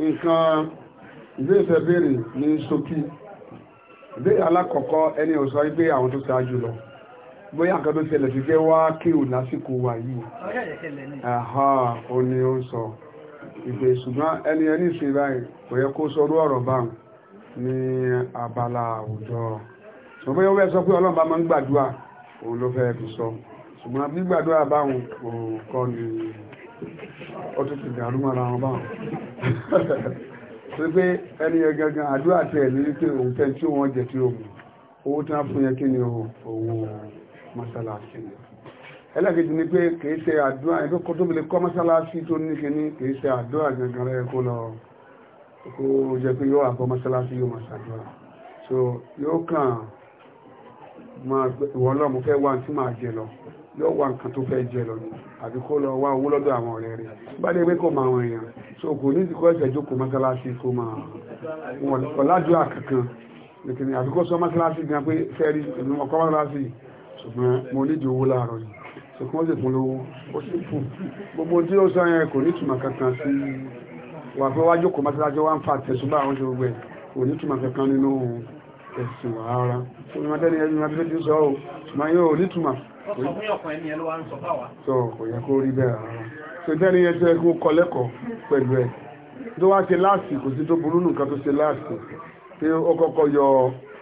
nǹkan ìdí ìfẹ́ béèrè ní ṣókí ìdí alákọ̀ọ́kọ́ ẹni ò sọ pé àwọn tó ṣáájú lọ bóyá nǹkan tó ṣẹlẹ̀ sí jẹ́ wá kí ò lásìkò wà yìí àhá o ni ó ń sọ ìpè ṣùgbọ́n ẹni ẹni ṣe báyìí kò yẹ kó ọ̀rọ̀ báhùn ní abala àwùjọ ṣùgbọ́n ó fẹ́ sọ pé ọlọ́run bá máa ń gbàdúrà òun ló fẹ́ fi sọ ṣùgbọ́n bí gbàdúrà báhùn òun kọ́ ni ó tún ti dàrú mọ́ra wọn báhùn pé ẹni yẹn gangan àdúrà tiẹ̀ ní wípé òun fẹ́ tí òun jẹ tí òun owó tí wọ́n fún yẹn kí ni òun òun masalasi ni ẹlẹ́gẹ̀ẹ́jì ni pé kìí ṣe àdúrà ẹgbẹ́ kó tó bèèrè kọ́ mọ́sálásí tó ní kíní kìí ṣe àdúrà gangan rẹ̀ kó lọ kó jẹ pé yóò àkọ́ mọ́sálásí yóò máa ṣàdúrà so yóò kàn máa ìwọ náà mo fẹ́ wá tí máa jẹ lọ yóò wá nǹkan tó so kò ní ìsìnkú ẹ̀sẹ̀ jókòó mọ́sálásí kó máa wọn kọ̀ ládùúrà kankan nìkìní àbí ṣùgbọ́n mo nídìí owó láàárọ̀ yìí ṣùgbọ́n ó sì fún lówó ó sì fún gbogbo tí ó sọ yẹn kò ní ìtumọ̀ kankan sí wà fẹ́ wájú kò mọ́tàlájọ́ wá ń fa àtẹ̀sùbà àwọn ṣe gbogbo ẹ̀ kò ní ìtumọ̀ kankan nínú ẹ̀sìn wà rárá ṣùgbọ́n máa tẹ́lẹ̀ ẹni máa fi sọ ọ́ ṣùgbọ́n yóò ní ìtumọ̀. ó sọ fún yọ̀kan ẹni ẹ ló wá ń sọ fáwa. sọ kò yẹ kó rí bẹ́ẹ̀ rárá pé ó kọ́kọ́ yọ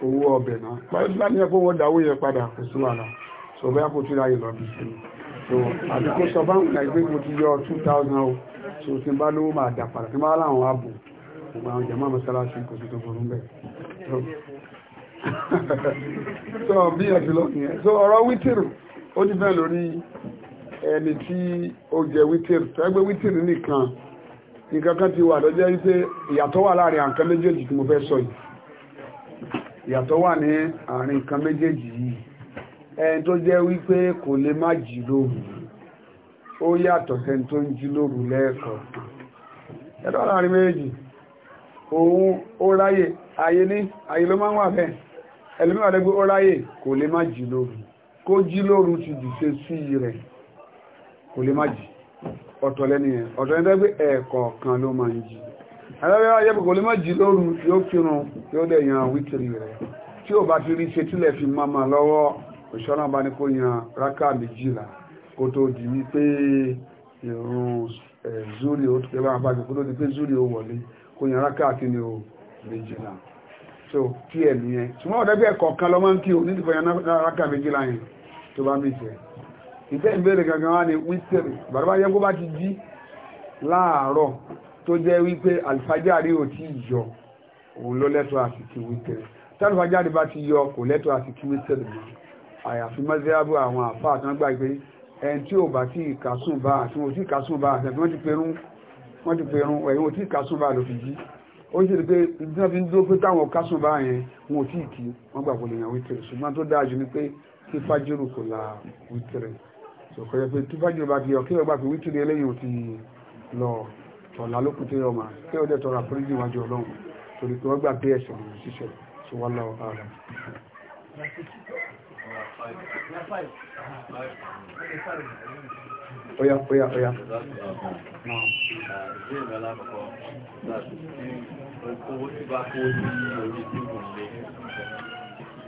owó ọbẹ̀ náà pàdé láti ẹ̀ pé wọ́n dáwó yẹn padà kò sí wàhálà so bẹ́ẹ̀ kò tún ráyè lọ́bí sí mi so àti kó sọ bá ń gbà pé mo ti yọ two thousand so tí n bá lówó máa dà padà tí n bá láwọn ààbò gbogbo àwọn jẹ̀mọ́ mọ́sálásí kò sí tó burú bẹ́ẹ̀ so bí ẹ̀ fi lọ́kùn yẹn so ọ̀rọ̀ wítìrù ó ti bẹ́ẹ̀ lórí ẹni tí ó jẹ wítìrù tó ẹgbẹ́ wítìrù nìkan nìkan kan ti wà lọ́jọ́ wípé ìyàtọ̀ wà láàrin àǹkan méjèèjì tí mo fẹ́ sọ yìí ìyàtọ̀ wà ní àárín nǹkan méjèèjì yìí ẹni tó jẹ́ wípé kò lè má jí lóru ó yàtọ̀ sẹ́ni tó ń jí lóru lẹ́ẹ̀kọ̀ọ̀kan yàtọ̀ láàrin méjèèjì òun ó ráyè ayé ní ayé ló máa ń wà bẹ́ẹ̀ ẹlòmíwà lẹ́gbẹ́ ó ráyè kò lè má jí lóru kó jí lóru ti dìse sí rẹ̀ kò lè má jí ọ̀tọ̀ lẹ́nìyàn ọ̀tọ̀ lẹ́gbẹ́ ẹ̀ẹ̀kọ̀ọ̀kan ló máa ẹlẹ́rẹ́ ayébù kò lè má jí lóru yóò kírun yóò dẹ̀ yan wítìrì rẹ̀ tí ò bá ti rí ṣe tílẹ̀ fi máa máa lọ́wọ́ òṣọ́nà bá ní kó yan rákà méjìlá kó tó di wípé ìrun zúrí ó tẹ́ bá bá kó tó di pé zúrí ó wọlé kó yan rákà kí ni ó méjìlá so kí ẹ̀ nìyẹn ṣùgbọ́n ọ̀dẹ́ bí ẹ̀kọ̀ kan lọ́mọ ń kí o ní ìfọ̀yàn rákà méjìlá yẹn tó bá mìtẹ̀ ìfẹ́ ìbéèrè gangan wá ní wítìrì bàbá yẹ kó bá ti jí láàárọ̀ tó jẹ́ wípé alifájáre ò tí yọ òun ló lẹ́tọ́ àsìkí wítẹ̀ tí alifájáre bá ti yọ kò lẹ́tọ́ àsìkí wítẹ̀ mọ́ àyàfi mọ́síláàbù àwọn àfá àtàgbà pé ẹn tí ò bá tí ìkásùn bá àti wọn tí ìkásùn bá àti wọn ti perún wọn ti perún ẹ̀yìn wọn tí ìkásùn bá ló fi jí ó sì rí pé ibi náà fi ń dúró pé táwọn kásùn bá yẹn wọn ò tí ì wọn gbà kò lè yàn wítẹ̀ ṣùgbọ́n tó dáa jù ni pé kí fájúrù kò la wítẹ̀ rẹ̀ ṣòkòyẹ pé tí fájúrù bá fi yọ kí wọ́n gbà pé wítẹ̀ eléyìí ò ti lọ tọ̀lá lókùn tó yọ máa kí ọdẹ tọrọ àforíjì wájú ọlọ́run torí pé wọ́n gbà bí ẹ̀sùn ọ̀rọ̀ ṣíṣẹ́ sí wọ́n lọ ara Oya, oya, oya.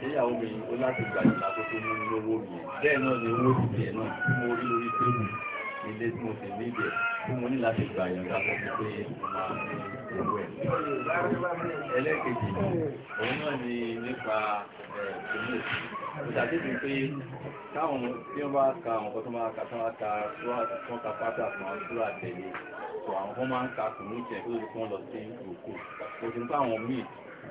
Ìyàwó mi, ó láti gbàjìlá tó tó mú lówó mi. Bẹ́ẹ̀ náà ni owó ti bẹ̀ẹ̀ náà tí mo rí lórí tébù ilé tí mo sì ní ibẹ̀ fún mo ní láti gbà yàn ká fún mi pé máa ní owó ẹ̀. ẹlẹ́ẹ̀kejì òun náà ni nípa ìlú ìdàdébí pé káwọn tí wọ́n bá ka àwọn kan tó máa ka tó máa ka súrà tó ka pátá fún àwọn súrà tẹ̀lé tó àwọn kan máa ń ka kùnú jẹ́ kí wọ́n lọ sí òkú òṣùpá àwọn míì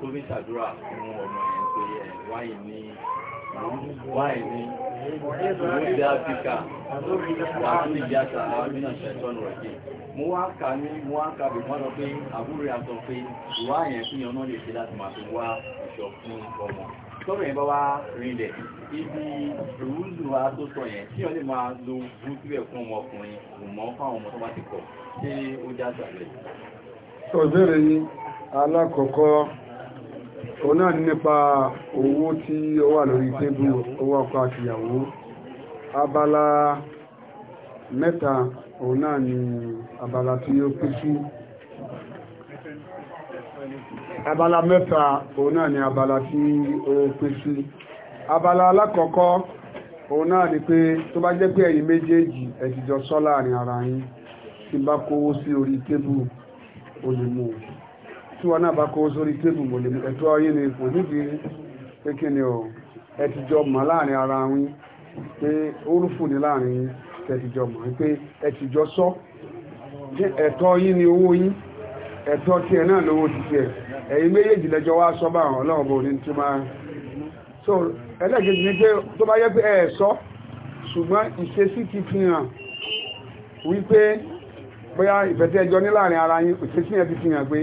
tó fi ṣàdúrà fún ọmọ yẹn pé ẹ wáyé ní wáyé ní orílẹ̀-èdè áfíríkà wà tó lè jẹ́ àṣà àwọn mìíràn ṣẹ̀tọ́nù ọ̀jẹ́ mo wá kà ní mo wá kà bí wọ́n lọ pé àbúrò yà sọ pé ìwá yẹn fún yẹn náà lè ṣe láti máa fi wá ìṣọ̀ fún ọmọ tọ́rọ̀ yẹn bá wá rinlẹ̀ ibi rúùlù wa tó sọ yẹn tí wọ́n lè máa lo búrúkú ẹ̀ fún ọmọkùnrin kò mọ́ fáwọn ọmọ tó bá ti kọ̀ ṣé ó já sàlẹ̀. sọ yìí alákọ̀ọ́kọ́ òun náà nípa owó tí ó wà lórí tébù owó ọkọ àtìyàwó abala mẹ́ta òun ni abala tí ó pín sí abala mẹ́ta òun ni abala tí ó pín sí abala alákọ̀ọ́kọ́ òun ni pé tó bá jẹ́ pé ẹ̀yin méjèèjì ẹ ti jọ sọ láàrin ara yín tí bá kówó sí orí tébù ó tí wọn náà bá kó sórí tébù mò lè ẹ̀tọ́ ayé ni kò nídìí pé kí ni ọ ẹ ti jọ mọ̀ láàrin ara yín pé orúfù ni láàrin yín tẹ ti jọ mọ̀ pé ẹ ti jọ sọ ẹ̀tọ́ yín ni owó yín ẹ̀tọ́ tiẹ̀ náà lówó ti tiẹ̀ ẹ̀yin méjèèjì lẹ́jọ́ wá sọ bá àwọn ọlọ́run bò ní tí máa so ẹlẹ́gẹ̀ẹ́jì ni pé tó bá yẹ pé ẹ̀ sọ ṣùgbọ́n ìṣesí ti fi hàn wípé bóyá ìfẹ́tẹ́ ẹjọ́ ní láàrin ara yín ìṣesí yẹn ti fi hàn pé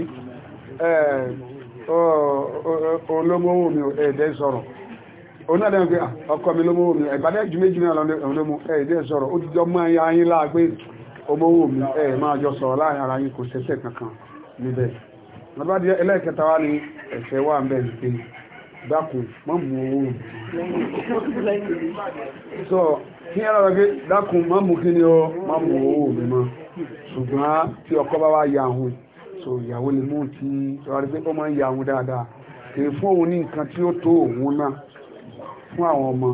olómọ́wò mi ẹ̀ẹ́dẹ́ sọ̀rọ̀ onídàájọ́ pé ọkọ mi lómọ́wò mi ẹ̀gbádẹ́ jù méjì náà lọ́mọ́ ẹ̀ẹ́dẹ́ sọ̀rọ̀ mi jọ sọ̀rọ̀ láàrin ara yín kò sẹ́sẹ̀ kankan níbẹ̀ lọ́bàdí ẹlẹ́ẹ̀kẹta wá ní ẹ̀fẹ́ wà ń bẹ̀ ọ ọkọ ya ahụ. so ìyàwó ni mú ti sọ́wárí pé ó máa ń ya òun dáadáa kìí fún òun ní nǹkan tí ó tó òun náà fún àwọn ọmọ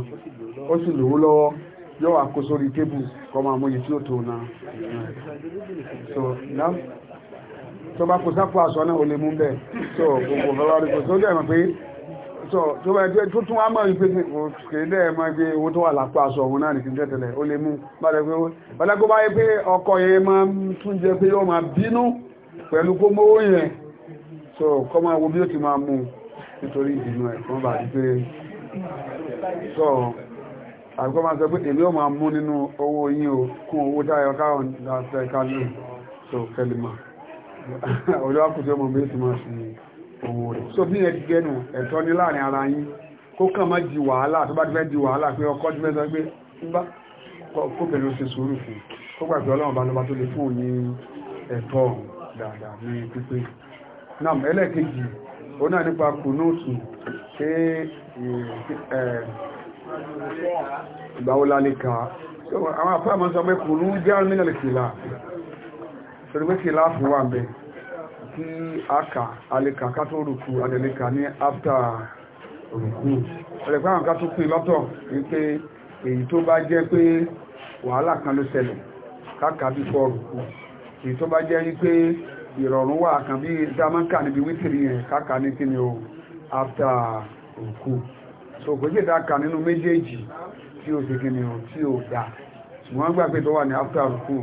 ó sì lówó lọ́wọ́ yóò wá kó sórí tébù kọ́ máa mọyì tí ó tó náà so náà tó bá kó sápò aṣọ náà ó lè mú bẹ́ẹ̀ so gbogbo bàbá rẹ̀ kò sójú ẹ̀mọ̀ pé so tó bá ẹgbẹ́ tó tún wá mọ̀ wípé kìí dẹ́ mọ́ pé owó tó wà lápò aṣọ òun náà nìkan tẹ̀tẹ̀lẹ̀ ó lè mú bàdàgbé pé ọkọ yẹn máa tún jẹ pé yóò máa bínú pẹ̀lú kó mówó yẹn so kọ́ máa wo bí ó ti máa mú nítorí ìdìmọ̀ ẹ̀ fún bàbí pé so àbíkọ́ máa sọ pé èmi ò máa mú nínú owó yín o kún owó táyọ káwọn láti ká lè so kẹlìmọ̀ olóòkùnjẹ́ mọ̀ bí ó ti máa fi owó rẹ̀ so bí ẹ ti gẹ́nu ẹ̀tọ́ ní láàrin ara yín kó kàn má di wàhálà tó bá ti fẹ́ di wàhálà pé ọkọ ti fẹ́ sọ pé nígbà kó bẹ̀rẹ̀ ó ṣe sùúrù fún kó gbàgbé ọlọ́run bá lọ́ba tó lè fún òun ẹ̀tọ́ ọ̀hún dáadáa ní pípé náà ẹlẹ́ẹ̀kejì ó náà nípa kùnúùtù pé ìgbàwó lálẹ́ kan àwọn afẹ́ àmọ́ sọ pé kùnú jẹ́ nílẹ̀ kìlá torí pé kìlá fún wa bẹ̀ kí a kà alẹ́kà ká tó rùkú alẹ́lẹ́kà ní after rùkú ẹ̀rẹ̀ pé àwọn ká tó pín lọ́tọ̀ wípé èyí tó bá jẹ́ pé wàhálà kan ló ṣẹlẹ̀ ká kà bí fọ́ rùkú èyí tó bá jẹ́ wípé ìrọ̀rùn wà kan bí dámọ́kà níbi wítìrì yẹn káka ní kíni o after òkú so kò jẹ́ dáka nínú méjèèjì tí ó ti kíni o tí ó dá ṣùgbọ́n gbà pé tó wà ní after òkú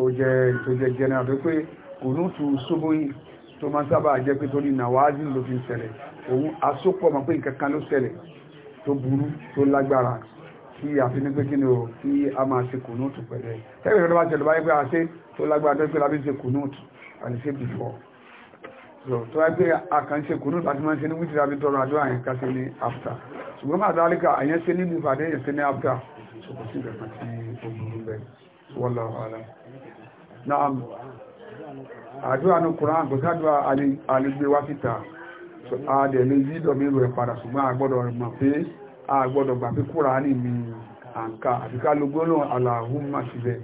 ó jẹ́ tó jẹ́ general tó pé kò ní tu ṣubú yìí tó máa sábà jẹ́ pé torí nàwáàzì ló fi ń ṣẹlẹ̀ òun asopọ̀ mọ̀ pé nǹkan kan ló ṣẹlẹ̀ tó burú tó lágbára tí a fi ní pé kí ni o tí a máa ṣe kùnúùtù pẹ̀lú ẹ̀ tẹ́gbẹ̀rẹ̀ tó bá ṣẹlẹ̀ báyé pé a ṣe tó lágbára tó ń pè lábí ṣe kùnúùtù àti ṣe before so tó wáyé pé a kàn ṣe kùnúùtù àti máa ń ṣe ní wítìrì àbí tọrọ àdúrà yẹn ká ṣe ní after ṣùgbọ́n máa dá líka àyẹn ṣe ní before àdéyẹn ṣe ní after so kò sí ìgbà tí ó burú bẹ́ẹ̀ wallahu alam naam àdúrà ní kùrán kò sádùá àlegbé wá síta àdẹ̀ lè yí ìdọ̀mí rẹ̀ padà ṣùgbọ́n àgbọ́dọ̀ rẹ̀ mọ̀ pé àgbọ́dọ̀ gbà pé Kùránì mi àǹkà àti ká ló gbólóhùn aláhùnmá síbẹ̀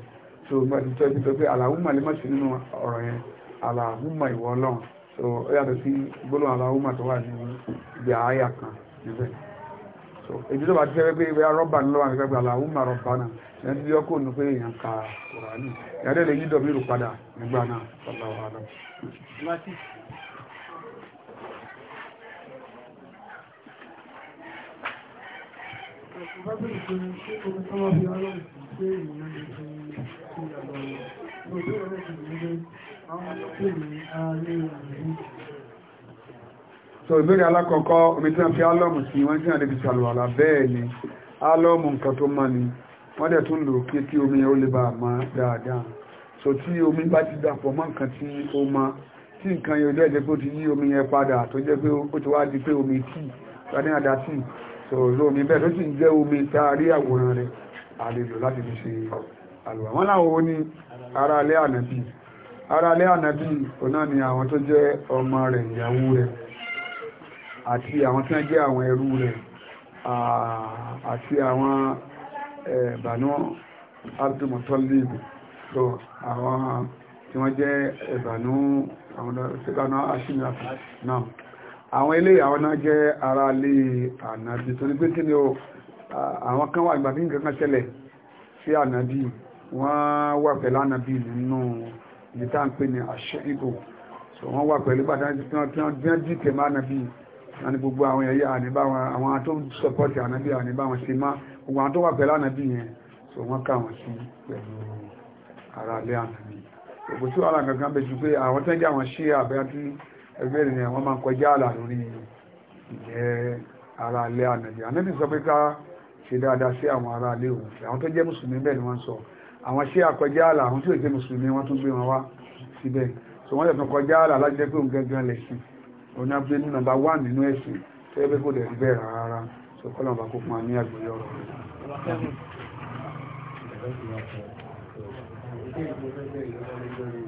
so gbàtí tó ẹbí sọ pé aláhùnmá lè má sí nínú ọ̀rọ̀ yẹn aláhùnmá ìwọ ọlọ́run so ó yàtọ̀ sí gbólóhùn aláhùnmá tó wà ní ibi àáyà kan níbẹ̀ so èdè tó bá ti fẹ́ pé ìwé rọ́bà ńlọ́wọ́ àti pẹ́pẹ́ aláhùnmá rọ́bà náà ẹni tí ọkọ̀ ní pé èèyàn ka Kùránì ìyàdẹ́ lè yí so ìbéèrè alákọ̀ọ́kọ́ omi tí wọ́n fi álọ́mù sí wọ́n tí wọ́n lè fi ṣàlùwàlà bẹ́ẹ̀ ni álọ́mù nǹkan tó mọ́ ni wọ́n dẹ̀ tún lò kí tí omi ó lè bá mọ́ dáadáa so tí omi bá ti dàpọ̀ mọ́ nǹkan tí ó mọ́ tí nǹkan yóò jẹ́ pé ó ti yí omi yẹn padà tó jẹ́ pé ó ti wá di pé omi tíì sọ̀rọ̀ omi bẹ́ẹ̀ tó sì ń jẹ́ omi taari àwòrán rẹ̀ àlejò láti fi ṣe àlùwà wọ́n láwọn ó ní ara alẹ́ ànàbí ara alẹ́ ànàbí ọ̀nà ni àwọn tó jẹ́ ọmọ rẹ̀ ìyàwó rẹ̀ àti àwọn tí wọ́n jẹ́ àwọn ẹrú rẹ̀ àti àwọn ẹ̀bànú abdulmutalib so àwọn tí wọ́n jẹ́ ẹ̀bànú àwọn ọ̀sẹ̀bànú ashinafi náà àwọn ilé àwọn náà jẹ́ ara lè ànàbí torí pé kí ni o àwọn kan wà ìgbà tí nǹkan sí ànàbí wọ́n wà pẹ̀lú ànàbí nínú ìdíta ní àṣẹ ìbò so wọ́n wà pẹ̀lú gbàdájítẹ̀ má ànàbí àní gbogbo àwọn ẹ̀yà àníbáwọn àwọn tó sọpọ́tì ànàbí àníbáwọn sí má gbogbo àwọn tó wà pẹ̀lú ànàbí yẹn so wọ́n kà wọ́n sí pẹ̀lú ara lé ànàbí òkú tí wàhálà kankan bẹ ju pé àwọn tẹ́jà wọn ṣí àbẹ́ ẹgbẹ́rin ni wọ́n máa ń kọjá àlà lórí ìjẹ́ ara alẹ́ ànàbì ànàbì sọ pé ká ṣe dáadáa sí àwọn ará alẹ́ òun àwọn tó jẹ́ mùsùlùmí bẹ́ẹ̀ ni wọ́n sọ àwọn ṣé àkọjá àlà àwọn tí ò jẹ́ mùsùlùmí wọ́n tún gbé wọn wá síbẹ̀ so wọ́n tẹ̀tún kọjá àlà láti jẹ́ pé òun gẹ́gẹ́ lẹ̀sìn òun á gbé ní nàbà wà nínú ẹ̀sìn tó yẹ pé dẹ̀ bẹ́ẹ̀ rárá so kọ́lọ̀ bá kó fún Thank you.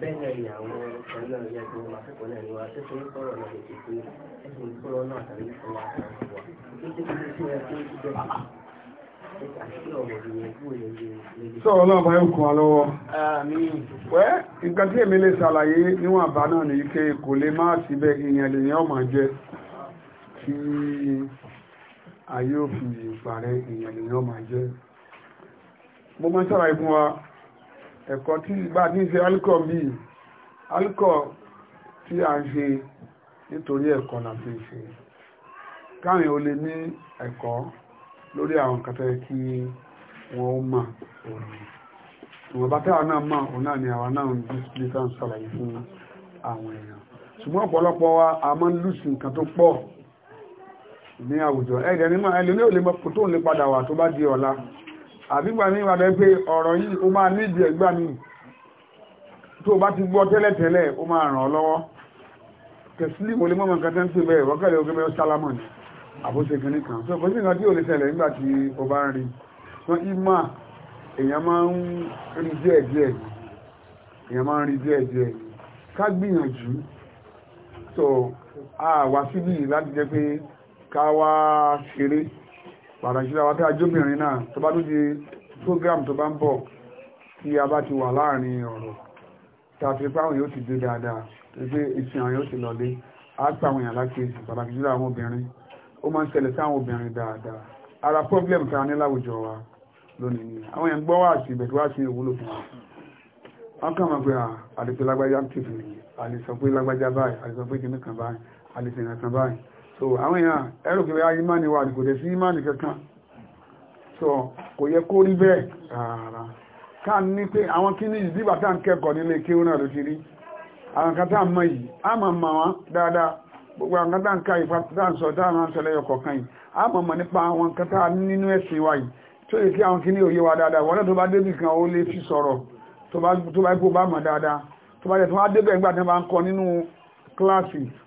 bẹ́ẹ̀ náà ni àwọn ọ̀rẹ́ náà yẹ kí wọ́n akẹ́kọ̀ọ́ náà ni wọ́n akẹ́kọ̀ọ́ ń sọ̀rọ̀ náà lòdì sí ẹ̀sùn ìṣòro náà tàbí ìṣòro àtàkùn wa tó ti fi ṣe ẹ pé ìjọ sọ̀rọ̀ náà bá yóò kún wa lọ́wọ́ wẹ́ nǹkan tí èmi lè ṣàlàyé níwọ̀n àbá náà ní ike kò lè má síbẹ̀ ìyẹn lè ọmọ jẹ tí ayé òfin ìparẹ́ ìyẹn lè ọmọ jẹ mo máa ń ṣàlàyé fún wa ẹ̀kọ́ tí ìgbà ní ṣe alukọ̀ bíi alukọ̀ tí a ń ṣe nítorí ẹ̀kọ́ náà fi ṣe káwọn ò lè ní ẹ̀kọ́ lórí àwọn kàtà kí wọ́n mà òní ìwọ̀n bá táwọn náà mà òun náà ni àwọn náà ń display tán ṣàlàyé fún àwọn èèyàn ṣùgbọ́n ọ̀pọ̀lọpọ̀ wa a máa ń lùsì nǹkan tó pọ̀ ní àwùjọ ẹ̀ẹ́dẹ̀ nímọ̀ ẹlòmí ò lè mọ̀ tó ń lè padà wà tó bá di ọ̀la àbígbà ní ìwà pé ọ̀rọ̀ yìí ó máa nídi ẹ̀gbà mi tó bá ti gbọ́ tẹ́lẹ̀tẹ́lẹ̀ ó máa ràn ọ́ lọ́wọ́ tẹ̀sílì mo lè mọ́mọ́ nǹkan tẹ́ bẹ́ẹ̀ wọ́kẹ̀lẹ̀ ogun mẹ́ọ́ salamon àbóṣe kìíní kan so kò sí nǹkan tí ò lè ṣẹlẹ̀ nígbà tí o bá ń rí wọn ìmọ̀ èèyàn máa ń rí díẹ̀ so a wá síbí láti jẹ́ pé pàtàkì àwọn tá a jóbìnrin náà tó bá tó di program tó bá ń bọ̀ tí a bá ti wà láàrin ọ̀rọ̀ tàbí páwọn yóò ti dé dáadáa wípé ìsìn àwọn yóò ti lọlé á pàwọn èèyàn lákèésì pàtàkì jùlọ àwọn obìnrin ó máa ń ṣẹlẹ̀ sáwọn obìnrin dáadáa ara problem tá a ní láwùjọ wa lónìí ni àwọn èèyàn gbọ́ wá sí ibẹ̀ tó wá sí ìwúlò fún wa wọ́n kàn mọ̀ pé àdìpé lágbájá ń tètè àlè sọ pé lágbájá báyìí àlè sọ pé kìnnìkan báyìí àlè sèyàn kan báyìí so àwọn èèyàn ẹrù kí ya ìmáni wà ní dẹ̀ sí ìmáni so kò yẹ kó rí bẹ́ẹ̀ rárá ká ní pé àwọn kíní ìdígbà tá ń kẹ́kọ̀ọ́ nílé kí yìí a mọ̀ mọ̀ wọn dáadáa gbogbo ń ká ìfà tá sọ a mọ̀ mọ̀ nípa àwọn nínú ẹ̀sìn wa yìí tó yẹ kí àwọn kíní òye wa dáadáa náà tó bá débì kan ó fi sọ̀rọ̀ tó bá ipò bá mọ̀ dáadáa tó bá tó débẹ̀ nígbà tí wọ́n bá ń kọ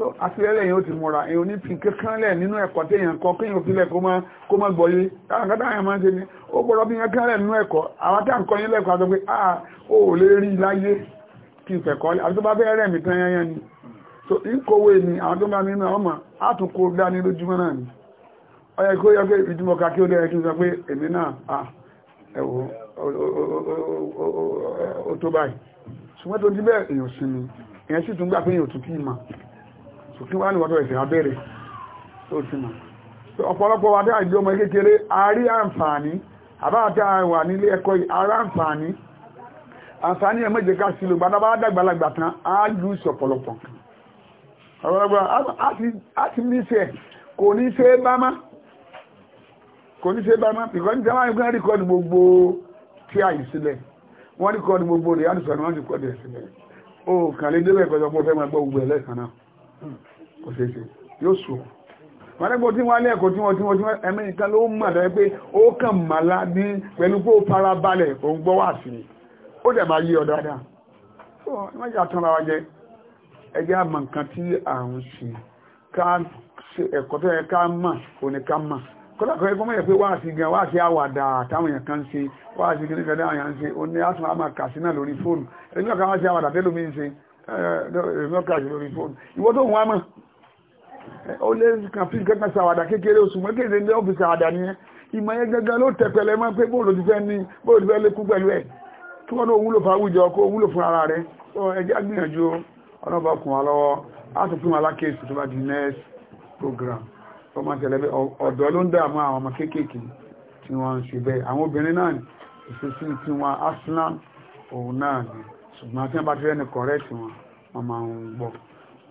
so àfihẹ́lẹ̀ o ti múra èyàn ní nke kankan lẹ nínú ẹ̀kọ́ tí èyàn kọ kéyàn fi lẹ̀ kó mọ́ gbọ́yé tààkátà àyàn máa ń ṣe ni ó gbọ́dọ̀ fi kankan lẹ nínú ẹ̀kọ́ àwọn tá à àti pé a ah, ò lè rí láyé kí n àti tó bá tán ni so ìkọ̀wé ni àwọn tó bá mi ọmọ tún kó náà ni yẹ kó ká kí kí n sọ pé èmi náà tó báyìí tó so kí wá ní wọ́tọ̀ ẹ̀sìn abẹ́rẹ̀ tó ti mọ̀ so ọ̀pọ̀lọpọ̀ wa dá ìdí ọmọ kékeré àárí àǹfààní àbáàtà wà nílé ẹ̀kọ́ ara àǹfààní àǹfààní ẹ̀mẹ́jẹ ká sílò gbadaba dàgbàlagbà tán á lù sí ọ̀pọ̀lọpọ̀ ọ̀pọ̀lọpọ̀ á ti ní sẹ́ kò ní ṣe bá má kò ní ṣe bá má bìkọ́ ní sábà ìpínlẹ̀ rìkọ́dù gbogbo tí kò ṣeé ṣe yóò sùn wọ́n lẹ́gbọ́ tí wọ́n lẹ́ẹ̀kọ́ tí wọ́n tí wọ́n tí wọ́n ẹ̀mí nìkan ló mọ̀ lọ́wọ́ pé ó kàn mà lá ní pẹ̀lú pé ó fara balẹ̀ òun gbọ́ wà sí i ó dẹ̀ máa yí ọ dáadáa ó wọ́n yà tán ra wa jẹ ẹjẹ́ àmọ̀ nǹkan tí à ń ṣe ká ṣe ẹ̀kọ́ tó yẹ ká mà òní ká mà kódà kan ẹgbọ́n mọ̀yẹ̀ pé wá sí gan wá sí àwàdà táwọn èèyàn kan ṣe wá sí kí nìkan dáhùn yàn ṣe ó ní àtún àmà kàṣí lórí fóònù ẹgbẹ́ kan wá sí àwàdà tẹ́lómi ṣe ẹgbẹ́ kan wá lórí fóònù ìwọ́n tó ń mọ̀ ó lè kàn fi gángan ṣàwàdà kékeré oṣù mọ́kéde ní ọ́fíìsì àwàdà nìyẹn ìmọ̀ yẹn gángan ló tẹ̀pẹ̀lẹ̀ mọ́ pé bóòlù ti fẹ́ ní bóòlù ti fẹ́ lékún pẹ̀lú ẹ̀ kí wọ́n náà wúlò fún àwùjọ kó wúlò fún ara rẹ̀ ó ẹjẹ́ gbìyànjú ọlọ́ba kùn wá lọ́wọ́ á tún fún wa lákèésì tó bá di next program ọmọ tẹ̀lẹ́ ọ̀dọ́ ló ń dààmú àwọn ọmọ kéékèèké tí wọ́n ń ṣe bẹ́ẹ̀ àwọn obìnrin náà ìṣesí tí wọ́n Arsenal òun náà ní ṣùgbọ́n tí wọ́n bá ti rẹ́ni correct wọn wọ́n máa ń gbọ́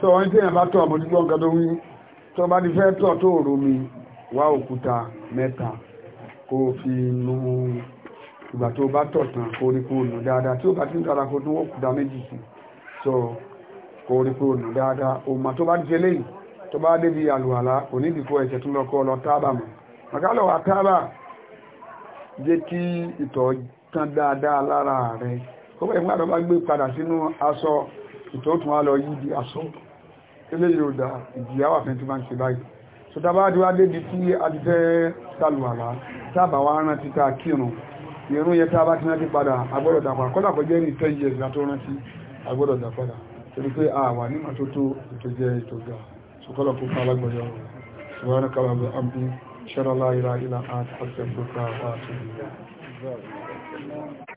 so wọ́n tí èèyàn bá tọ̀ àmójúgbó nǹkan tó wí tó bá ti fẹ́ tọ̀ tó òru mi wá òkúta mẹ́ta kó fi nu ìgbà tó bá tọ̀ tán kó rí kó nù dáadáa tí ó bá ti ń kára kó tún òkúta méjì sí so kó rí kó nù dáadáa òmà tó bá ti ṣe léyìí tó bá débi àlùwàlá kò ní ìdìkú ẹ̀ṣẹ̀ tún lọ́kọ́ lọ tábà mọ̀ màkálọ̀ wà tábà jẹ́ kí ìtọ̀ tán dáadáa lára rẹ̀ kó bẹ́ẹ̀ nígbà tó bá gbé padà sínú aṣọ ìtọ̀ tún wá lọ yí di aṣọ eléyìí ò dá ìjìyà wà fẹ́ tí máa ń ṣe báyìí sọtaba tí wá débi tí a ti fẹ́ sàlùwàlá sábà wá rántí ta kírun ìrún yẹ tá bá ti rántí padà agbọ́dọ̀ dà padà kọ́dà kọjá ní ten years látó rántí agbọ́dọ̀ dà padà torí pé a wà ní mọ́tótó ètò jẹ́ ètò ga sọkọ́lọ̀ kó fún alágbọ̀yọ̀ ṣùgbọ́n kàwé àmì ṣẹ́rọ̀lá ìlà ìlà àti àṣẹ